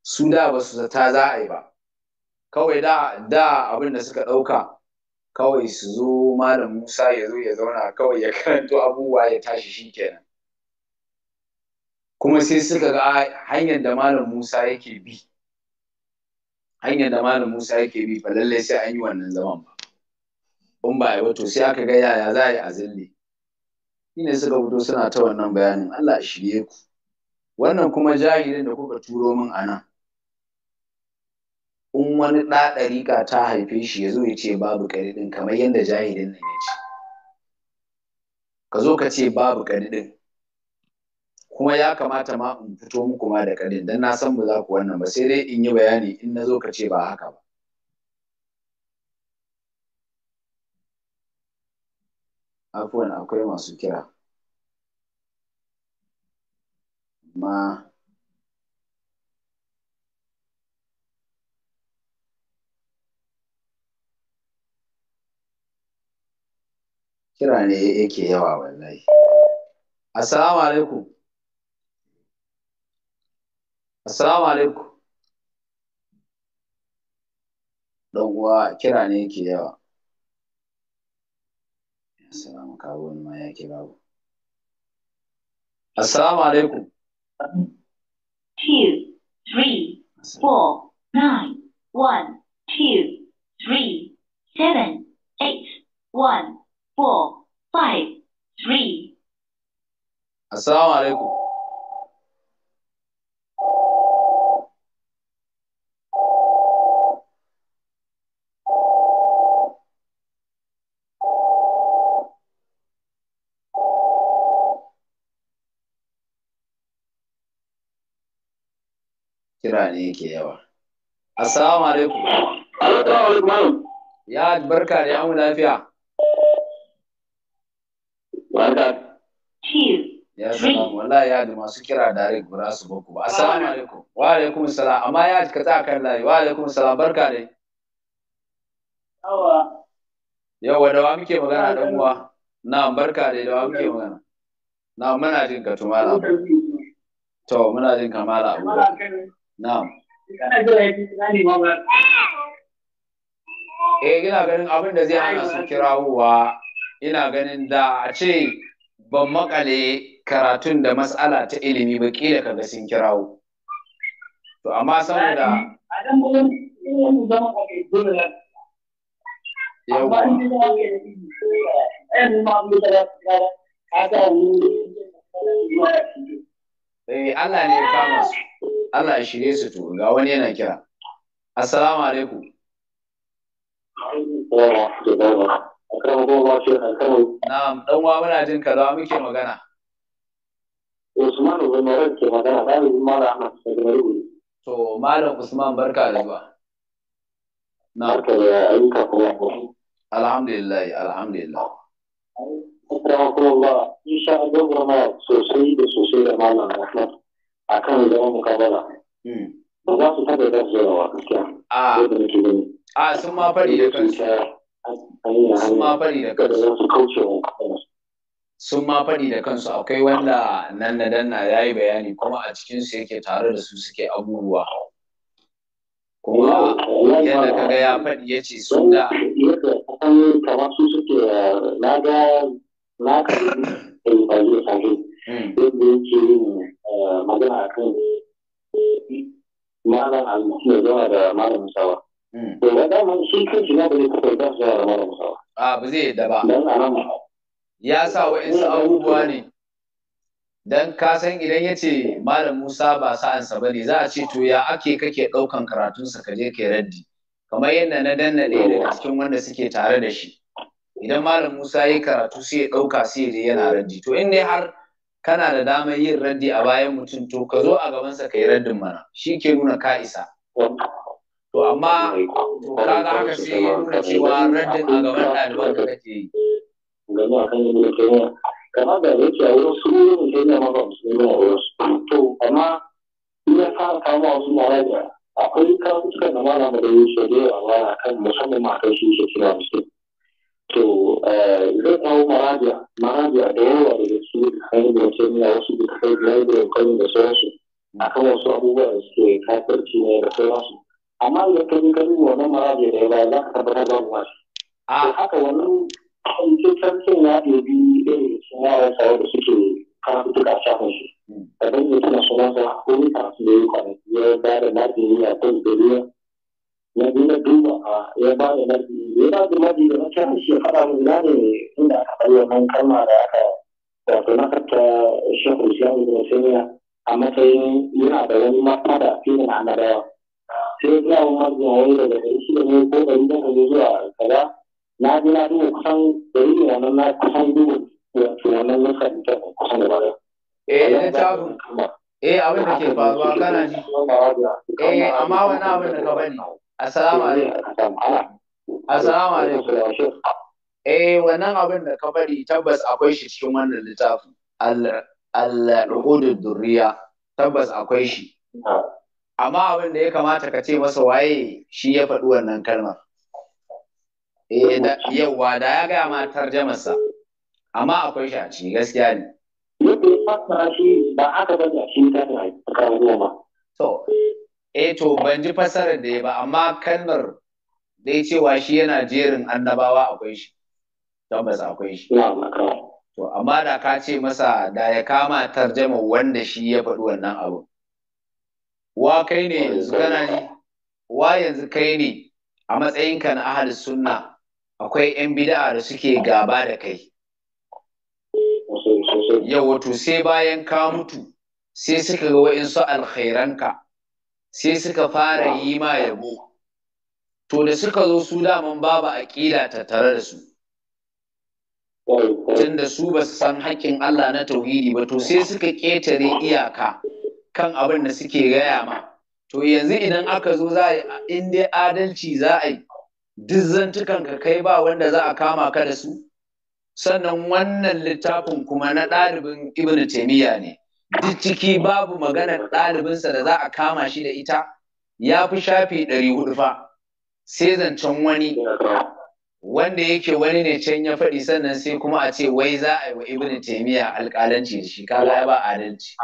A: su da ba su zata za a yi ba kawai da da abin da suka ɗauka kawai su zo malam musa ya zo ya zauna kawai ya karanto abubuwa ya tashi shi kenan kuma sai suka ga hanyar da malam musa yake bi hanyar da malam musa yake bi fa lallai sai an yi wannan zaman ba in ba a yi ba sai aka ga yaya za a yi a shi ne suka fito suna ta wannan bayanin Allah a shirye ku wannan kuma jahilin da kuka turo min a nan in wani ɗa ɗariƙa ta haife shi ya zo ya ce babu ƙaridin kamar yadda jahilin nan ya ce ka zo ka ce babu ƙaridin kuma ya kamata ma in fito muku ma da ƙaridin don na san ba za ku wannan ba sai dai in yi bayani in na zo ka ce ba haka ba
E: Afuwan akwai masu kira, ma
A: kira ne yake yawa wallahi. Assalamu alaikum. Assalamu alaikum. Ɗan kira ne yake yawa. Assalamu kawo wani ma ya kira ku. Assalamu alaikum.
E: Two, three, four, nine, one, two, three, seven, eight, one, four, five, three.
A: Assalamu alaikum. kira ne yake yawa assalamu alaikum ya barka da yamu lafiya barka ya salam wallahi ya da masu kira da rai gura su boku ba assalamu alaikum wa alaikum salam amma ya ka ta kan layi wa alaikum salam barka dai
E: yawa
A: yawa da wa muke magana dan uwa na barka dai da wa muke magana na muna jin ka tumala to muna jin kamala abubuwa na'am eh ina ganin abin da zai hana su kirawowa ina ganin da a ce ban makale karatun da matsala ta ilimi ba kila kaga sun kirawo to amma saboda eh, Allah ne ya kama su Allah ya shirye su to ga wani yana kira assalamu alaikum na'am dan wa muna jin ka da muke magana
D: Usman Umar ke
A: magana da Umar Ahmad Sagari to malam Usman barka da zuwa na barka da ayyuka kuma alhamdulillah alhamdulillah
C: Assalamu alaikum insha Allah sosai da sosai da malam Ahmad
A: a kan zama mukabala. Hmm. Ba za su taɓa da su jarawa gaskiya. A sun ma fari da kansu. Sun ma fari da kansu. Sun ma fari da kansu akwai wanda nan na danna ya yi bayani kuma a cikinsu yake tare da su suke abubuwa.
D: Kuma yadda ka ga ya
A: faɗi ya ce sun da. Yadda kamar
D: su suke na ga
C: na kan ba yadda yake yin magana
D: a kan malam almasu ya zama da malam musawa. To da dama shi kan shi na da zai da su da malam musawa.
A: A ba zai yadda ba. Dan anan ya sa wa'insu abubuwa ne. Dan ka san idan ya ce Malam Musa ba sa'ansa ba ne za a ce to ya ake kake ɗaukan karatunsa ka je ke raddi. Kamar yadda na danna ɗaya daga cikin wanda suke tare da shi. Idan Malam Musa ya yi karatu sai ya ɗauka sai ya je yana raddi. To in dai har kana da damar yin raddi a bayan mutum to ka zo a gabansa ka yi raddin mana shi ke nuna ka isa to amma to kaga haka sai ya nuna
E: cewa raddin a gaban ɗaliban da kake
D: yi kama da yake a wurin su ne da ma ba musulmi a wurin su to amma ina fara kawo wasu mara da akwai kawuka da mara da yi shari'a a mara kan musamman ma kan su ke kira musu to eh, zai kawo marabiya marabiya da yawa daga su kai da kenya wasu da da a wasu abubuwa ne da amma
C: da za a haka wannan ya
D: irin suke karatu da shafin shi da ban yi tana suna sa ko ni karatu ya biyu da da na
C: faɗa ne inda aka bayyana wato na karta shekul islam ibn Sai a matsayin yana da wani mata da sai zuwa wani mazuwa daga ɗari shida ne ko ɗari da ne zuwa kaza na ji na duba kusan ɗari ne wannan na kusan duba wato wannan na karanta kusan ba ɗaya.
A: eh na tabin eh abin da ke faruwa kana ji eh amma wani abin da ka bani assalamu alaikum
F: assalamu alaikum
A: eh wannan abin da ka bari tabbas akwai shi cikin wannan littafin al-ruhudud durriya tabbas akwai shi amma abin da ya kamata ka ce masa waye shi ya faɗi wannan kalmar eh da yawa da ya gaya ma tarjamarsa amma akwai shi a ciki gaskiya ne yadda ya fassara shi ba aka bada shi ta kawo ba to eh to ban ji fassarar da ya ba amma kalmar da ya cewa shi yana jerin annabawa akwai shi shi to amma da ka ce masa da ya kama tarjama wanda shi ya faɗi wannan abu wa kai ne yanzu kana ne wa yanzu kai ne a matsayinka na ahal sunna akwai yan bida'a da suke gaba da kai yau wato sai bayan ka mutu sai suka ga wa'insu alkhairanka sai suka fara yi ma yabo to da suka zo su daman babu aƙida tare da su Tun da su ba su san haƙƙin Allah na tauhidi ba to sai suka ƙetare iyaka kan abin da suke gaya ma to yanzu idan aka zo za a in dai adalci za a yi duk zantukan ka kai ba wanda za a kama ka da su sannan wannan littafin kuma na ɗalibin ibnu taimiyya ne duk ciki babu maganar ɗalibinsa da za a kama shi da ita ya fi shafi ɗari hudu fa sai zancen wani wanda yake wani ne can ya faɗi sannan sai kuma a ce wai za a yi wa ibn taymiya alƙalanci da shi kaga ba adalci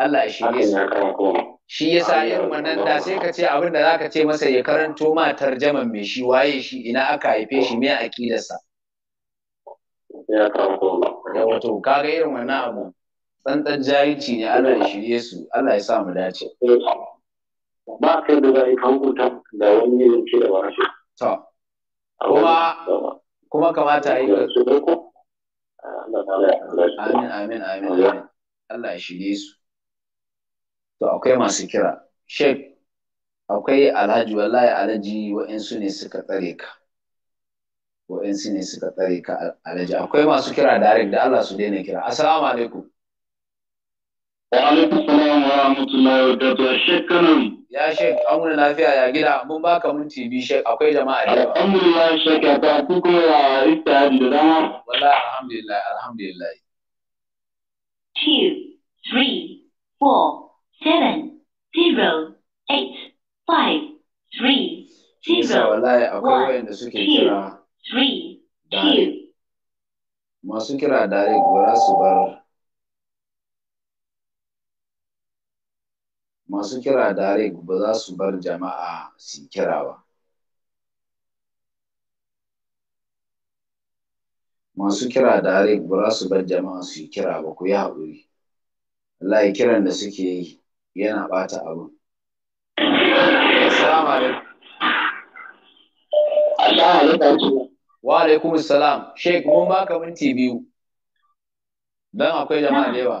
A: Allah ya ne su shi sa irin wannan da sai ka ce abin da zaka ce masa ya karanto ma tarjaman mai shi waye shi ina aka haife shi me aqidarsa ya wato kaga irin wannan abu tsantsan jahilci ne Allah ya shirye su Allah ya sa mu dace ba kai da za a yi da wani ke da ba to kuma kuma kamata yi amin amin amin amin Allah ya shige su to akwai masu kira shek akwai alhaji wallahi alhaji wa'insu ne suka tsare ka wa'insu ne suka tsare ka alhaji akwai masu kira direct da Allah su daina kira assalamu alaikum Wa'alaikun salam wa rahmatullahi wa barakatuh. Shek Kano. Ya Shek, an lafiya ya gida, mun baka mun TV akwai jama'a da yawa.
D: Alhamdulillah Shek, ya ta ku kuma ya ifta da dama.
A: Wallahi alhamdulillah, alhamdulillah. kira su bar masu kira direct ba za su bar jama'a su kira ba masu kira direct ba za su bar jama'a su kira ba ku yi haƙuri wallahi kiran da suke yi yana ɓata abin assalamu alaikum Allah halitta wa alaikum salam sheik mun baka minti biyu dan akwai jama'a da yawa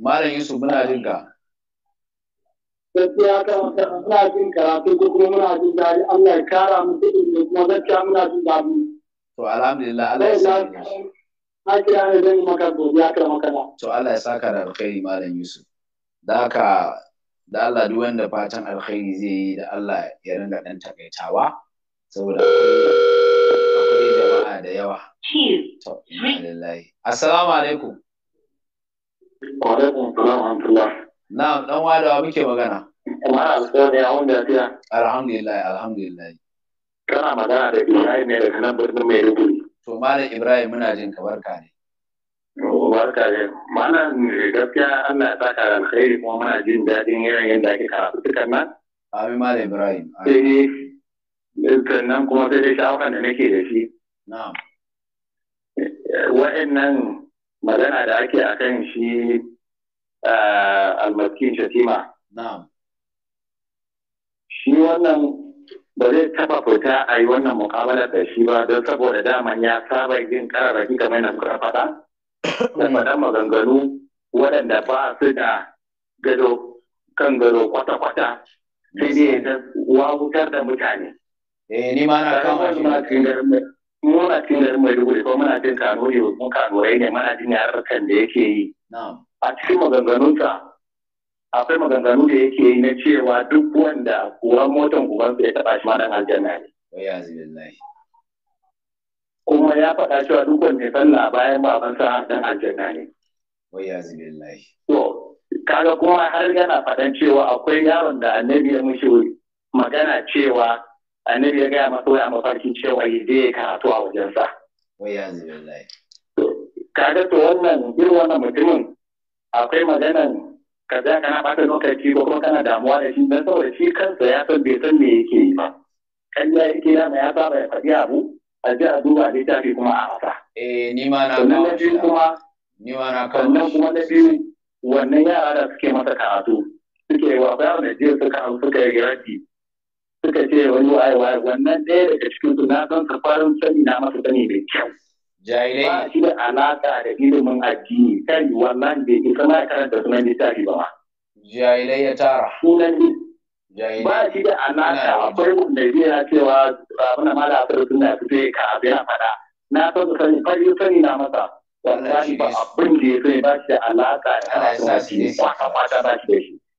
A: Malam Yusuf muna jin ka.
C: Gaskiya kan muna jin karatu ko kuma muna jin daɗi Allah ya kara mu da ilimi kuma gaskiya muna jin daɗi.
A: To alhamdulillah Allah ya sa Na kira ne zan yi maka godiya kan da. To Allah ya sa ka da alkhairi Malam Yusuf. Da ka da Allah duk wanda fatan alkhairi zai yi da Allah ya ringa ɗan takaitawa saboda akwai jama'a da yawa. To, alhamdulillah. Assalamu alaikum. Wa alaikum salam wa rahmatullah. Na'am dan muke magana. Amma alƙawari a wanda lafiya. Alhamdulillah alhamdulillah.
D: Kana magana da Ibrahim ne daga nan birnin Maiduguri. To Malam Ibrahim muna jin ka barka ne. Barka ne. Malam gaskiya Allah ya saka alkhairi kuma muna jin daɗin irin yadda ake karatu dukan nan.
A: Amin Malam Ibrahim. Sai
C: sannan kuma sai dai shawarar da nake da shi.
A: Na'am.
D: Wa'annan magana da ake a kan shi eh, almaskin shatima shi wannan ba zai taba fita a yi wannan mukamala da shi ba don saboda daman ya saba yin kararraki kamar na suka faɗa da fada maganganu waɗanda ba su da gado kan gado kwata-kwata sai dai ya wawutar da mutane. Eh, ni ma na kama shi. muna cin garin Maiduguri ko muna cin Kano ne mu Kanurai ne mana jin yarurrukan da ke yi. A cikin maganganunsa akwai maganganu da ke yi na cewa duk wanda kuwan motan ubansa ya taɓa shi ma dan aljanna ne. Kuma ya faɗa cewa duk wanda ya sallah bayan babansa dan aljanna ne. To, kaga kuma har yana faɗan cewa akwai yaron da annabi ya mushi magana cewa annabi ya gaya masa wai a mafarkin cewa ya je karatu a wajensa. Kaga to wannan irin wannan mutumin akwai maganan ka za kana bata lokaci ko kuma kana damuwa da shi don saboda shi kansa ya san bai san me yake yi ba. Kan ya yake yana ya saba ya faɗi abu a je a duba littafi kuma a rasa.
A: Eh ni ma na kawo
C: shi
D: kuma ni ma na kawo sannan kuma na biyu wannan yara da suke masa karatu suke wa bayan da jiya suka suka yi rafi suka ce wani wayewa wannan ɗaya daga cikin su na san fara sani na masa sani da kyau Jairai. ba shi da alaƙa da ilimin addini kai wannan da ya ma karanta sunan littafi ba ma
A: Jairai
D: ya tara sunan ba shi da alaƙa akwai wanda zai na cewa abin na mala akwai suna fito ya ka abu ya faɗa na san su sani fari sani na masa shi ba abin da ya sani ba shi da alaƙa da sunan littafi kwata-kwata ba shi da shi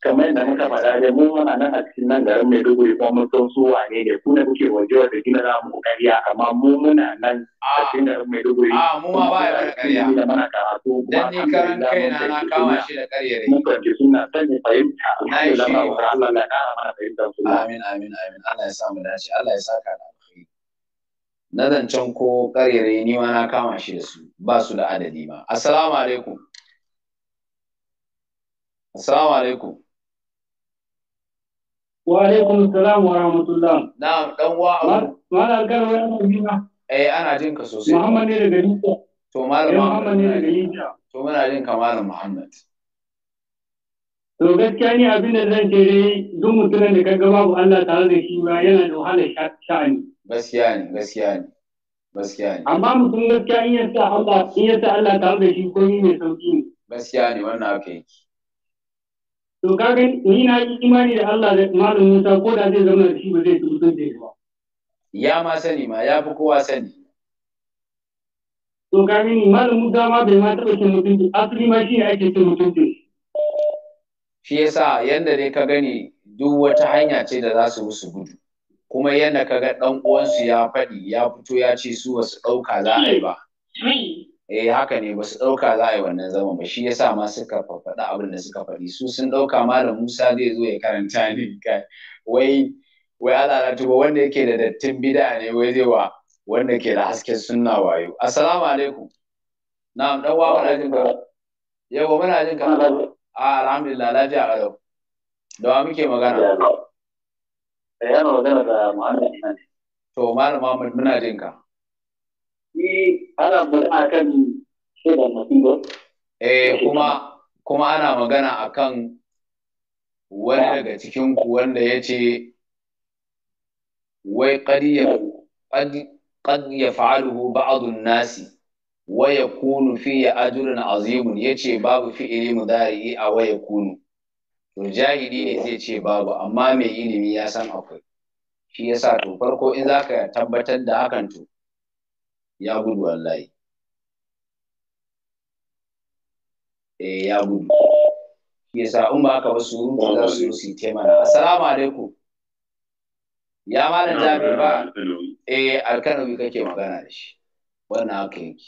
D: kamar yadda muka faɗa da mu a nan a cikin nan garin Maiduguri kuma mun san su wane ne ku ne kuke waje da gina za mu ƙarya amma mu muna nan a ah. cikin garin Maiduguri a ah, mu ma ba ya da ƙarya
A: da mana
F: karatu dan ni karan kaina na kama shi da ƙarya ne mun fahimci suna san ne fahimta alhamdulillah ba Allah ya ƙara mana
A: fahimta su amin amin amin Allah ya sa mu dace Allah ya saka da na. na zancen ko ƙarere ni ma na kama shi da su ba su da adadi ma assalamu alaikum assalamu alaikum Wa alaikum salam wa rahmatullah. Na'am dan wa abu. Malam Kano ya ji na. Eh ana jinka sosai. Muhammad ne daga Nijar. To malam eh, Muhammad ne daga Nijar. To muna jin ka malam Muhammad.
D: To gaskiya ni abin da zan ce dai duk mutumin da kaga babu Allah tare da shi ba yana da wahalar sha'ani.
A: Gaskiya ne gaskiya ne. Gaskiya ne. Amma mutum gaskiya in ya sa Allah in ya Allah tare da shi komai mai sauki ne. Gaskiya ne wannan haka yake. to kaga ni na yi imani da Allah da malam Musa ko da zai zama da shi ba zai tuntun da ba ya ma sani ma ya fi kowa sani
C: to kaga ni malam Musa ma
D: bai ma taɓa cin mutunci asali ma shi ne ake cin mutunci
A: shi yasa yanda dai ka gani duk wata hanya ce da za su musu gudu kuma yanda ka ga ɗan uwansu ya faɗi ya fito ya ce su wasu ɗauka za a yi ba eh haka ne ba su ɗauka za a yi wannan zaman ba shi yasa ma suka faɗa abin da suka faɗi su sun ɗauka malam Musa zai zo ya karanta ne wai wai ala ba wanda yake da dattin bid'a ne wai zai wa wanda ke da hasken sunna wayo assalamu alaikum na'am dan wa muna jin ka yawa muna jin ka a alhamdulillah lafiya kalau da wa muke magana eh yana magana da Muhammad ne. to malam Muhammad muna jin ka
D: Eh, ana
A: eh kuma ana magana akan wani daga cikinku wanda ya ce wai qad ya fa'aluhu ba'adun nasi wa kunu fi ajrun azimun ce babu fi'ili mudari a wa kunu. to jahili ne zai ce babu amma mai ilimi ya san akwai shi yasa to farko in za zaka tabbatar da hakan to ya gudu wallahi eh ya gudu shi yasa in ba ka ba su ba za su su yi mana assalamu alaikum ya malam jabir ba eh alkanawi kake magana da shi wannan haka yake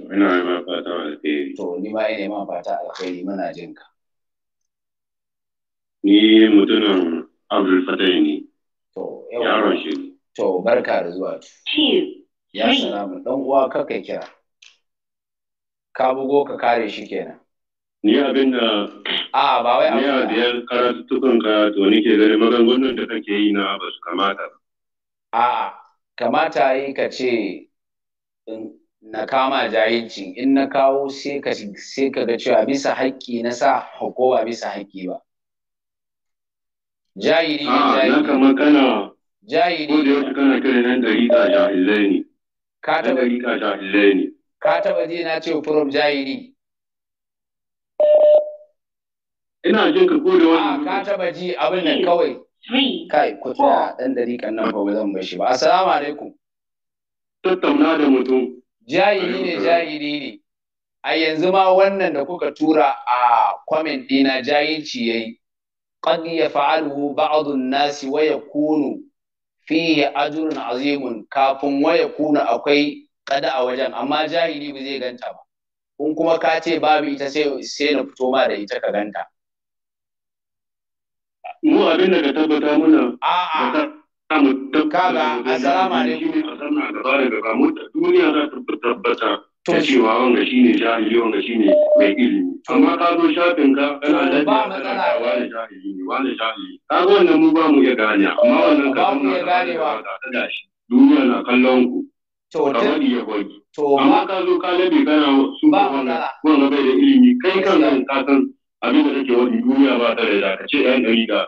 D: ina yi ma fata alheri to
A: ni ma ina ma fata alheri muna jin ka
D: ni mutumin abdul fatai ne to yaron
A: shi to barka da zuwa tu ya hmm. salamu dan uwa kai kira ka bugo ka kare shi kenan ni abin da a ba wai abin da karatu tukun ka to nake gani maganganun da kake yi na ba su kamata a kamata yi ka ce na kama jahilci in na kawo sai ka sai ka ga cewa bisa haƙƙi na sa hukuma bisa haƙƙi ba jahili ne jahili kana
D: jahili ne kana kiran nan da rika jahilai ne ka taɓa rika jahilai ne ka taɓa ji na ce furom
A: jahili ina jin ka kore wani ka taɓa ji abin nan kawai kai ku tsaya dan dariƙan nan ba zan bar shi ba assalamu alaikum
D: tattauna da mutum
A: jahili ne jahili ne a yanzu ma wannan da kuka tura a kwamen ɗina jahilci yayi qad yaf'aluhu ba'd an-nas wa yakunu fihi ajrun azimun kafin waya kuna akwai kada a wajen amma jahili ba zai ganta ba in kuma ka ce babu ita sai sai na fito ma da ita ka ganta
D: mu abin da ka tabbata mana muna a'a kaga assalamu alaikum duniya za ta tabbata ta cewa wanga shi ne jahili wanga shi ne mai ilimi amma ka zo shafin ka kana da kana da wani jahili ne wani jahili ka zo wannan mu ba mu iya gane amma wannan ka ba mu iya ganewa da shi duniya na kallon ku to wani ya amma ka zo ka labe kana su ba wanga wanga bai da ilimi kai kan ka san abin da take wani duniya ba ta da ka ce ɗan ɗari da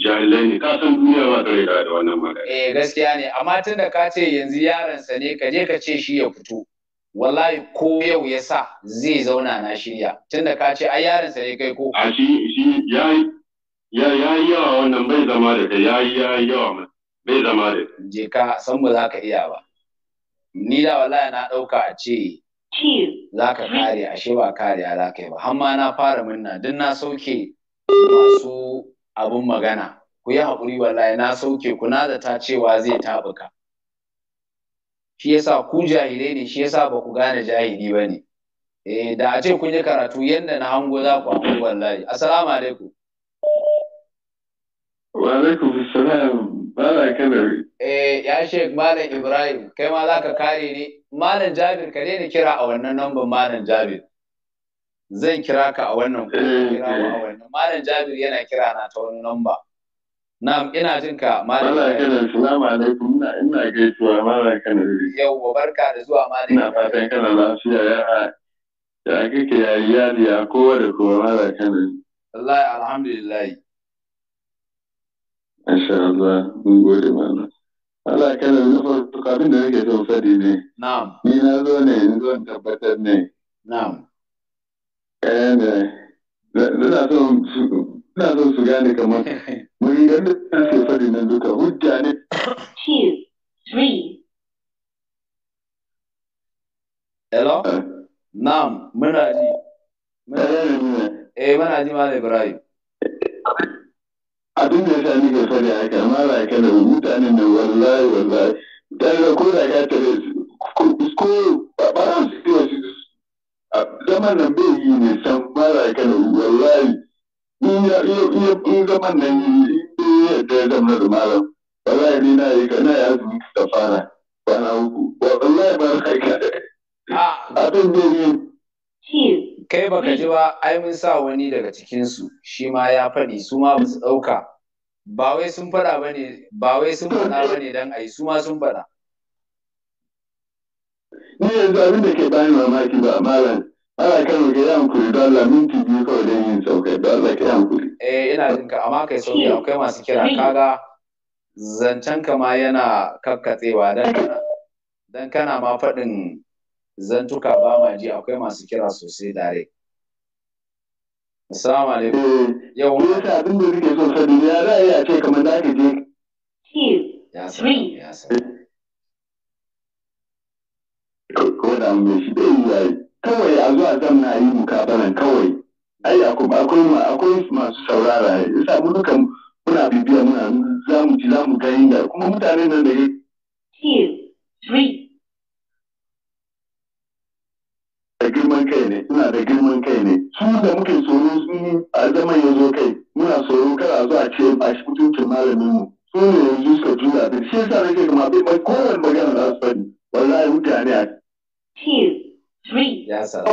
D: jahilai ne ka san duniya ba ta da wannan magana eh gaskiya ne amma tunda ka ce
A: yanzu sa ne ka je ka ce shi ya fito wallahi ko yau ya sa zai zauna na shirya tunda ka ce ai yarinsa ne kai ko a shi
D: shi yayi ya yi yawa wannan bai zama da kai ya yawa bai zama da kai je ka
A: san ba za ka iya ba ni da wallahi na ɗauka a ce za ka kare ashe ba kariya za ka yi ba har na fara minna duk na sauke masu abun magana ku yi haƙuri wallahi na sauke ku na zata cewa zai taɓuka shi yasa ku jahilai ne shi yasa ba ku gane jahili ba ne eh da a ce kun yi karatu yadda na hango za ku hango wallahi assalamu alaikum
D: wa alaikum assalam bala kadari
A: eh ya sheik malam ibrahim kai ma za ka kare ne malam jabir ka daina kira a wannan lambar malam jabir zan kira ka a wannan kuma eh, kira a wannan malam jabir yana kira na ta wani namba Na'am ina jin ka malam. Malam kana salamu alaikum ina ina gaisuwa malam kana. Yawwa barka da zuwa malam. Ina fatan kana lafiya ya
D: ya kake ya iyali ya kowa da kowa malam kana. Wallahi alhamdulillah. Masha Allah mun gode mana. Allah kana na farko abin da nake son faɗi ne. Na'am. Ni na zo ne in zo in tabbatar ne. Na'am. Kayan eh, da ina so su gane kamar wai yadda kan sai fari nan duka hujja ne two three hello eh?
A: na'am eh, muna ji eh muna ji malam ibrahim
D: abin da ta yasa nake fari haka amma ba ka da mutanen da wallahi wallahi dan da ko da ka tare ko ba ba su yi wasu zaman nan bai yi ne san ba ka da wallahi iya iya in zaman nan yi iya da ya zama da malam wallahi ni na yi na ya zumi ta fara kwana uku wallahi ba na ka abin da yi
A: kai baka ji ba ai mun sa wani daga cikinsu shi ma ya faɗi su ma ba su ɗauka ba wai sun faɗa ba ne
B: ba wai sun faɗa ba ne
A: don ai su ma sun
D: faɗa ni yanzu abin da ke bayan mamaki ba malam Ana kan ka yi hankuri don Allah minti biyu kawai don yin saukai don Allah ka yi hankuri. Eh
A: ina jin ka amma kai sauki akwai masu kira kaga zancen ka ma yana kakkatsewa dan kana dan kana ma faɗin zantuka ba ma ji akwai masu kira sosai dare. Assalamu alaikum. Eh, Yau. wani yasa abin
D: da suke so sa ya Za a ce kamar za ka je.
A: Ya ya sani. Ko da mai shi da yi
D: kawai a zuwa na yi mukabalan kawai ai akwai masu saurara yasa mu duka muna bibiya muna za mu ji za mu gani da kuma mutane nan da da girman kai ne suna da girman kai ne su da muke tsoro sun a zaman ya zo kai muna tsoro kar a zo a ce a shi mutuncin malamin mu su ne yanzu suka juya da shi yasa nake kuma bai kowane magana za su faɗi wallahi mutane a
E: Three. Ya samu.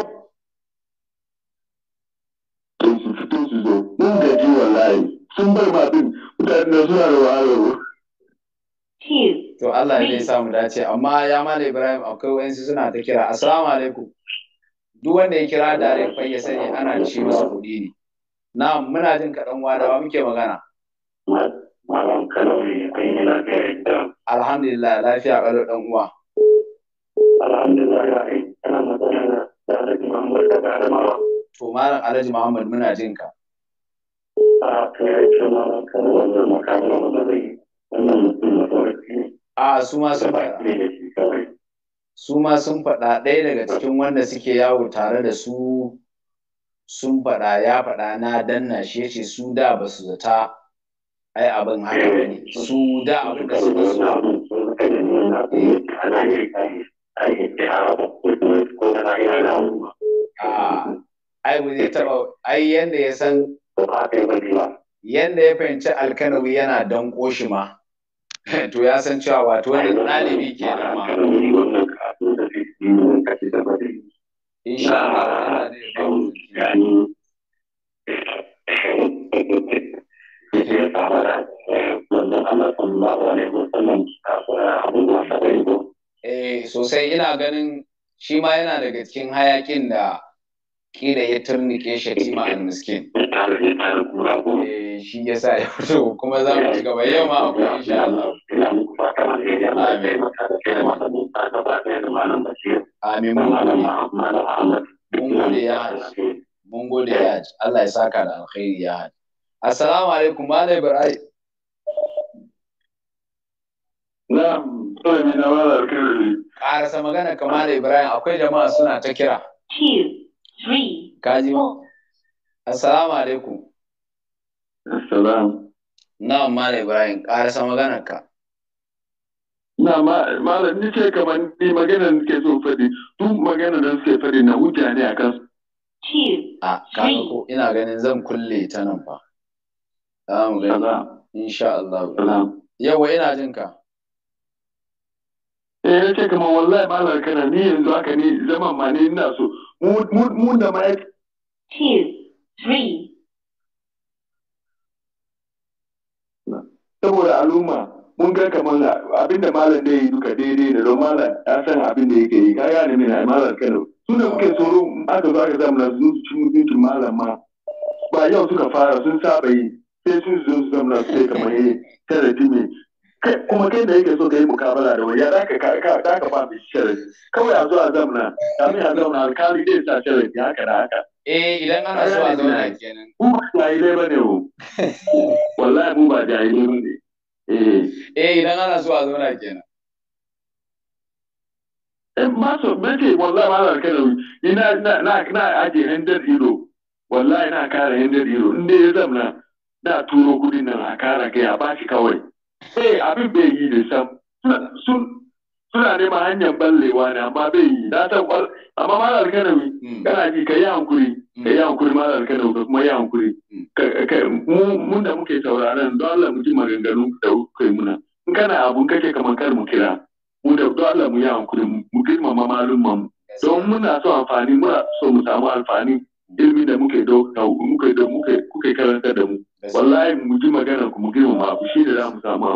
D: To su fito su zo, mun gaji sun mutane suna da wahalar To Allah
A: zai samu dace, amma ya mala Ibrahim akwai wayansu suna ta kira, Assalamu alaikum. Duk wanda ya kira da rai ya sani ana ci masa kuɗi ne. Na muna jin kaɗan wadawa muke magana. Malam lafiya yadda. Alhamdulillah, lafiya ƙalau ɗan uwa. Alhamdulillah, ya To Malam Alhaji Muhammad muna jin ka. A to ya wannan ne. su ma sun faɗa. Su ma sun faɗa ɗaya daga cikin wanda suke yawo tare da su sun faɗa ya faɗa na danna shi su da ba su zata ai abin haka bane su da abin da suka so ana yi ai ai da ko ko na yana ai yanda ya san yanda ya fahimci alkanawi yana danko shi ma to ya san cewa wato wani ɗalibi ke da ma Eh sosai ina ganin shi ma yana daga cikin hayakin da kila ya turnike shatima al-miskin eh, shi ya sa ya fito kuma za mu ci gaba yau ma akwai insha Allah amin amin mun gode ya haji mun gode ya haji Allah ya saka da alkhairi ya haji assalamu alaikum malai barai Na'am, to ne na wala alkhairi. Ƙarasa magana kamar Ibrahim akwai jama'a suna ta kira. three, Kaji. four. Assalamu alaikum.
D: Assalam. Na Malam Ibrahim, ƙarasa maganar ka. Na Malam, ni ce kamar ni maganar ke so faɗi, tun magana da suke faɗi na wuce ne a kansu. A kaga ko
A: ina ganin zan kulle ta nan fa. Za mu gani. Insha Allah.
D: Yawa ina jin ka. Eh ya ce kamar wallahi malar kana ni yanzu haka ni zaman ma ni ina so mu da ma'aik saboda al'umma mun ga kamar abinda malam da yi duka daidai da don malam ya san abin da yake yi ka gane mai na malam kano su da muke tsoro aka zo aka zamana sun su cin mutuncin malam ma ba yau suka fara sun saba yi sai sun zo su zamana su sai kamar yi kada time kuma kai da yake so ka yi mukabala da wani ya za ka ba mai kawai a zo a zamna kamin a zamna alkali zai sa sharafi haka da haka eh idan ana so a zauna kenan mu ba jahilai ba ne wallahi mu ba jahilai ba ne eh, eh idan ana so a zauna kenan in eh, ma so wallahi ma ina na na aje handar wallahi na ya da turo kudin nan a kara kai a bashi kawai eh abin bai yi da sam suna neman hanyar ballewa ne amma bai yi na san kwal amma malar mi hmm. kana ji ka yi hankuri ka yi hankuri malar kana ka kuma yi hankuri hmm. mun da muke sauraron don Allah mu ji maganganu da kai muna in kana abun kake kamar kar mu kira mu da don Allah mu yi hankuri mu girmama mu don muna so amfani muna so mu samu amfani ilmi da muke dauka muke muke kuke karanta da mu wallahi mu ji magana ku mu girma ku shi da za mu samu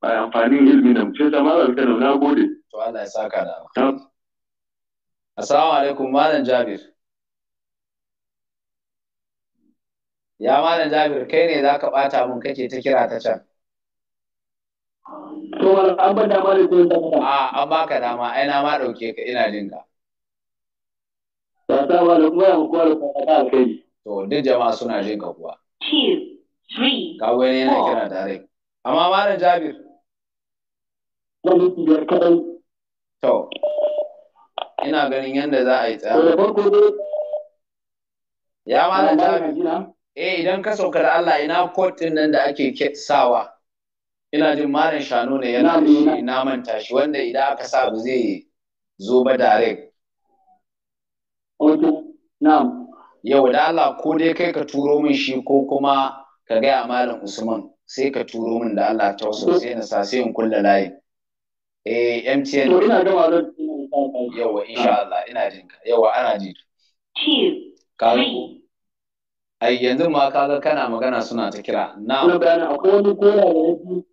D: a amfanin ilimi na mu ce ta malam ta na gode
A: to Allah ya saka
D: da Assalamu alaikum malam Jabir
A: Ya malam Jabir kai ne za ka bata mun kake ta kira ta can To an ba da da ko da A ah, an baka dama ai na ma dauke ka ina jin ka Assalamu alaikum ko rahmatullahi wa kai. To duk jama'a suna jin ka kuwa three, Kawo ne yana kira direct. Amma Malam Jabir. Ɗari biyar kaɗai. To, ina ganin yadda za a yi tsaya. Ya Malam Jabir. Eh idan ka sauka da Allah ina kotin nan da ake sawa. Ina jin Malam Shanu ne yana da shi ina manta shi wanda idan aka sa ba zai zo ba direct. Okay, na'am. Yau da Allah ko dai kai ka turo min shi ko kuma ka gaya malam usman sai ka turo min da Allah ta wasu sai na sa sai in kulla layin eh MTN to ina gama zan yawa insha Allah ina jin ka yawa ana ji ka ai yanzu ma kaga kana magana suna ta kira na
C: akwai wani kora da yake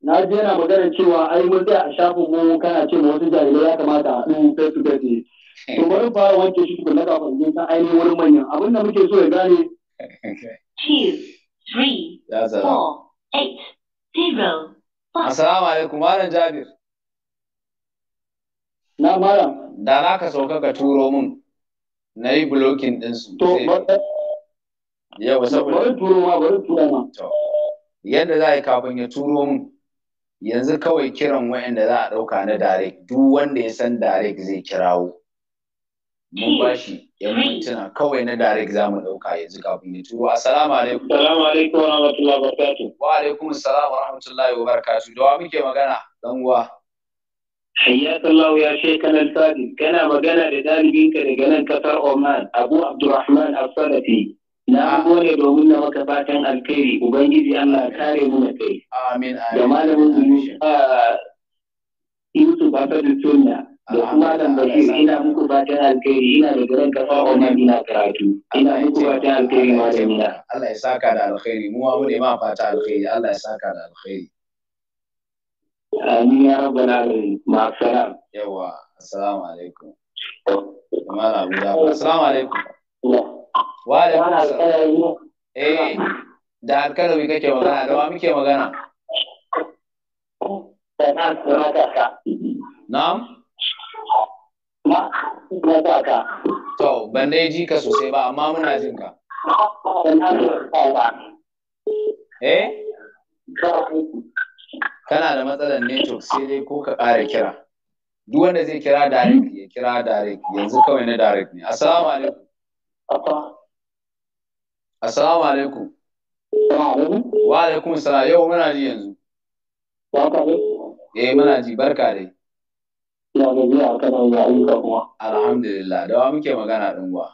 C: na ji yana magana cewa ai mun tsaya a shafin mu kana ce wasu jarirai ya kamata a ɗin face to face to bari fara wanke shi tukun na kafin jin ainihin wani manyan abin da muke so ya gane
A: cheese Assalamu alaikum, Malam Jabir. Na Malam. Da na ka sauka ka turo mun. Na yi blocking ɗinsu. To, Bari turo ma, bari turo ma. To, yadda za a yi kafin ya turo mun. Yanzu kawai kiran wa'anda za a ɗauka na direct, duk wanda ya san direct zai kirawo.
E: mun ba shi
A: yan mintuna kawai na direct za mu ɗauka yanzu kafin ya turo assalamu alaikum assalamu alaikum wa rahmatullahi wa barakatuh wa alaikum assalamu wa rahmatullahi wa barakatuh da wa muke magana dan uwa hayyatallahu ya shekana sadi kana magana da ka daga nan kasar
C: Oman Abu Abdurrahman as sadati na ah. gode domin na maka fatan alkhairi
A: ubangiji Allah kare mu da kai amin amin da malamin Yusuf ah, Yusuf Asadu Sunna da kuma da basir ina muku
C: fatan alkhairi ina da garan kafa wannan ina
A: karatu ina muku fatan alkhairi malamina Allah ya saka da alkhairi mu ma ne ma fata alkhairi Allah ya saka da alkhairi amin ya rabbal alamin ma salam yawa assalamu alaikum kamar abu da assalamu alaikum wa alaikum assalam eh da alkalami kake magana da wa muke magana Na'am? ma na sa ka to ban dai ji ka sosai ba amma muna jin ka eh kana da matsalar network sai dai ko ka ƙara kira duk wanda zai kira direct ya kira direct yanzu kawai na direct ne assalamu alaikum assalamu alaikum wa alaikum salam yau muna ji yanzu eh muna ji barka dai Ya gajiya kana ya yi ayyuka kuma. Alhamdulillah, dawa muke magana ɗin gwa.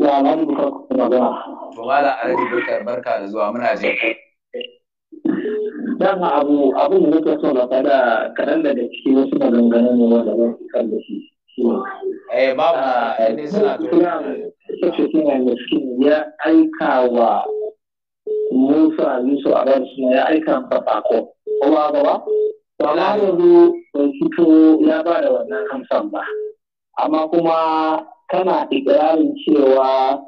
A: Ya Alhaji Bukar kuke magana. To Mala Alhaji Bukar barka da zuwa muna jin. Dama abu abin da nake so na fada
C: kaɗan daga ciki wasu maganganu ne wanda zan su kan da shi. Eh babu ne eh, suna tuna. Sashe suna miskin ya aika wa Musa Yusuf a ya aika masa sako. Kuma gaba? amma yanzu bai fito ya ba da wannan amsan ba amma kuma kana ikirarin cewa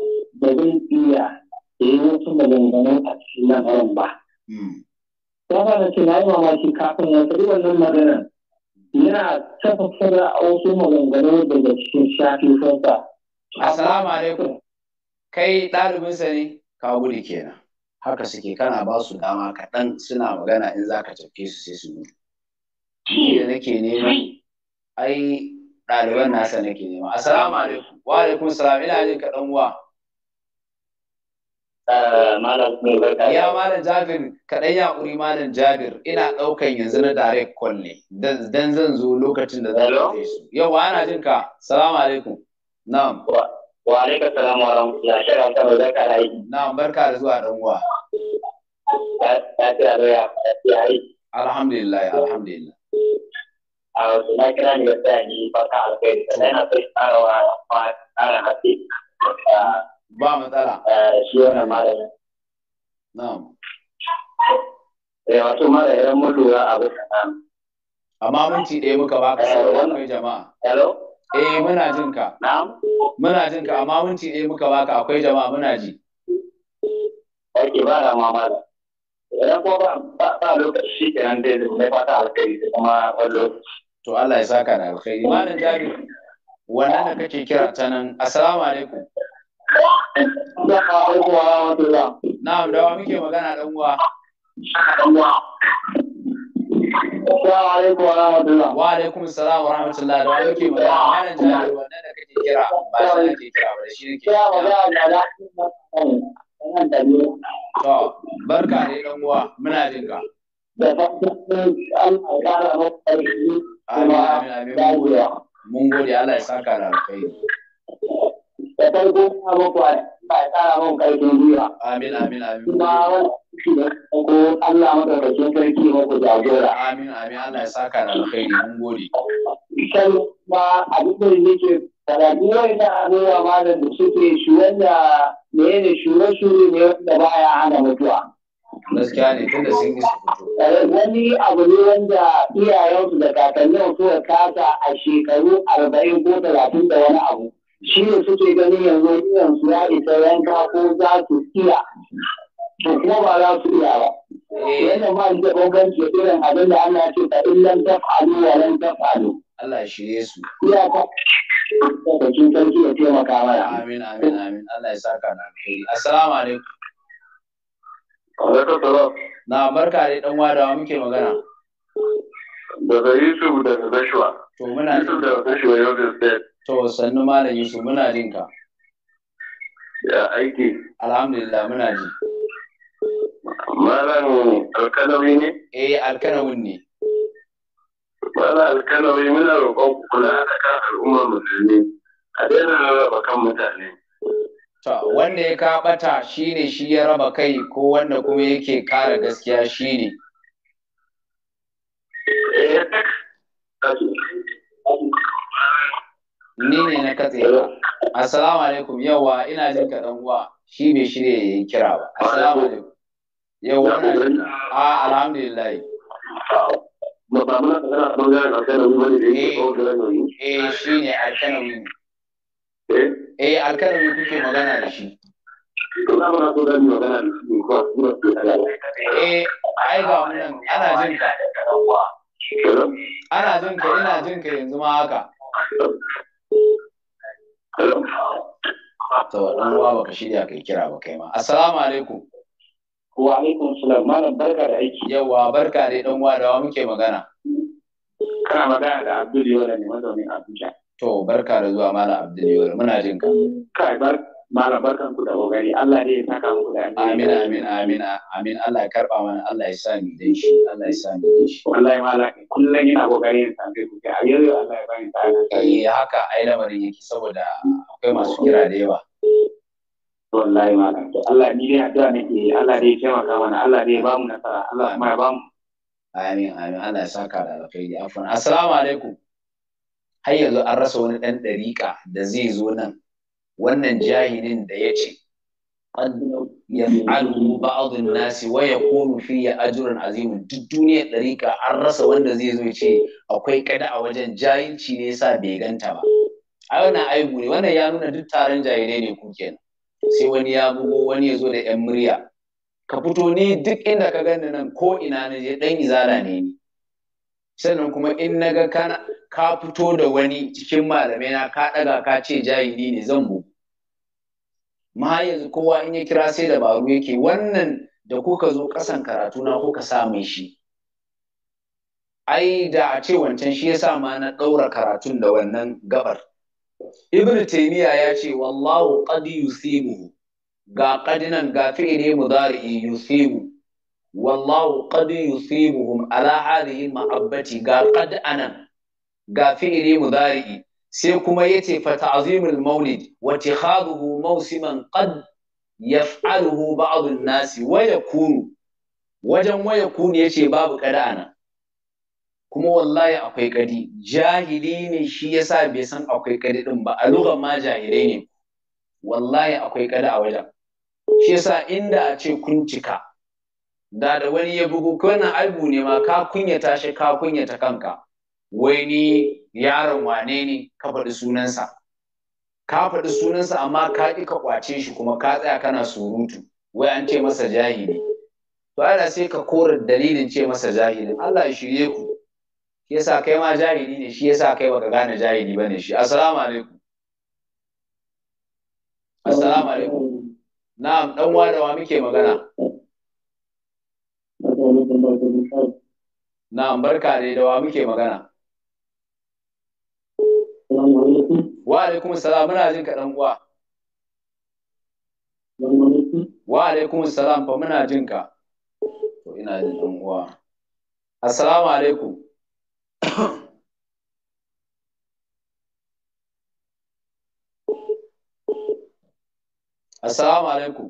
C: ba zan iya da yi wasu maganganun a cikin lamarin ba. Hmm. Ya fara ce na yi mamaki kafin ya faɗi wannan maganar
A: yana tafafara a wasu maganganun daga cikin shafi kansa. Assalamu alaikum. Kai ɗalibinsa ne ka gudu kenan. Haka suke kana ba su dama kaɗan suna magana in za ka tafi su sai su gudu. da nake nema ai ɗaliban nasa nake nema assalamu alaikum wa alaikum salam ina jin ka dan uwa ah, ya malam jabir kaɗan ya ƙuri malam jabir ina ɗaukan yanzu na direct call ne dan zan zo lokacin da za ka su yawa ana jin ka salamu alaikum na'am wa alaikum salam wa rahmatullahi shara ta barka da yi na'am barka da zuwa dan uwa alhamdulillah alhamdulillah a wasu na kira ne yadda ni fata alkhairi sannan yana so shi tsara wa tsara haske ba matsala shi wannan malamin na'am eh wato mara idan mun lura abin da amma mun ci ɗaya muka baka sauran akwai jama'a. Hello? Eh muna jin ka. Na'am? Muna jin ka amma mun ci ɗaya muka baka akwai jama'a muna ji. Ake ba da mama da.
D: Idan kuma ba ba lokaci shi kenan dai da fata alkhairi da
A: kuma wani lokaci. to Allah ya saka da alkhairi malam jari wannan kira ta nan assalamu alaikum na'am da wa muke magana dan uwa wa alaikum salam wa rahmatullah da wani ke magana wannan jari wannan da kake kira ba shi ne ke kira ba shi ne ke kira to barka ne dan uwa muna jin ka da fatan Allah ya kara maka ƙarfi kuma dagewa. Mun gode Allah ya saka da alkhairi. Da farko ina muku a kara mun ƙarfin gwiwa. Amin amin amin. Kuma da ko Allah madaukakin sarki muku jagora. Amin amin Allah ya saka da alkhairi mun gode.
C: Sai ma abin da nake karatu ta abubuwa malam da suke shi wanda ne ne shure-shure ne ba baya hana mutuwa.
A: gaskiya ne tunda sun yi su
C: fito wani abu ne wanda iyayensu da kakannin suka kasa a shekaru arba'in ko talatin da wani abu shi ne suke ganin yanzu yanzu ya isa yanka ko za su iya to kuma ba za su iya ba eh. wannan ma da bambanci irin abin da ana ce fa in lam taf'alu wa lam
A: taf'alu Allah ya shirye su iya ka da kin sarki ya taimaka mana amin amin amin Allah ya saka na alheri assalamu alaikum Na barka dai dan wadawa muke magana. Daga Yusuf da Gashua. To muna Yusuf daga Gashua Yobe State. To sannu malam Yusuf muna
D: jin ka. Ya aiki. Alhamdulillah muna ji. Malam alkanawi ne? Eh Alkanawi ne. Malam alkanawi muna roƙon kula da kan al'ummar musulmi. A daina rarraba kan mutane.
A: wanda ya kaɓata shi ne shi ya raba kai ko wanda kuma yake kara gaskiya shi ne. Ni ne na katse ba. Assalamu alaikum yawa ina jin ka dan uwa shi shi ne ya yi kira ba. Assalamu alaikum. Yawa na jin ka. alhamdulillah. Ba muna magana a ne da yake kawo Eh shi ne
C: eh alkalami kuke magana da shi
A: eh ai ga wannan ana jin ka ana jin ka ina jin ka yanzu ma haka to dan uwa baka shirya kai kira ba kai ma assalamu alaikum wa alaikum salam malam barka da aiki yawa barka dai dan uwa da wa muke magana kana magana da Abdul Yola ne mazaunin Abuja To barka da zuwa Malam Abdul muna jin ka. Kai bar Malam barkan ku da kokari Allah ne ya saka muku da amin amin amin amin Allah ya karba mana Allah ya sa ni dan shi Allah ya sa ni dan shi. Wallahi Malam kullum yana kokari in same ku a yanzu Allah ya bani sa'a. Eh haka ai lamarin yake saboda akwai masu kira da yawa. Wallahi Malam Allah ni dai addu'a nake Allah ne ya taimaka mana Allah ne ya bamu nasara Allah ma ya mu. Amin amin Allah ya saka da alkhairi afwan. Assalamu alaikum. har yanzu an rasa wani ɗan ɗariƙa da zai zo nan wannan jahilin da ya ce yaf'alu ba'dun nasi wa yakunu fi ajrun azim duk duniyar ɗariƙa an rasa wanda zai zo ce akwai kada a wajen jahilci ne yasa bai ganta ba ai wannan aibu ne wannan ya nuna duk taron jahilai ne ku kenan sai wani ya bugo wani ya zo da yan murya ka fito ni duk inda ka gani nan ko ina na je dan izala ne ni sannan kuma in na ga ka fito da wani cikin malamai na ka ɗaga ka ce jahili ne zan bugu ma yanzu kowa in ya kira sai dabaru yake wannan da kuka zo ƙasan karatu na kuka samun shi ai da a ce wancan shi ya sa ma na ɗaura karatun da wannan gabar ibn Taimiyya ya ce wallahu qad yusibu ga qadinan ga fi'li mudari yusibu wallahu qad yusibuhum ala hadhihi mahabbati ga qad anan ga fi'li mudari sai kuma yace fa ta'zimul maulid wa ittikhadhuhu mawsiman qad yaf'aluhu ba'd an-nas wa yakunu wajen wa yakunu yace babu qad anan kuma wallahi akwai kadi jahili ne shi yasa bai san akwai kadi din ba a lugha ma jahilai ne wallahi akwai kadi a wajen shi yasa inda a ce kun cika da da wani ya bugu wannan aibu ne ma ka kunyata shi ka kunyata kanka wai ni yaron wane ne ka faɗi sunansa ka faɗi sunansa amma ka ƙi ka kwace shi kuma ka tsaya kana surutu wai an ce masa jahili to Allah sai ka kore dalilin ce masa jahilin Allah ya shirye ku shi yasa kai ma jahili ne shi yasa kai baka gane jahili bane shi assalamu alaikum assalamu alaikum na'am dan wa muke magana Na barka da wa muke magana. Wa alaikum salam muna jin ka dan uwa. Wa alaikum salam fa muna jin ka. To ina jin dan uwa. Assalamu alaikum. Assalamu alaikum.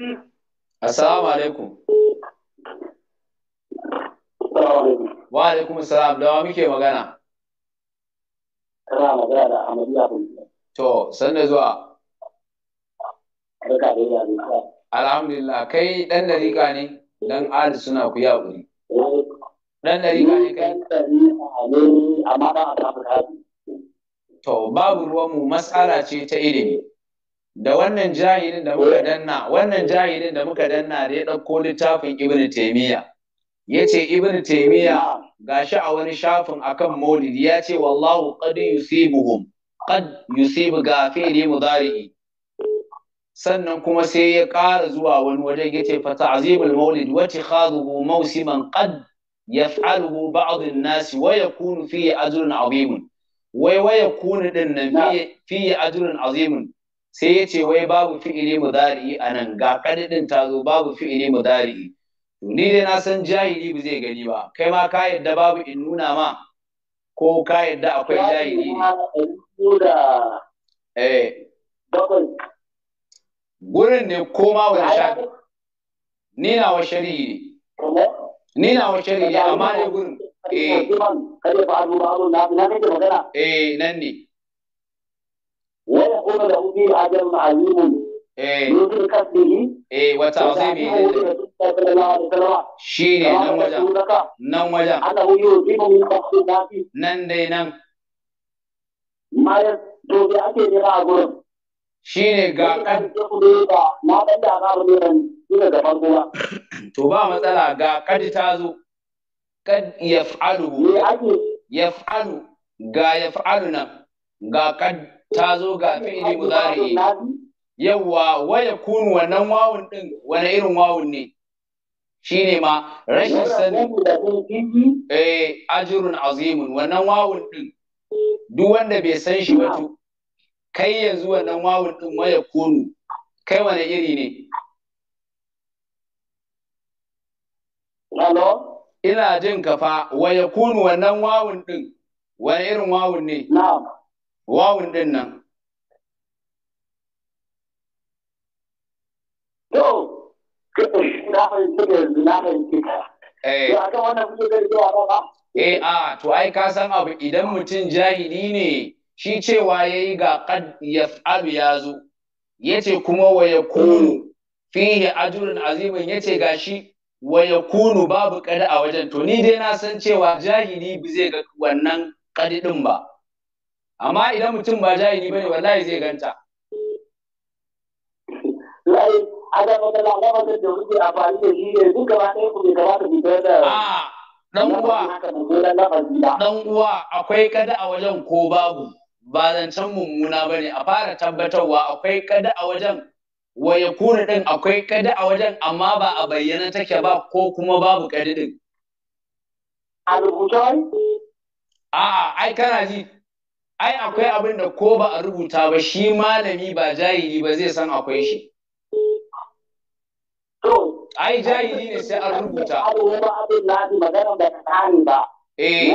A: Mm. Assalamu alaikum. Wa alaikum salam wa muke magana. Kana magana da Amadu Bulkiya. To, sanda zuwa. Barka da yadda Alhamdulillah, kai ɗan dariƙa ne dan Ali suna ku ya ƙuri. Ɗan dariƙa ne kai. ne. Amma ɗan To, babu ruwanmu matsala ce ta ilimi. da wannan jahilin da muka danna wannan jahilin da muka danna da ya ɗauko littafin ibn taimiya ya ce ibn ga gashi a wani shafin akan maulidi ya ce wallahu qad yusibuhum qad yusibu gafiri mudari'i sannan kuma sai ya ƙara zuwa wani wajen ya ce fa maulid wa ittikhadhuhu mawsiman qad yaf'aluhu ba'd an-nas wa yakunu fihi ajrun 'azimun wai wa yakunu din nan fihi ajrun 'azimun sai ya ce wai babu fi'ili mudari'i a nan ga kadadin ta zo babu fi'ili mudari'i to ni dai na san jahili ba zai gani ba kai ma ka yadda babu in nuna ma ko ka yadda akwai jahili eh gurin ne ko ma wani shafi ni eh. na wa shari'i ni na wa shari'i amma ne gurin eh eh nan ne
C: ويكون له فيه أجر
A: عظيم من كسبه وتعظيمه شيني نم وجن نم وجن أنه يوجب من خصوصات نن دي نم ما يدوب أكي نبع قرب shine ga kan na dan da ga rubutan duka da farko to ba matsala ga kad ta zo kad yaf'alu yaf'alu ga nan ga ta zo ga fi'ili mudari yawa waya kunu wannan wawun din wani irin wawun ne shine ma rashin sani eh ajrun azimun wannan wawun din duk wanda bai san shi ba kai yanzu wannan wawun din waya kunu kai wani iri ne Hello? Ina jin kafa, waya kunu wannan wawun din, wani irin wawun ne? Na'am. wawun din nan
C: to na na eh wannan
A: eh a to ai ka san abu idan mutum jahili ne shi cewa yayi ga ya zo, yazo ce kuma wa yakunu fihi ajrun azimin yace gashi wa babu kada a wajen to ni dai na san cewa jahili ba zai ga wannan kadi ba amma idan mutum ba jahili bane wallahi zai ganta
C: lai ada ba kala ga wannan da a fari da shi ne duk gaba ɗaya ku bai
A: kamata ku da a dan uwa dan uwa akwai kada a wajen ko babu ba zancen mummuna bane a fara tabbatarwa akwai kada a wajen waye kuna ɗin akwai kada a wajen amma ba a bayyana take ba ko kuma babu kadi ɗin. A rubuta a A'a, ai kana ji ai akwai abin da ko ba a rubuta ba shi malami ba jahili ba zai san akwai shi ai jahili ne sai an rubuta
C: abu ba abin eh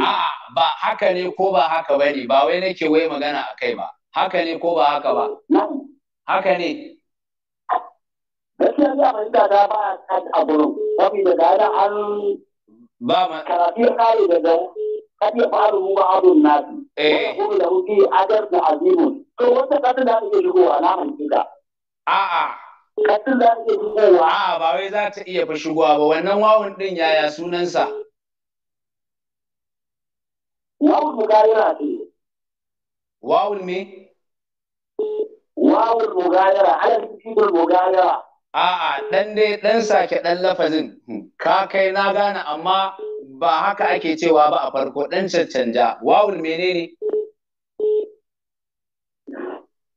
C: a
A: ba haka ne ko ba haka bane ba wai nake wai magana a kai ba haka ne ko ba haka ba haka ne
C: gaskiya za mu inda da ba kan a gurin saboda da yana an ba ma karatu kare daga zan kadi ya faru mu ba abun nasu eh kuma da muke adar da azimun to wata kadi da ake shigowa na mun kida a'a kadi
A: da ake shigowa a'a ba wai za ta iya fa shigowa ba wannan wawun ɗin yaya sunansa wawun mugayira ce wawun me wawun mugayira alal cikin mugayira A'a, ɗan dai ɗan sake ɗan lafazin hmm, ka kai na gane amma ba haka ake cewa ba a farko ɗan cancanja. Wawul menene?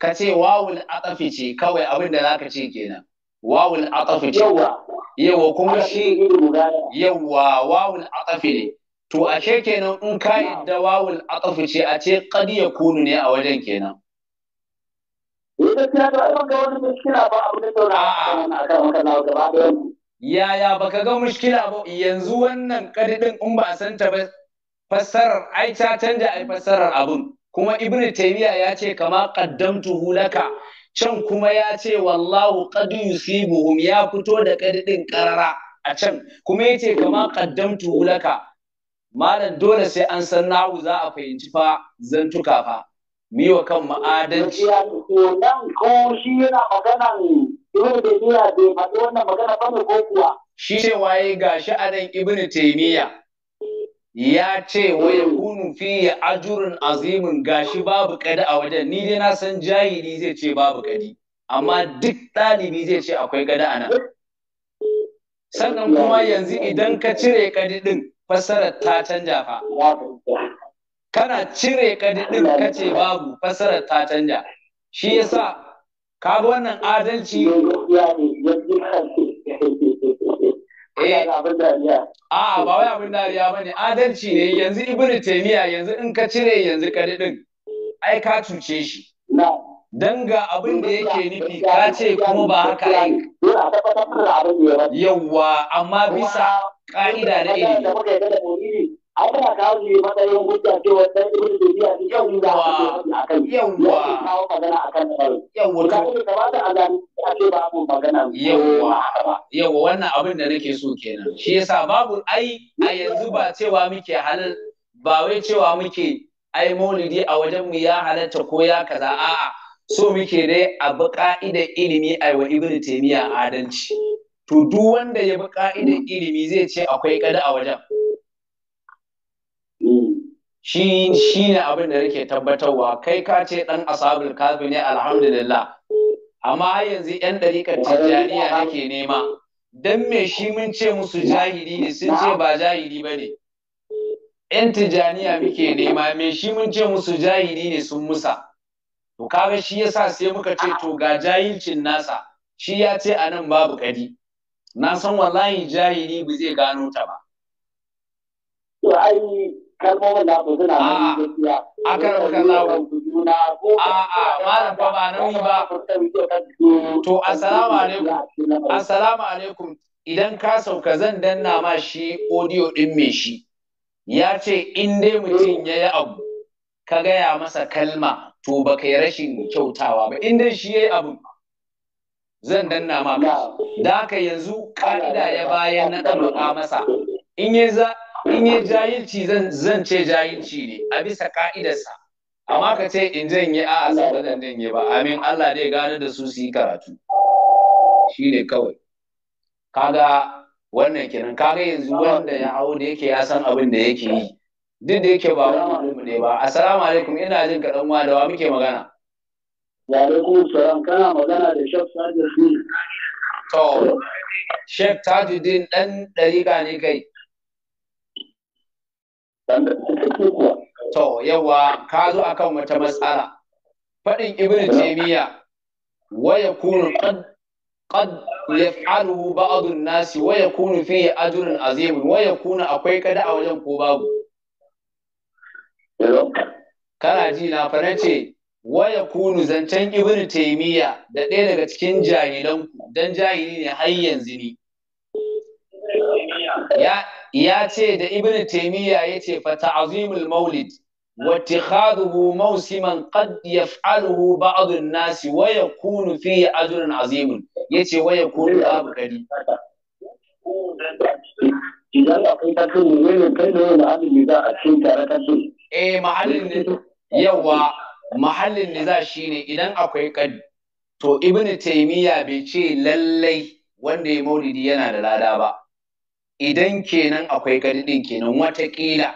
A: Ka ce wawul atafi ce kawai abin da zaka ce kenan. Wawul atafi ce. Yawa. kuma shi yawa wawul atafi ne. To ashe kenan in ka yadda wawul atafi ce a ce kad kunu ne a wajen kenan. Yaya baka ga mushkila ba yanzu wannan kadidin in ba a san ta ba fassarar ai ta canja ai fassarar abun kuma Ibn Taymiyyah ya ce kama qaddamtu laka can kuma ya ce wallahu qad yusibuhum ya fito da kadidin karara a can kuma ya ce kama qaddamtu laka malam dole sai an san nahu za a fahimci fa zantuka fa miwa kan ma'adanci nan ko shi yana magana ibnu taymiya bai faɗi wannan magana ba ko kuwa shi ce waye taymiya ya ce wa a fi ajrun azimin gashi babu kadi a wajen ni dai na san jahili zai ce babu kadi amma duk ɗalibi zai ce akwai gada a nan sannan kuma yanzu idan ka cire kadi din fassarar ta canja fa kana cire kadidin kace babu fasarar ta canja shi yasa ka ga wannan adalci eh. a ba wai abin dariya ba ne adalci ne yanzu ibn taymiya yanzu in ka cire yanzu kadidin ai ka cuce shi dan ga abin da yake nufi ka ce kuma ba haka ai yawwa
C: amma bisa
B: ka'ida na
C: ilimi ai da kawo shi matsayin hujja cewa dan ibn dubiya shi yau da akan yawa kawo magana akan yawa ka ce kamata a zani a ce ba mu magana yawa
A: yawa wannan abin da nake so kenan shi yasa babu ai a yanzu ba cewa muke halal ba wai cewa muke ai maulidi a wajen mu ya halatta ko ya kaza a'a so muke dai a bi ka'idar ilimi ai wa ibn taymiya adalci to duk wanda ya bi ka'idar ilimi zai ce akwai kada a wajen shi shi ne abin da nake tabbatarwa kai ka ce dan asabul kafi ne alhamdulillah amma yanzu yan dariƙar tijjaniya nake nema dan me shi mun ce musu jahili ne sun ce ba jahili ba ne yan tijjaniya muke nema me shi mun ce musu jahili ne sun musa to kaga shi yasa sai muka ce to ga jahilcin nasa shi ya ce a nan babu kadi na san wallahi jahili ba zai gano ta ba
C: kalmomin na ku suna nan
A: gaskiya a kan kallawo a a malam fa ba nan ba to assalamu alaikum assalamu alaikum idan ka sauka zan danna ma shi audio din me shi ya ce in dai mutum ya yi abu ka gaya masa kalma to ba kai rashin kyautawa ba in dai shi ya yi abu zan danna ma da haka yanzu ka'ida ya bayan na ɗanuka masa in ya za in yi jahilci zan ce jahilci ne a bisa ka'idarsa amma ka ce in janye a a saba zan janye ba amin Allah dai gano da su su yi karatu shi ne kawai kaga wannan kenan kaga yanzu wanda ya hau da yake ya san abin da yake yi duk da yake ba wani ne ba assalamu alaikum ina jin ka da wa muke magana wa alaikum salam
C: kana magana da shaf sadir
A: to Sheikh Tajuddin dan dariƙa ne kai To yawa ka zo a kan wata matsala. Faɗin Ibn Taymiya waya kunu qad qad yaf'aluhu ba'd an-nas wa yakunu fihi ajrun azim wa yakunu akwai kada a wajen ko babu. Kana ji na fa ce wa yakunu zancen Ibn Taymiya da ɗaya daga cikin jahilan dan jahili ne har yanzu ni. ya ce da ibn ya yace "Fata azimul maulid واتخاذه موسما قد يفعله بعض الناس ويكون فيه أجر عظيم يتي ويكون أب كريم Eh mahallin yawa mahallin ne za shi ne idan akwai kadi to ibnu taymiya bai ce lallai wanda ya maulidi yana da lada ba idan kenan akwai kadin kenan watakila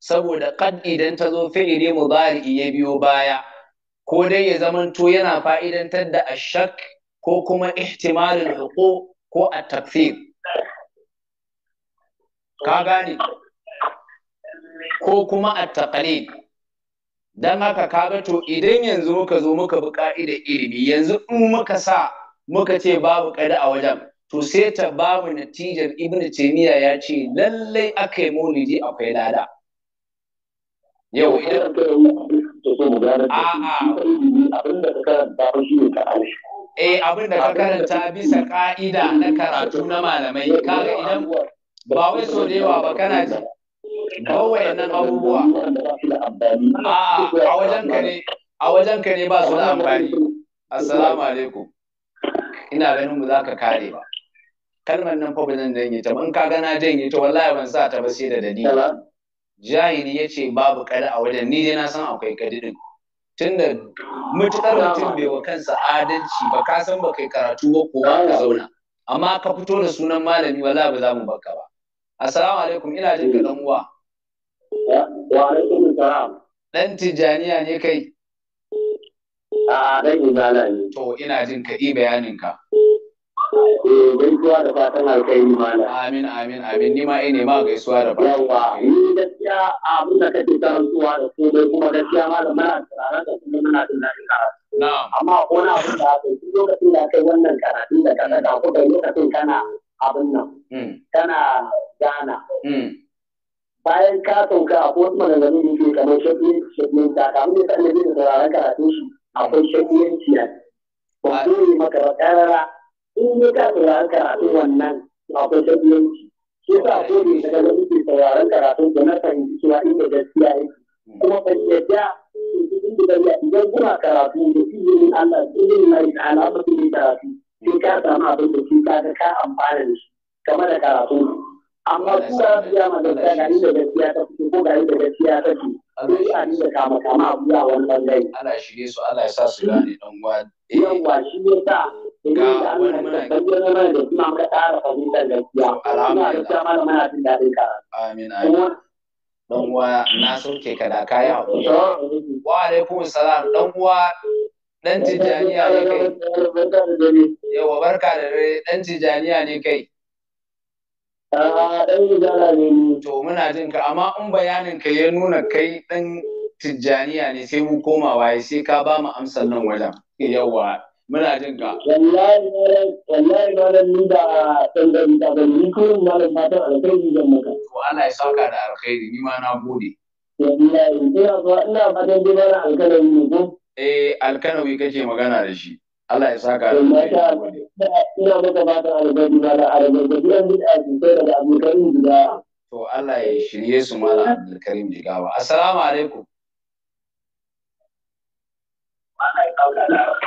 A: saboda kad idan ta zo fi'ili mudari ya biyo baya ko dai ya zamanto yana fa'idantar da ashak ko kuma ihtimalul huqu ko at-takfir ka gane ko kuma at-taqlid dan haka kaga to idan yanzu muka zo muka bi ka'idar ilimi yanzu in muka sa muka ce babu kada a wajen to sai ta ba mu natijar ibnu taymiya ya ce lallai aka yi maulidi akwai lada yau idan a abin da ka karanta shi ne ka eh abin da ka karanta bisa ka'ida na karatu na malamai kaga idan ba wai so da yawa ba kana ji
C: kawai nan abubuwa
A: a a wajen ka ne a wajen ka ne ba su da amfani assalamu alaikum ina ganin mu za ka kare ba kalmar nan fa bazan zan janye ta in ka gana janye ta wallahi ban sa ta ba sai da dadi jahili ya ce babu kada a wajen ni dai na san akwai kadidin tunda mutukar mutum bai wa kansa adalci ba ka san ba kai karatu ba ko ba ka zauna amma ka fito da sunan malami wallahi ba za mu baka ba assalamu alaikum ina jin ka dan uwa wa alaikum assalam dan tijaniya ne kai a dan izala ne to ina jin ka i bayanin ka gaisuwa da fatan alkhairi malam amin amin amin ni ma ina ma gaisuwa da fatan yawa ni
C: gaskiya abin da kake karantuwa da komai kuma gaskiya ma malam muna tsara da kuma muna jin daɗin karatu amma wani abin da aka yi lokacin da kai wannan karatun da ka saka ko kai lokacin kana abin nan hmm. kana gana hmm. bayan ka sauka a wasu maganganu da ke kamar shafi shafi ta kamar da kan da sauraron karatun shi akwai shafi yanci ne ba dole maka ba in ya ka sauraron karatu wannan akwai tabiyanci shi sa ko ne daga wani ke sauraron karatun da na fahimci cewa inda gaskiya yake kuma ban yadda in da ya idan kuna karatu da izinin Allah izinin na da alama su yi karatu sai ka samu abin da su ka ka amfana da shi game da karatu amma su za su ya magana ga da gaskiya ta fi ko ga da gaskiya ta ko
F: Allah ya nuna kama kama abu a wani bangare. Allah su
A: Allah ya sa su gane dan uwa. Eh. Yawwa shi ne sa ga wani muna bayyana mana da kuma muka ƙara fahimtar gaskiya alhamdulillah ina da mana muna jin daɗin ka amin amin dan uwa na sauke ka da kayi hakuri wa alaikum salam dan uwa dan tijaniya ne kai yawa barka da dare dan tijaniya ne kai ah, To muna jin ka amma in bayanin ka ya nuna kai dan tijjaniya ne sai mu koma. Waye sai ka ba mu amsar nan wajen. Yawwa muna jin ka
C: wallahi wallahi malam ni da san da da ni kullum
A: malam fatan alkhairi zan maka to Allah ya saka da alkhairi ni ma na gode
C: wallahi ina so ina fatan dai malam alkhairi ne ko
A: eh alkanawi kake magana da shi Allah ya saka da alkhairi ina maka fatan alkhairi malam alkhairi da an da shi sai daga abokan gida to Allah ya shirye su malam alkarim jigawa assalamu alaikum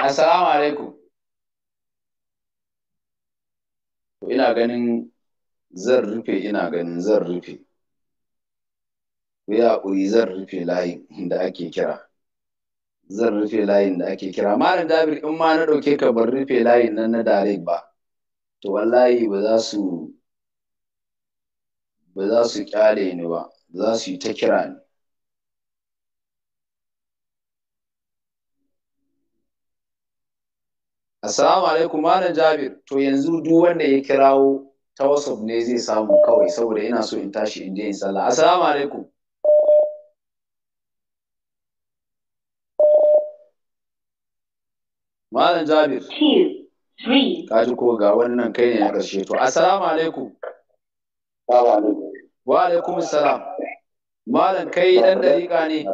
A: Assalamu alaikum. Ina ganin zan rufe ina ganin zan rufe. Ku yi zan rufe layin da ake kira. Zan rufe layin da ake kira. Malam Jabir in ma na ɗauke ka ban rufe layin nan na direct ba. To wallahi ba za su ba za su ƙyale ni ba. Za su yi ta kira ni. Assalamu alaikum Malam Jabir. To yanzu duk wanda ya kirawo ta WhatsApp ne zai samu kawai saboda ina so in tashi in je in sallah. Assalamu alaikum. Malam Jabir. Ka ji ko ga wannan kai ne a ƙarshe. To assalamu alaikum. Wa alaikum salam. Malam kai dan dariƙa ne.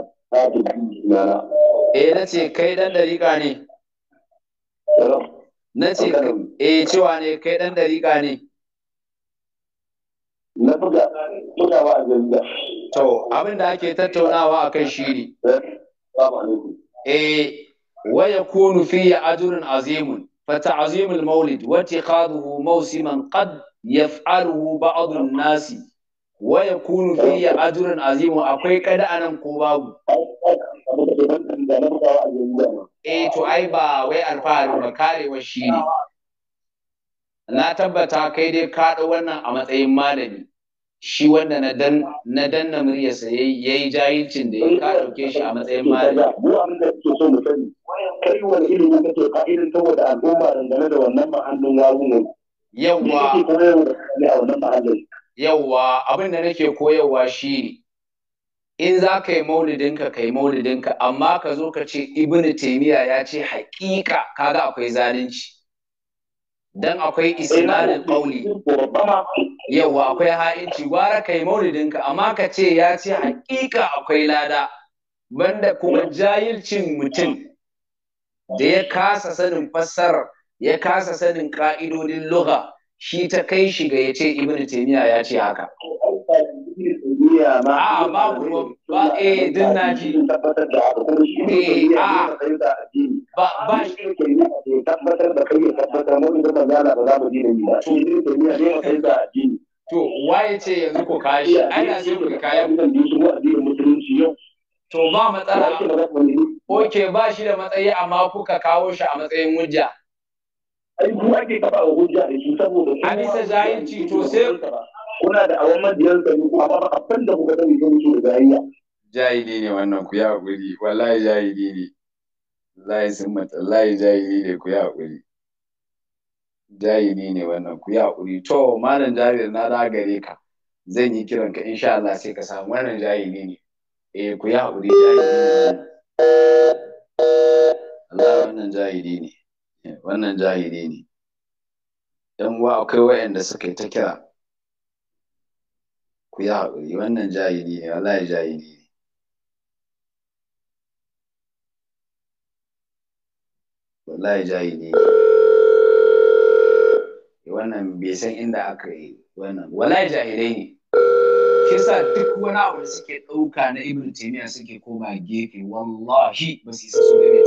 A: Eh na ce kai dan dariƙa ne. Na ce, eh, cewa ne kai ɗan dariƙa ne. Na buga, jarida. To, abin da ake tattaunawa a kai shi ne. Eh, eh waya kunu fiye ajurin azimun, fata azimul maulid, wata kaduhu mausiman qad yaf'aluhu ba'adun nasi. waya kunu fi ya ajurin azimu akwai kada anan ko babu. Eh to ai ba wai alfahari ba wa shi ne. Na tabbata kai dai ka ɗau wannan a matsayin malami. Shi wanda na dan na danna muryarsa ya yi jahilcin da ya ka shi a matsayin malami. Mu
C: abin da kake so mu sani. Kai wani ilimi kake ka irin
A: saboda al'umma dangane da wannan mahallin gawo ne. Yawwa. Ni a wannan yawwa abin da nake koyarwa shi in za ka yi maulidinka ka yi maulidinka amma ka zo ka ce ibn taimiya ya ce haƙiƙa kaga akwai zalunci dan akwai isnadin ƙauli yawwa akwai ha'inci gwara ka yi maulidinka amma ka ce ya ce haƙiƙa akwai lada banda kuma jahilcin mutum da ya kasa sanin fassarar ya kasa sanin ƙa'idodin lugha shi ta kai shi ga yace Ibn taymiya ya ce haka a ah, babu ba eh,
C: naji eh, a ah. ba ba shi da da ba da ba shi. taymiya ne ya da
A: to waye ce yanzu ko kashi ai sai ku kayan da shi yau to ba matsala oke ba shi da matsayi amma kuka kawo shi a matsayin hujja
C: ai ku ake kafa wa hujja da shi saboda a bisa jahilci to sai
D: kuna da awan madiyar da ku amma abin da kuka sani sun so da jahiliya
A: jahili ne wannan ku ya guri wallahi jahili ne wallahi sun mata wallahi jahili ne ku ya guri jahili ne wannan ku ya guri to malam jahili na ragare ka zan yi kiran ka insha Allah sai ka samu wannan jahili ne eh ku ya guri jahili ne Allah wannan jahili ne wannan jahili ne yan uwa akwai wayanda suka yi ta kira ku yi haƙuri wannan jahili ne wallahi jahili ne wallahi jahili ne wannan bai san inda aka yi wannan wallahi jahilai ne kisa duk wani abu da suke ɗauka na ibn taymiya suke koma gefe wallahi ba su isa su gane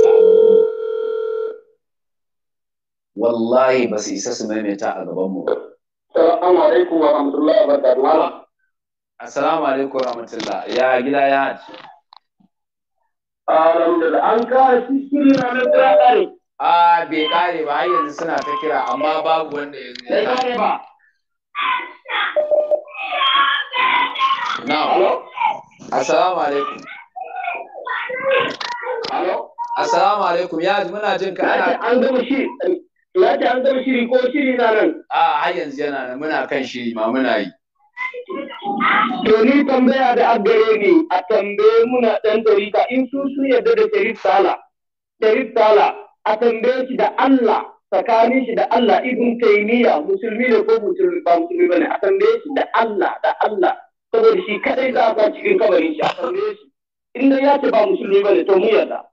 A: wallahi ba su isa su maimaita a gaban mu
D: Assalamu alaikum wa
A: rahmatullahi wa barakatuh. Assalamu alaikum wa rahmatullahi. Ya gida ya haji. Alhamdulillah an kare cikin ranar kira kare. A bai kare ba har yanzu suna ta kira amma babu wanda ya zo. kare ba. Now. Hello. Assalamu alaikum. Hello. Assalamu alaikum ya muna jin ka ana an gama shi Ya ce an zama shiri ko shiri na nan. A har yanzu yana nan muna kan shiri ma muna yi.
C: To ni tambaya da aggare ne a tambaye muna ɗan tarika in su su yarda da Sharif Sala. Sharif Sala a tambaye shi da Allah tsakanin shi da Allah ibn Taymiya musulmi ne ko musulmi ba musulmi bane a tambaye shi da Allah da Allah saboda shi kadai za a cikin kabarin shi a tambaye shi. Inda
D: ya ce ba musulmi bane to mu yarda.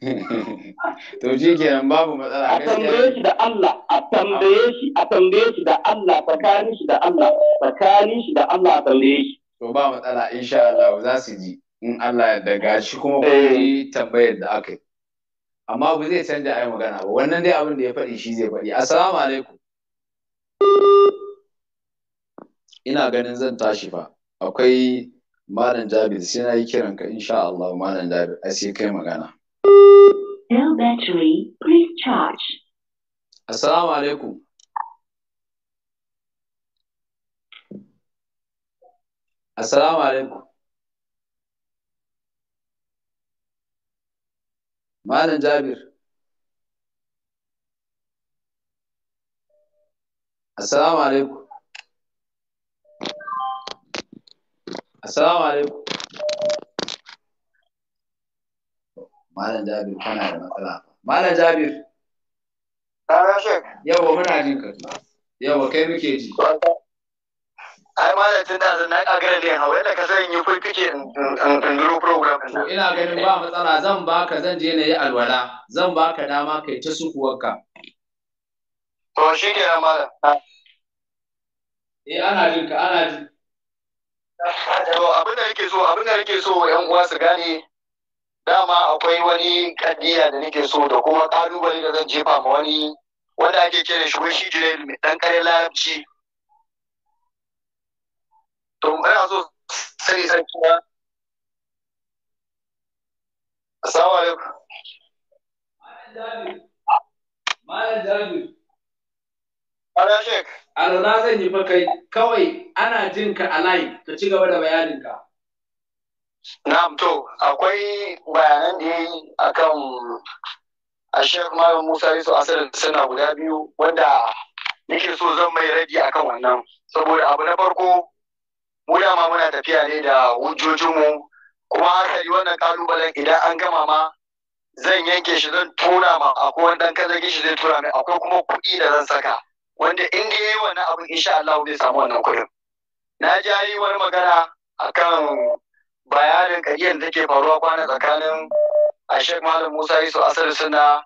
D: to shi kenan babu matsala a tambaye shi da Allah a tambaye shi a tambaye shi da Allah tsakanin shi
A: da Allah tsakanin shi da Allah a tambaye shi to ba matsala insha Allah za su ji in Allah ya daga shi kuma ku yi eh. tambayar da aka yi amma ba zai canja yi magana ba wannan dai abin da ya faɗi shi zai faɗi assalamu alaikum ina ganin zan tashi fa akwai malam Jabir sai na yi kiranka insha Allah malam Jabir ai sai kai magana No battery. Please charge. Assalamu alaikum. Assalamu alaikum. Malam Jabir. Assalamu alaikum. Assalamu alaikum. Malam Jabir kana da matsala. Malam Jabir. Yawa muna jin ka. Yawa kai muke ji.
C: Ai malam tun da na
A: kagara da hawa da ka san yi kike in
C: duro program
A: din. Ina ganin ba matsala zan baka zan je na yi alwala zan baka dama kai ta sukuwarka. To shi ke nan malam. Eh ana jin ka ana jin. To abin da yake so abin da
C: yake so yan uwa su gane dama akwai wani kadiya da nake so da kuma kalubale da zan jefa ma wani wanda ake kira shi wai shi jire mai dan kare larabci to ina so sai san kuma
E: assalamu alaikum
A: malam jabir ana shek alona zan yi fa kai kawai ana jinka a line ka ci gaba da bayaninka Na'am to akwai bayanan da yayi akan a Sheikh Malam
C: Musa Yusuf Asad suna guda biyu wanda nake so zan mai radi akan wannan saboda abu na farko mu dama muna tafiya ne da hujjojinmu kuma hasali wannan kalubalen idan an gama ma zan yanke shi zan tura ma akwai wani dan kazagi shi zai tura mai akwai kuma kuɗi da zan saka wanda in ga yayi wannan abu insha Allah zai samu wannan kuɗin na ji yi wani magana akan bayanin kariyar da ke faruwa kwana tsakanin a shek malam musa yusuf asar suna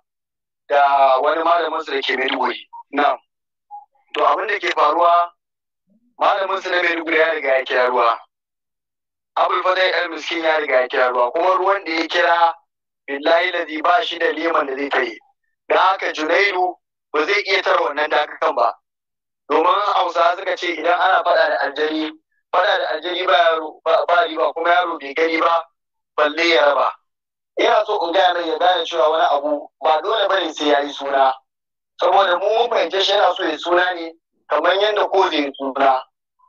C: da wani malamin su da ke maiduguri na to abin da ke faruwa malamin su na maiduguri ya riga ya kira ruwa abul fatai al miskin ya riga ya kira ruwa kuma ruwan da ya kira billahi ladi ba shi da liman da zai ta yi da haka junairu ba zai iya tara wannan dakakan ba domin hausa suka ce idan ana faɗa da aljani bada da aljani ba yaro ba riba kuma yaro bai gani ba balle ya raba ina so in gaya mai ya gane cewa wani abu ba dole bane sai ya yi suna saboda mu mun fahimce shi yana so ya suna ne kamar yadda ko zai suna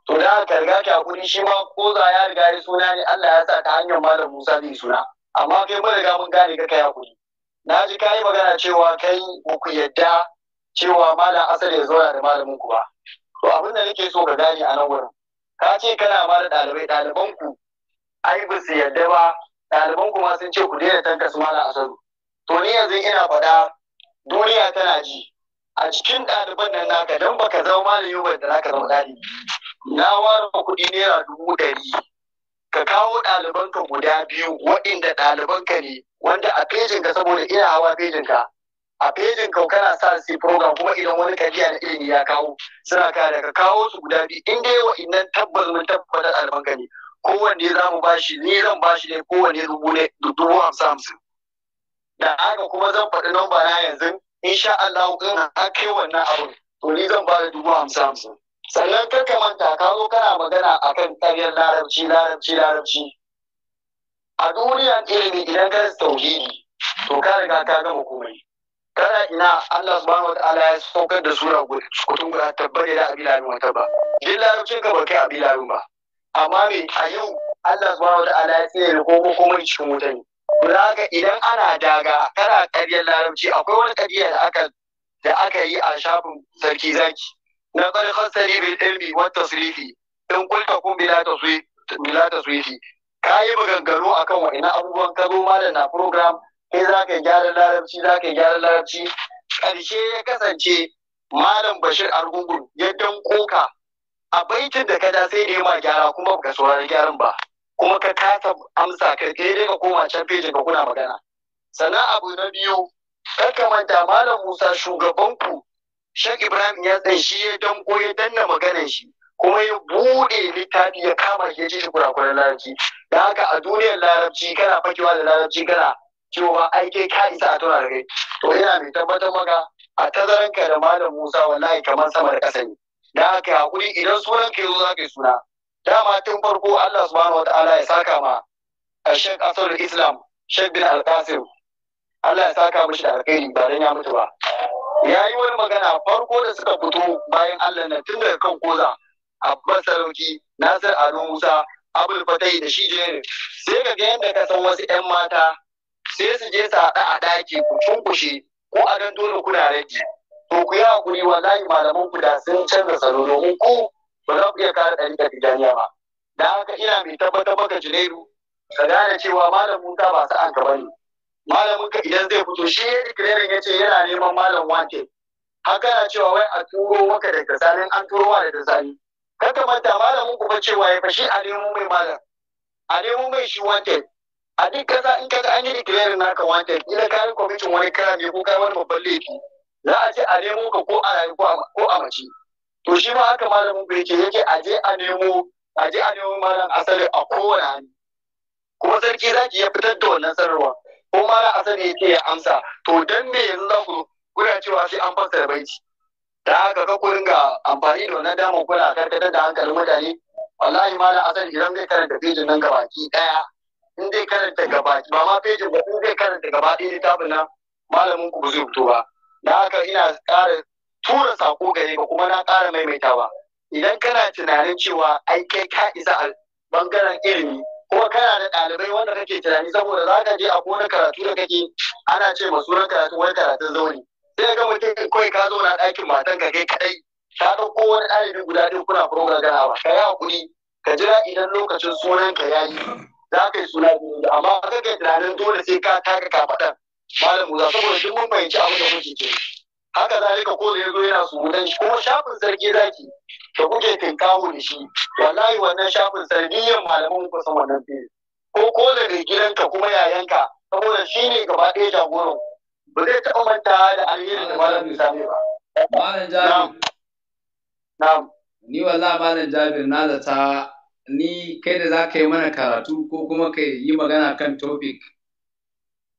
C: to da aka riga ki hakuri shi ma ko za ya riga ya suna ne Allah ya sa ta hanyar malam Musa zai suna amma kai mun riga mun gane ka kai hakuri na ji kai magana cewa kai ku yadda cewa malam asali ya zauna da malamin ku ba to abin da nake so ka gane a nan wurin ka ce kana ba da ɗalibai ɗaliban ku ai ba su yadda ba ɗaliban ku ma sun ce ku daina tankas mala asaru to ni yanzu ina faɗa duniya tana ji a cikin ɗaliban nan naka dan baka zama malami ba da naka zama ɗalibi na ware kuɗi naira dubu ɗari ka kawo ɗalibanka guda biyu waɗanda ɗalibanka ne wanda a ka saboda ina hawa ka. a pejin kau kana sa su program kuma idan wani kariya na ilimi ya kawo suna kaya daga kawo su guda biyu in dai wa'innan tabbas mun tabbatar ɗaliban ka ne kowanne za mu bashi ni zan bashi ne kowanne dubu ne dubu hamsin hamsin da haka kuma zan faɗi namba na yanzu insha Allah in a kai wannan abin to ni zan bada dubu hamsin hamsin sannan kar ka manta ka zo kana magana akan ƙaryar larabci larabci larabci a duniyar ilimi idan ka tauhidi to ka riga ka gama komai Kada ina Allah subhanahu wataala ya saukar da sura kutun guda tabbare da abilamin wata ba din larabcin ka ba kai abilamin ba amma me a yau Allah subhanahu wataala ya da koko ko mai cikin wuta ne ga idan ana daga kana ƙaryar larabci akwai wani ƙarya da aka da aka yi a shafin sarki zaki na qad khasari bil ilmi wat tasrifi in qulta kun bila taswif taswifi kayi maganganu akan wa'ina abubuwan kazo malam na program kai za ka gyara larabci za ka gyara larabci ƙarshe ya kasance malam bashir argungun ya koka a baitin da ka da sai da ma gyara kuma ka saurari gyaran ba kuma ka kasa amsa ka kai dai ka koma can fejin ka kuna magana sannan abu na biyu kar ka manta malam musa shugaban ku shek ibrahim ya tsaye shi ya danko ya danna maganar shi kuma ya buɗe littafi ya kama shi ya ci shi kurakuran larabci da haka a duniyar larabci kana fakewa da larabci kana cewa ai kai ka isa a tura da kai to yana mai tabbatar maka a tazaran ka da malam Musa wallahi kamar sama da kasa ne dan haka hakuri idan sunan ka yazo zaka suna dama tun farko Allah subhanahu wataala ya saka ma a Sheikh Asar Islam Sheikh bin Al-Qasim Allah ya saka mishi da alkhairi ba dan ya mutu ba ya yi wani magana farko da suka fito bayan Allah na tun daga kan koza Abbas Sarauki Nasir Ado Musa Abul Fatai da shi jerin sai ka ga yadda ka san wasu 'yan mata sai su je su haɗa a ɗaki ku cunkushe ko a nan dole kuna rage to ku yi hakuri wallahi malaman ku da sun canza salo domin ku ba za ku iya kare ɗariƙar tijaniya ba da haka ina mai tabbatar maka junairu ka gane cewa malam Musa ba sa'an ka bane malamin ka idan zai fito shi ya dikirerin ya ce yana neman malam wanted haka na cewa wai a turo maka da tasani an turo wa da tasani kar ka manta malamin ku ba cewa ya fashi a nemo mai malam a nemo mai shi wanted a duk kaza in kaza an yi declare naka wanted kila ka yi commission wani ne ko kai wani babban laifi za a ce a nemo ka ko a rayu ko a mace to shi ma haka malamin ku yake yake a je a nemo a je a nemo malam asali a kowane hali kuma sarki zaki ya fitar da wannan sanarwa ko malam asali yake ya amsa to dan me yanzu za ku kuna cewa sai an da baiti da haka ka ku ringa amfani da wannan damar kuna karkatar da hankalin mutane wallahi malam asali idan zai karanta fejin nan gabaki daya in zai karanta gaba ba ma ba in zai karanta gaba ɗaya littafin nan malamin ku ba zai fito ba na haka ina ƙara tura sako gare ka kuma na ƙara maimaitawa idan kana tunanin cewa ai kai ka isa a bangaren ilimi kuma kana da ɗalibai wanda kake tunani saboda za ka je a kona karatu da kake ana ce ma sunan karatu wani karatun zauni sai ga mutum kawai ka zauna ɗakin ka kai kaɗai ka ɗauko wani ɗalibi guda ɗin kuna program gana ba ka yi hakuri ka jira idan lokacin sunanka ya yi za ka yi suna biyu amma ka kai tunanin dole sai ka taka kafaɗan malam musa saboda duk mun fahimci abin da kuke ce haka zalika ko da ya zo yana dan shi kuma shafin sarki zaki da kuke tinkawo da shi wallahi wannan shafin Sarki yin malaman ku san wannan fili. ko ko da
A: gidanka kuma yayanka saboda shi ne gaba ɗaya jagoran ba zai taɓa manta da alheri da malam musa ne ba. Malam Jabir. Na'am. Ni wallahi malam Jabir na zata ni kai da za ka yi mana karatu ko kuma ka yi magana kan topic.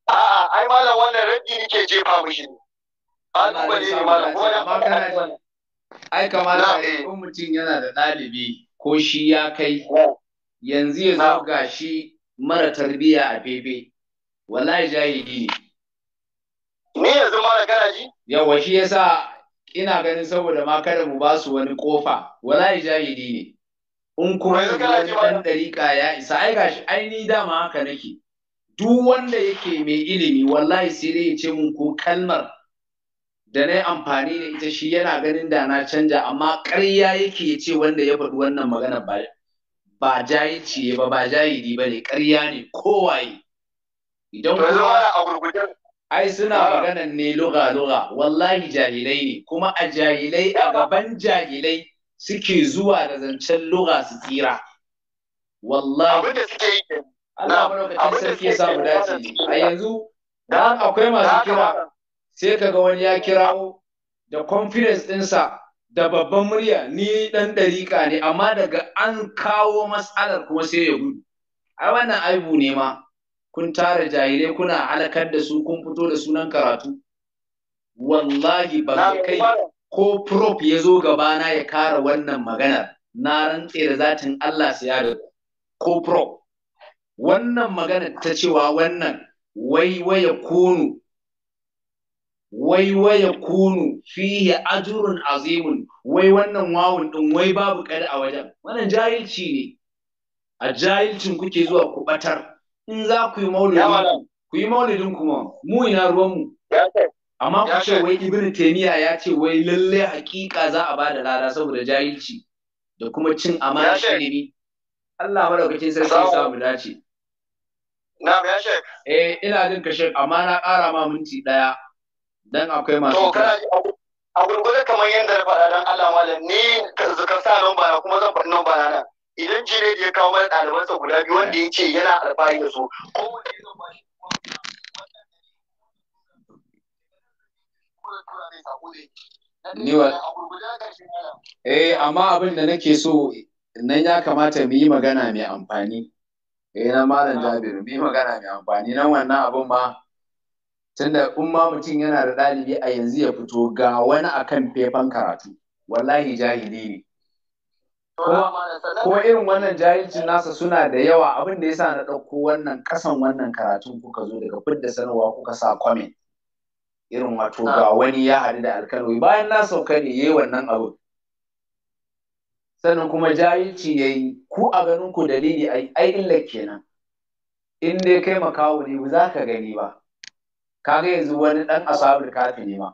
C: A'a, ai malam wannan rabi ke jefa mishi.
A: Kalubale ne malam, kuma na Ai kamata in eh. mutum yana da ɗalibi ko shi ya kai yanzu ya zo ga shi mara tarbiyya a bebe. Wallahi jahili ne.
C: Ni yanzu mara garaji?
A: Yawa shi yasa ina ganin saboda ma kada mu ba su wani kofa. Wallahi jahili ne. in kuma ɗan ɗariƙa ya isa ai shi. ai ni dama haka nake duk wanda yake mai ilimi wallahi sai dai ya ce mun ko kalmar da na yi amfani da ita shi yana ganin da na canja amma ƙarya yake ya ce wanda ya faɗi wannan magana ba ba jayici ba ba jayidi ba ne ƙarya ne kowaye idan kowa ai suna maganan ne luga luga wallahi jahilai ne kuma a jahilai a gaban jahilai suke zuwa da zancen lura su tsira wallahi Allah ce sarki ya samu dace a yanzu dan akwai masu kira sai ka ga wani ya kirawo da confidence ɗinsa da babban murya ni ɗan ɗariƙa ne amma daga an kawo matsalar kuma sai ya gudu ai wannan aibu ne ma kun tara jahilai kuna halakar da su kun fito da sunan karatu wallahi ba kai ko prop ya zo gabana ya kara wannan maganar na rantse da zatin Allah su ya ko prop wannan maganar ta cewa wannan waiwaya kunu waiwaya kunu fiye ajurun azimun wai wannan wawun ɗin wai babu kada a wajen wannan jahilci ne a jahilcin kuke zuwa ku batar in za ku yi maulidin ku yi maulidin kuma mu ina ruwanmu amma ya ce wai ibn taymiya ya ce wai lalle hakika za a bada lada saboda jahilci da kuma cin amana shi ilimi Allah madaukakin sarki ya mu dace na ya ce eh ina jin ka shek amma na ƙara ma minti daya dan akwai masu to
C: a gurgurda kamar yadda na faɗa dan Allah malam ni kan sa nan bana kuma zan faɗi nan bana nan idan jire ya kawo mana ɗalibansa guda biyu wanda ya ce yana alfahari da su ko wanda ya ba shi
A: Eh, amma abin da nake so nan ya kamata mu yi magana mai amfani.
B: Eh, na Malam Jabiru, mu yi
A: magana mai amfani nan wannan abin ma tunda in ma mutum yana da ɗalibi a yanzu ya fito ga wani akan fefan karatu wallahi jahili ne kuma irin wannan jahilcin nasa suna da yawa abin da yasa na ɗauko wannan ƙasan wannan karatun kuka zo daga fidda sanarwa kuka sa comment irin wato ah. ga wani ya haɗu da alkalwi bayan na sauka ne yi wannan abu sannan kuma jahilci yayi ku a ganin ku dalili ai illa kenan in dai kai makawo ne ba za ka gani ba kaga yanzu wani ɗan asabul kafi ne ma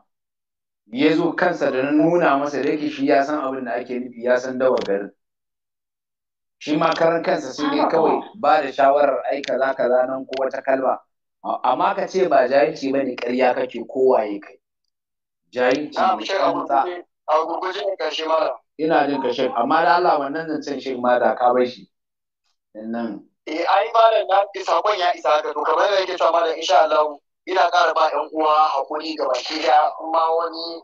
A: ya zo kansa da na nuna masa da yake shi ya san abin da ake nufi ya san dawa garin shi ma karan kansa sai kawai ba da shawarar ai kaza kaza nan ko wata kalma amma ka ce ba jahilci ba ne ƙarya kake kowaye kai jahilci ne kamta a gurguje shi mara. ina jin ka shi amma da Allah wannan can shi ma da ka bar shi nan eh ai malam na sakon ya
C: isa ka to kamar bar yake cewa malam insha Allah ina ƙara ba ƴan uwa hakuri ga baki da amma wani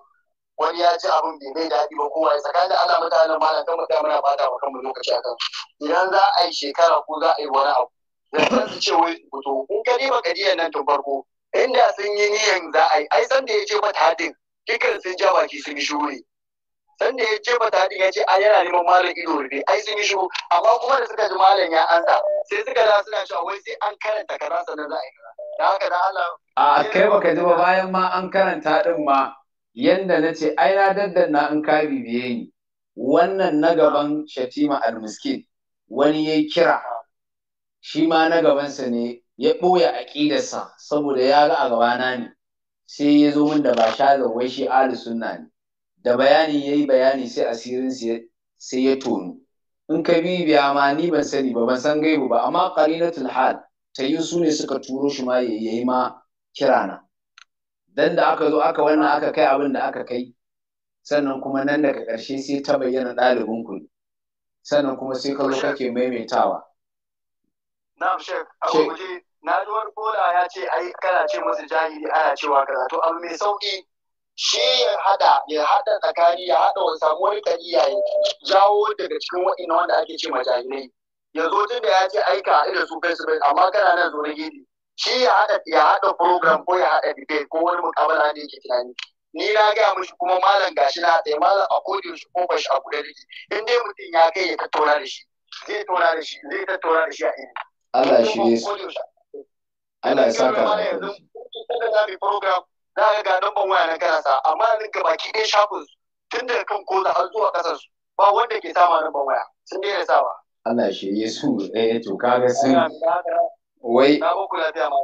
C: wani ya ci abin bai mai daɗi ba kowa ya tsakanin Allah mutanen malam kan mutane muna fata wa kanmu lokaci akan idan za a yi shekara ko za a yi wani abu da su ce wai fito kun ka diba kadiyar nan tun farko inda sun yi niyan za a yi ai san da ya ce mata hadin kikin sun ja baki sun yi shuru ne san da ya ce mata hadin ya ce a yana neman malam ido rufe ai sun yi shuru amma kuma da suka ji malam ya ansa sai suka da suna cewa wai sai an karanta kaza na za a yi kaza da haka da Allah
A: a kai baka ji ba bayan ma an karanta din ma yanda na ce ai na na, in ka bibiye ni wannan na gaban shatima al-miskin wani ya kira shi ma na gabansa ne ya ɓoye aƙidarsa saboda ya ga a gabana ne sai ya zo min da ba da wai shi ahli sunna ne da bayani ya yi bayani sai asirin sai ya tonu in ka bibiya ma ni ban sani ba ban san gaibu ba amma qarinatul hal ta yi su ne suka turo shi ma ya yi ma kirana dan da aka zo aka wannan aka kai abin da aka kai sannan kuma nan daga ƙarshe sai ta bayyana ɗalibin ku sannan kuma sai ka zo kake maimaitawa na'am shek a guje
C: na ji wani kola ya ce ai kana ce masa jahili ana cewa kaza to abu mai sauki shi ya hada ya hada tsakani ya hada wa samu wani kariya ya jawo daga cikin wa'ina wanda ake ce ma jahilai ya zo tun da ya ce aika a irin su face face amma kana nan zo na gidi shi ya hada ya hada program ko ya hada debate ko wani mukabala ne yake tunani ni na gaya mishi kuma malam gashi na tsaye malam a kodin shi ko bashi a kuɗe da in dai mutum ya kai ya tattauna da shi
A: zai tattauna da shi zai tattauna da shi a ilimi Allah shirye su Allah ya saka da yanzu da za mu program za ka ga numban waya na
C: karasa amma yanzu ga baki ɗaya shafin su tun daga kan koza har zuwa ƙasar su ba wanda ke sama numban waya sun daina sawa
A: Allah ya shirye su eh to kaga sun wai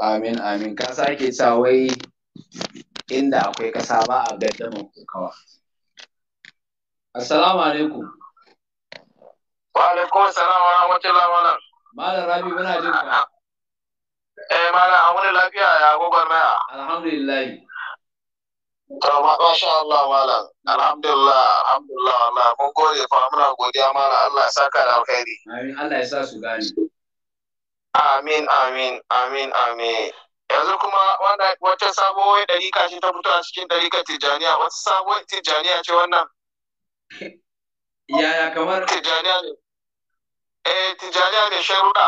A: amin amin ka sake sa wai inda akwai kasa ba a gaddaman kokawa assalamu alaikum wa alaikum assalam wa rahmatullahi wa barakatuh Malam Rabi muna jin ka. Eh malam an wani lafiya ya gwagwarmaya. Alhamdulillah. To
C: masha Allah malam. Alhamdulillah alhamdulillah Allah mun gode fa muna godiya malam Allah ya saka da
A: alkhairi. Amin Allah ya sa su gane. Amin amin amin
C: amin. yanzu kuma wanda wata sabuwar ɗarika ce ta fito a cikin ɗarikar tijjaniya wata sabuwar tijjaniya ce wannan yaya kamar tijjaniya ne eh Tijjani da sharuɗa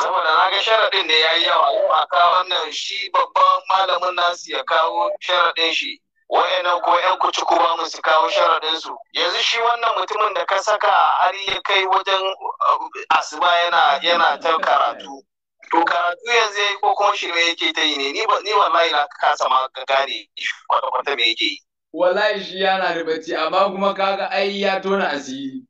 C: Saboda na ga sharaɗin da ya yi yawa yi a wannan shi babban malamin nasu ya kawo sharaɗin shi. Wa'annan ko 'yan kucuku ba mu su kawo sharaɗin su. Yanzu shi wannan mutumin da ka saka har ya kai wajen uh, asuba yana yana ta karatu. to karatu yanzu ya yi ko kuma shirme yake ta yi ne ni ba ni na na kasa ma
A: gane kwata kwata me yake yi wallahi shi yana da bacci amma kuma kaga ai ya tona asiri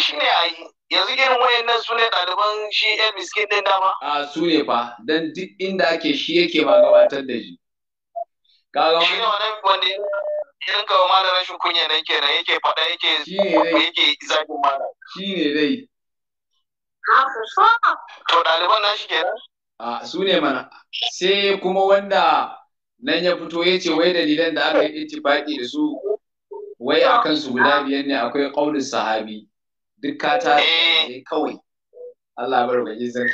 A: shi ne ai yanzu irin wayannan su ne ɗaliban
C: shi yan miskin ɗin dama
A: a su ne fa dan duk inda ake shi yake ma gabatar da shi
C: kaga shi ne wannan wanda irin kawo malam
A: rashin kunya nan kenan yake faɗa yake yake zagin malam
D: shi ne dai
C: To
A: ɗaliban shi kenan? A su ne mana. Sai kuma wanda nan ya fito ya ce wai dalilan da aka yi ittifaqi da su wai a kansu guda biyan ne akwai ƙaunin sahabi duk ka ta eh. kawai. Allah bar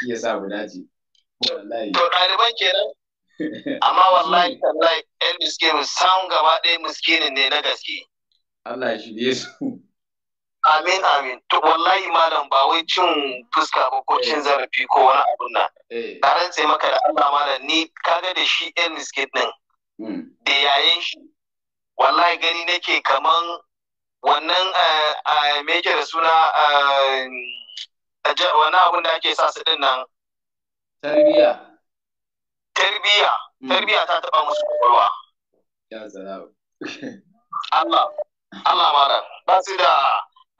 A: ya sa mu dace. To ɗaliban kenan. Amma wallahi
C: ɗan gaba ɗaya miskinin ne na gaske. Allah ya Amin amin. To wallahi malam ba wai cin fuska ba ko cin eh. zarafi ko wani abun nan. Eh. Na rantse maka da Allah malam ni kaga da shi ɗan biskit din. Hmm. Da yayin shi. Wallahi gani nake kaman wannan a eh, me yake da suna wani abun da ake sa su ɗin nan. Tarbiya. Tarbiya. Hmm. Tarbiya ta taɓa musu kwakwalwa. Ya zara. Allah. Allah malam. Ba su da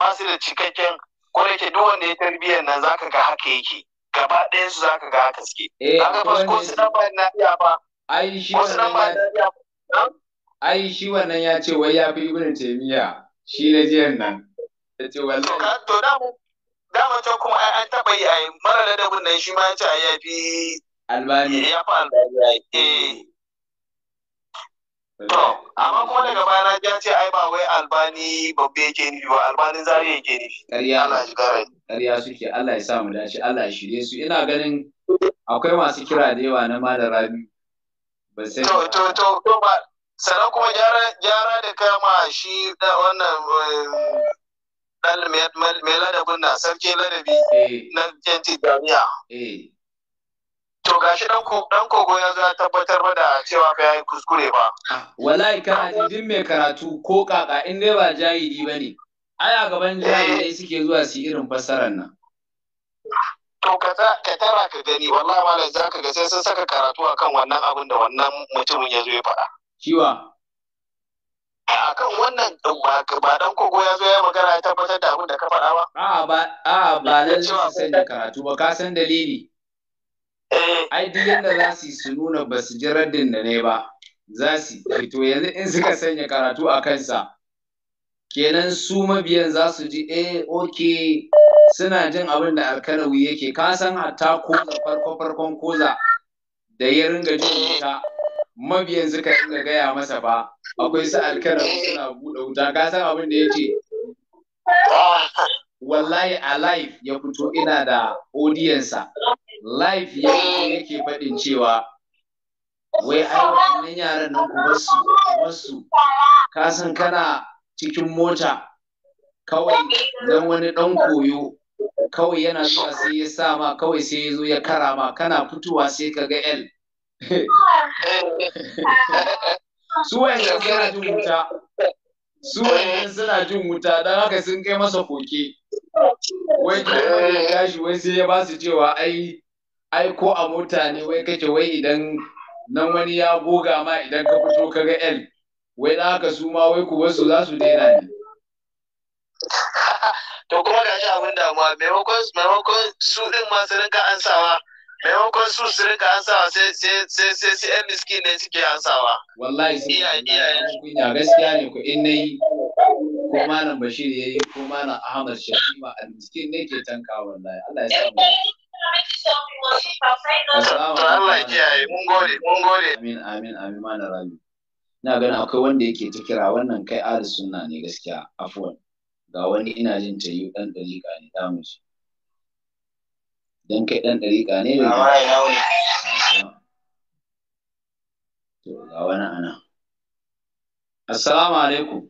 A: ba su da cikakken ko da ke duk wanda ya tarbiyyar nan zaka ga haka yake gaba ɗayan su zaka ga haka suke eh, kaga ba ko su dan bayan na iya ba ko su ai
C: na iya ba
A: ai shi wannan ya ce wai ya fi ibnu taymiya shi na jiyan nan ya ce wallahi to
C: da mu da
A: ta kuma ai an taba yi ai mara ladabin nan shi ma ya ce ai ya fi albani ya fi albani eh, eh.
D: amma kuma daga baya na ya ce ai ba wai albani babbe yake nufi ba albani zari yake nufi ƙarya Allah shi
A: ƙarya suke Allah ya sa mu dace Allah ya shirye su ina ganin akwai masu kira da yawa na malam Rabi ba to to
C: to to ba sannan kuma gyara gyara da kama shi da wannan dan um, mai ladabin eh. na sarki ladabi na kenti jami'a
A: eh to gashi dan kogo ya za tabbatar da cewa ka yi kuskure ba. Wallahi ka hadidin mai karatu ko kaka in dai ba jahili ba Ai a gaban jahilai eh. suke zuwa su irin fassarar nan.
C: To ka tara ka gani wallahi malam za ka ga sai sun saka karatu akan wannan abin da wannan mutumin ya zo ya faɗa.
A: Ciwa. akan wannan ba dan kogo ya zo ya magana ya tabbatar da abin da ka faɗa ba. A'a ba a'a ba nan su sanya karatu ba ka san dalili. ai duk yadda za su su nuna ba su ji raddin da ne ba za su fito yanzu in suka sanya karatu a kansa kenan su mabiyan za su ji eh ok suna jin abin da alkanawi yake ka san hatta koza farko farkon koza da ya ringa jin wuta mabiyan suka ringa gaya masa ba akwai su alkanawi suna buɗe wuta ka san abin da ya ce ah. wallahi a ya fito ina da odiyansa live ya yake faɗin cewa wai ai wannan yaran nan basu basu ka san kana cikin mota kawai dan wani ɗan koyo kawai yana zuwa sai ya sa ma kawai sai ya zo ya kara ma kana fitowa sai ka ga L su wayan suna jin wuta su wayan suna jin wuta don haka sun kai masa koke
E: wai ya tashi
A: wai sai ya ba su cewa ai ai ko a mota ne wai kake wai idan nan wani ya goga ma idan ka fito ka ga L wai da haka su ma wai ku wasu za su daina ne to kuma ga shi abin damuwa maimakon maimakon su din ma su rinka ansawa maimakon su su rinka ansawa sai sai sai sai sai yan miskin ne suke ansawa wallahi sai iya iya kunya gaskiya ne ku in nayi ko malam Bashir yayi ko malam Ahmad Shafima al-miskin ne ke tanka wallahi Allah ya samu Na kiyaye ina akwai wanda yake ta kira wannan kai ahli ne gaskiya afwan ga wani ina jin ta yi ne kai dan dariƙa ne
G: ne
A: to ga wani ana assalamu alaikum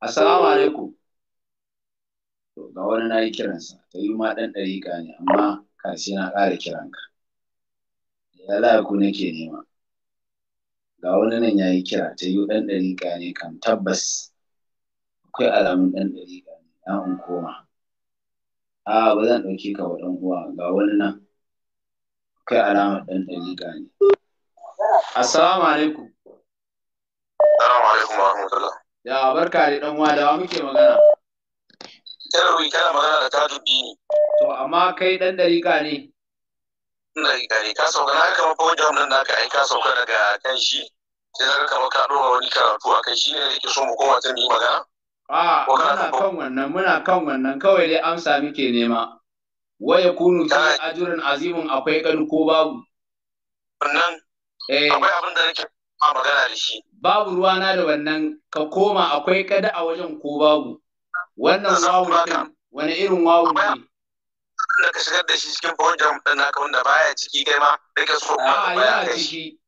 A: assalamu alaikum to ga wani na yi kiransa ta yi ma ɗan ɗariƙa ne amma kashi na ƙara kiranka ya laku nake nema ga wani nan ya yi kira ta yi ɗan ɗariƙa ne kan tabbas akwai alamun ɗan ɗariƙa ne na in koma a ba zan ɗauki ka wa ɗan uwa ga wani nan akwai alamar ɗan ɗariƙa ne assalamu alaikum assalamu alaikum wa rahmatullah ya barka da ɗan uwa da wa muke magana jarabi kana magana
E: da ne.
A: to amma kai dan dariƙa ne Ɗan dariƙa ne ka sauka na kama fa wajen
C: nan naka ai ka sauka daga kan shi sai na kama ka ɗora wani karatu a kai
A: shi ne yake so mu koma ta mu yi magana a muna kan wannan muna kan wannan kawai dai amsa muke nema waya kunu ta ajuran azimin akwai kanu ko babu wannan eh. akwai abin da nake magana da shi babu ruwana da wannan ka koma akwai kada a wajen ko babu wannan wawu din wani irin wawu ne da ka shigar da shi cikin bawon jam din naka wanda baya ciki kai ma rike so ma baya kai shi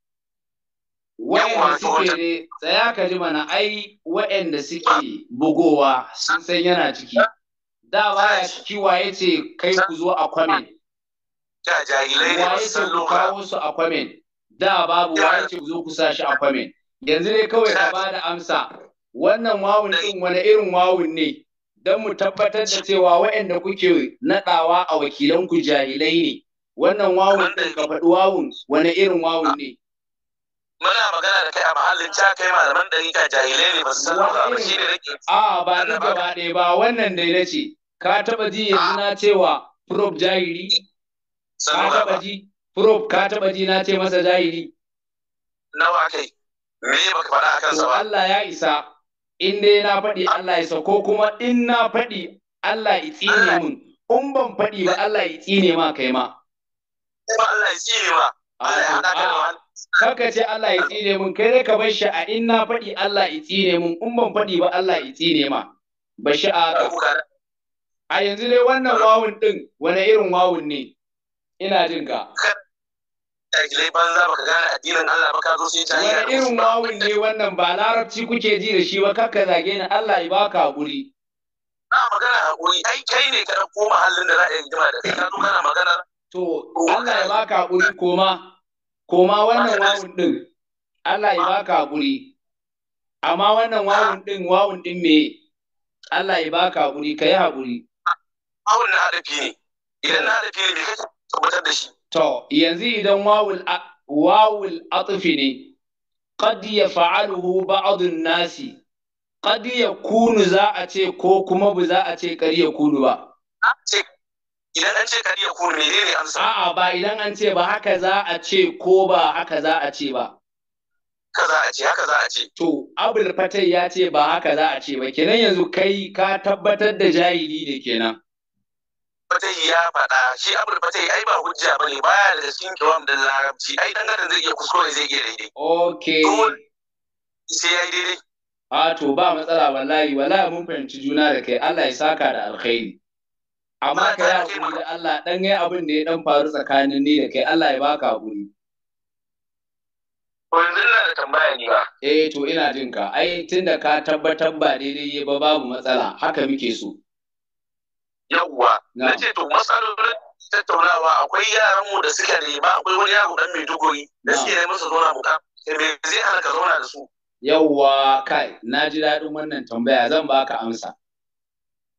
B: wayanda suke ne
A: tsaya ka ji mana ai wa'anda suke bugowa sun san yana ciki da baya ciki waye ce kai ku zo a kwame da jahilai ne wasu ce ku kawo su a kwame da babu waye ce ku zo ku sa shi a kwame yanzu ne kawai ka bada amsa wannan wawun din wani irin wawun ne don mu tabbatar da cewa waɗanda kuke naɗawa a wakilanku jahilai ne wannan wawun ɗin ka faɗi wawun wani irin wawun ne. Muna magana da kai a mahallin ca kai malaman ɗarika jahilai ne ba su san ba shi ne nake. A ba ni gaba ɗaya ba wannan dai na ce ka taɓa ji yanzu na cewa prof jahili? Ka taɓa ji prof ka taɓa ji na ce masa jahili? Nawa kai? Me baka faɗa a kansa ba? Allah ya isa in dai na faɗi Allah ya sako kuma in na faɗi Allah ya tsine mun in ban faɗi ba Allah ya tsine ma kai ma Allah ya tsine ma Allah ya hada ka Kaka ce Allah ya tsine mun kai dai ka bar shi a in na faɗi Allah ya tsine mun in ban faɗi ba Allah ya tsine ma ba shi a a yanzu dai wannan wawun din wani irin wawun ne ina jin ka
C: jahilai banza baka gane addinin Allah ba ka zo sai ta Wani
A: irin wawun ne wannan ba larabci kuke ji da shi ba kakka zage ni Allah ya baka haƙuri.
C: Na magana haƙuri ai kai ne ka
A: ɗauko mahallin da za a
C: yi jima da kai ka zo kana magana.
A: To Allah ya baka haƙuri, koma koma wannan wawun ɗin Allah ya baka haƙuri, Amma wannan wawun ɗin, wawun ɗin me Allah ya baka haƙuri? ka yi hakuri. Wawun na hadafi ne idan na hadafi ne bai kake tabbatar da shi. To, yanzu idan wawul atufi ne, kad ya fa'aluhu ba'adun nasi, kad ya kunu za a ce ko kuma bu za a ce kari ya kunu ba. Idan an ce kari ya kunu ne ne amsa. A'a ba idan an ce ba haka za a ce ko ba haka za a ce ba. Haka za a ce, haka za a ce. To, Abul Fatai ya ce ba haka za a ce ba, kenan yanzu kai ka tabbatar da jahili ne kenan. fatai ya faɗa shi abul fatai ai ba hujja ba ba baya da cikin kiwam da larabci ai dan adam zai iya kuskure zai iya daidai okay sai yayi daidai a to ba matsala wallahi wallahi mun fahimci juna da kai Allah ya saka da alkhairi amma ka yi hakuri da Allah dan yayi abin da ya dan faru tsakanin ni da kai Allah ya baka hakuri yanzu na da tambaya ni ba eh to ina jin ka ai tunda ka tabbatar ba daidai ba babu matsala haka muke so
C: yawwa na ce to matsalolin tattaunawa akwai yaran mu da suka nema akwai
A: wani yaro dan Maiduguri da suke neman su zauna muka me zai hana ka zauna da su yawwa kai na ji daɗin wannan tambaya zan baka amsa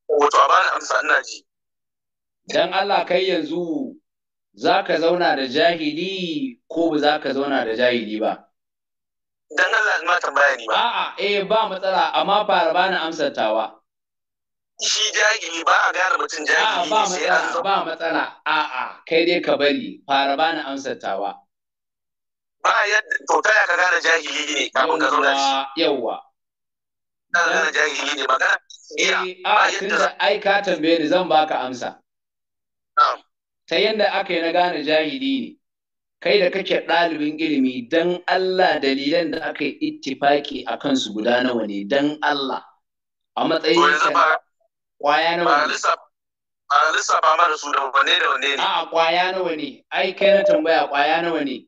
A: wato a bani amsa ina ji dan Allah kai yanzu za ka zauna da jahili ko ba za ka zauna da jahili ba dan Allah ma tambaya ni ba a'a eh ba matsala amma fara bani amsar tawa shi jahili ba a gane mutum jahili ba matsala ba matsala a'a kai dai ka bari fara bani amsatawa.
C: ba yadda to ta ka gane jahili ne kafin ka zauna shi
A: yawwa ka
C: gane jahili ne magana
A: eh a tunda ai ka tambaye ni zan baka amsa ta yadda aka yi na gane jahili ne kai da kake ɗalibin ilimi dan Allah dalilan da aka yi ittifaki a kansu guda nawa ne dan Allah a matsayin Kwaya nawa ne? A lissafa mana su da wanne da wanne ne? A'a ah, kwaya nawa ne? Ai kai na tambaya kwaya nawa ne?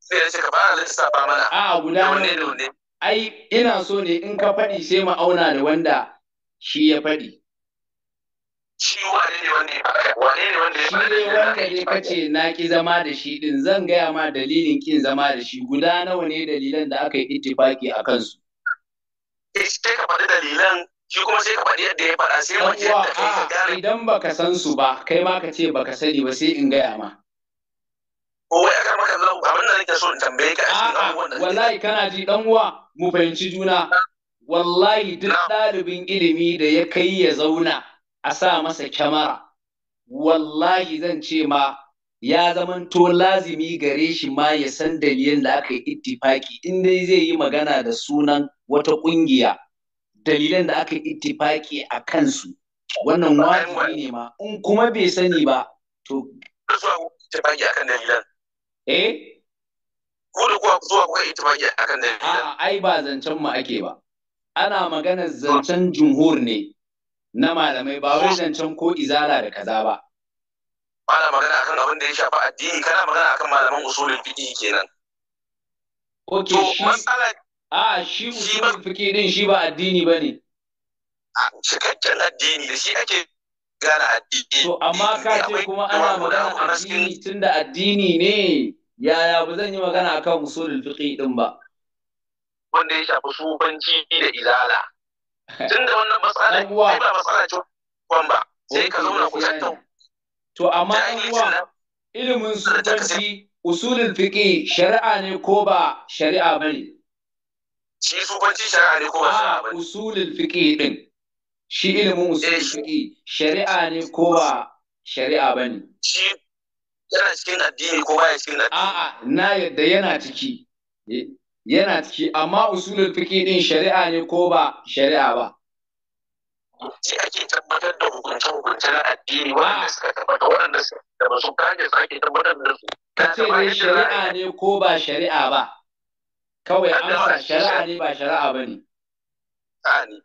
A: Sai ya ce ka fara lissafa mana. A'a ah, guda wane da wane. Ai ina so ne in ka faɗi sai mu auna da wanda shi ya faɗi. Shi wane ne wanda ya Wane ne wanda ya faɗi? Shi ne wanda ne ka ce na ki zama da shi ɗin zan gaya ma dalilin kin zama da shi guda nawa ne dalilan da aka yi ittifaki a kansu. Eh, Ishe ka faɗi dalilan shi kuma sai ka faɗi yadda ya faɗa sai wani yadda kai ka gane idan baka san su ba kai ma ka ce baka sani ba sai in gaya ma ko wai aka maka lau abin da nake so in tambaye ka a cikin abubuwan da wallahi kana ji dan uwa mu fahimci juna wallahi duk ɗalibin ilimi da ya kai ya zauna a sa masa kyamara wallahi zan ce ma ya zamanto lazimi gare shi ma ya san dalilin da aka yi ittifaki in dai zai yi magana da sunan wata ƙungiya dalilan da aka ittifaki a kansu wannan wajibi ne ma in kuma bai sani ba to zuwa ittifaki akan dalilan eh ko da kuwa zuwa kuka ittifaki akan dalilan a ai ba zancen mu ake ba ana maganar zancen jumhur ne na malamai ba wai zancen ko izala da kaza ba ana magana akan abin da ya shafi addini kana magana akan malaman usulul fiqh kenan Okay, so, A'a shi musulman fiki din shi ba addini bane. Cikakken addini da shi ake gane addini. To amma ka ce kuma ana magana addini tunda addini ne yaya ba zan yi magana akan usulul fiqh din ba. Wanda ya shafi sufanci
C: da izala. Tunda wannan matsala ai ba matsala ce kwan ba. Sai ka
A: zauna ku tattauna. To amma uwa ilimin sufanci usulul fiqh shari'a ne ko ba shari'a bane? shi sufanci shari'a ne ko ba shari'a ba usulul fiqh din shi ilimin usulul eh, fiqh shari'a ne ko ba shari'a bane shi yana cikin addini ko baya cikin addini a'a na yadda yana ciki e, yana ciki amma usulul fiqh din shari'a ne ko ba shari'a ba sai ake tabbatar da hukunce-hukunce na
C: addini waɗanda suka tabbata waɗanda suka da ba su kaje su ake tabbatar da su. Ka ce shari'a
A: ne ko ba shari'a ba. kawai amsa shari'a ne ba shari'a ba ne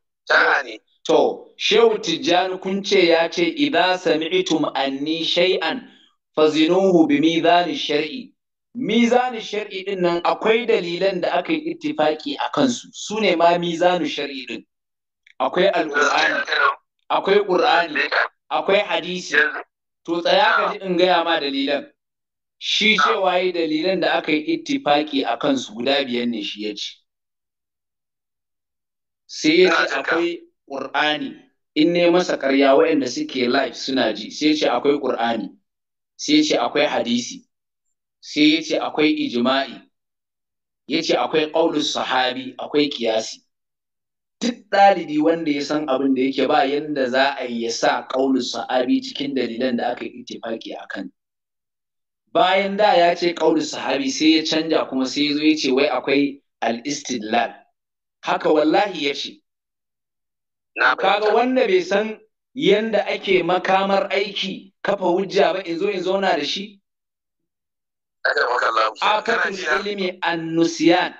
A: ne to shehu tijjani kun ce ya ce idza sami'tum anni shay'an fazinuhu bi mizani shar'i mizani shari'i din nan akwai dalilan da aka yi ittifaki a kansu su ne ma ni shari'i din akwai al'ur'ani, akwai ƙur'ani. akwai hadisi to tsaya ka ah. ji in gaya ma dalilan shi cewa yi dalilan da aka yi ittifaki a kansu guda biyan ne shi ya ce sai ya ce akwai ƙur'ani in ne masa ƙarya waɗanda suke live suna ji sai ce akwai ƙur'ani sai ce akwai hadisi sai ya ce akwai ijima'i ya ce akwai ƙaunin sahabi akwai kiyasi duk ɗalibi wanda ya san abin da yake ba yanda za a yi ya sa ƙaunin sahabi cikin dalilan da aka yi ittifaki a kan bayan da ya ce ƙaunin sahabi sai ya canja kuma sai ya zo ya ce wai akwai al-istidlal haka wallahi ya ce kaga wanda bai san yanda ake makamar aiki kafa hujja ba in zo in zauna da shi akatul ilmi an-nusyan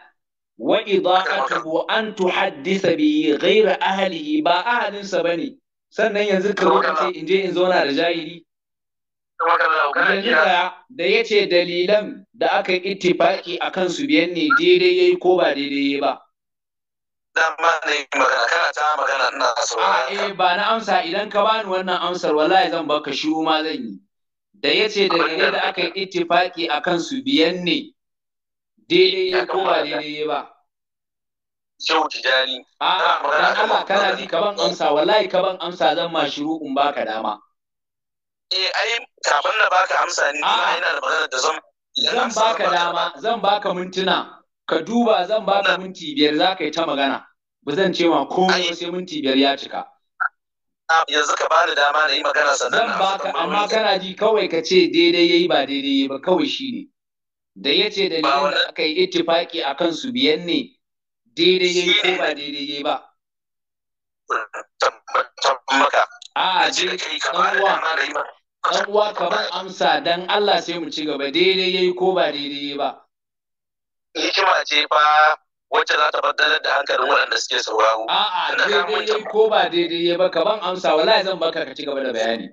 A: wa ida'atuhu an tuhaddisa bi ghayra ahlihi ba ahalinsa bane sannan yanzu ka zo in je in zauna da jahili da ya ce dalilan da aka yi ittifaki a kan su biyan ne daidai ya yi ko ba daidai ya ba. Dama ne magana ta magana A eh, ba na amsa idan ka bani wannan amsar wallahi zan baka shi ma zan yi. Da ya ce dalilai da aka yi ittifaki a kan su biyan ne daidai ya ko ba daidai ya ba. Shehu Tijani. A dan Allah kana ji ka ban amsa wallahi ka ban amsa zan ma shiru in baka dama.
C: eh ai kafin na baka amsa ni ma ah. ina da magana da
A: zan zan baka dama zan baka mintuna ka duba zan baka minti biyar za ka yi ta magana ba zan ce ma komai sai minti biyar ya cika ah, yanzu ka bani dama na yi magana sannan zan baka amma kana ji kawai ka ce daidai yayi ba daidai yayi ba kawai shi ne da ya ce da da aka yi ittifaki a kan su biyan ne daidai yayi ko ba daidai yayi ba a ah, je yi uwa ɗan uwa ka bar amsa dan Allah sai mu ci gaba daidai yayi ko ba daidai ba
C: hikima ce fa wacce za ta baddalar da hankalin waɗanda suke
A: sauraro a'a daidai yi ko ba daidai yayi ba ka ban amsa wallahi zan baka ka ci gaba da bayani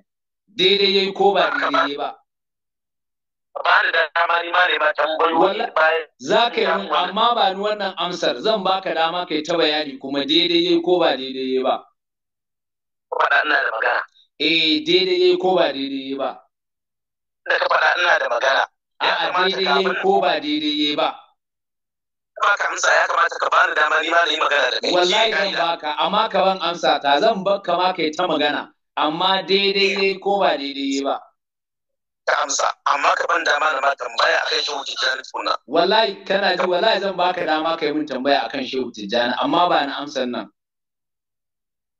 A: daidai yayi ko ba daidai yayi ba ba da dama ni ma ne ma tambayoyi bayan za ka yi amma ba ni wannan amsar zan baka dama kai ta bayani kuma daidai yayi ko ba daidai yayi ba da ina da magana eh daidai yayi ko ba daidai yayi ba da ka faɗa ina da magana a'a daidai yayi ko ba daidai yayi ba baka amsa ya kamata ka bani dama ni ma na yi magana da kai wallahi zan baka amma ka ban amsa ta zan bar ka ma kai ta magana amma daidai yayi ko ba daidai yayi ba ka amsa amma ka ban dama na ma tambaya akan shehu tijjani tukuna wallahi kana ji wallahi zan baka dama kai min tambaya akan shehu tijjani amma ba na amsan nan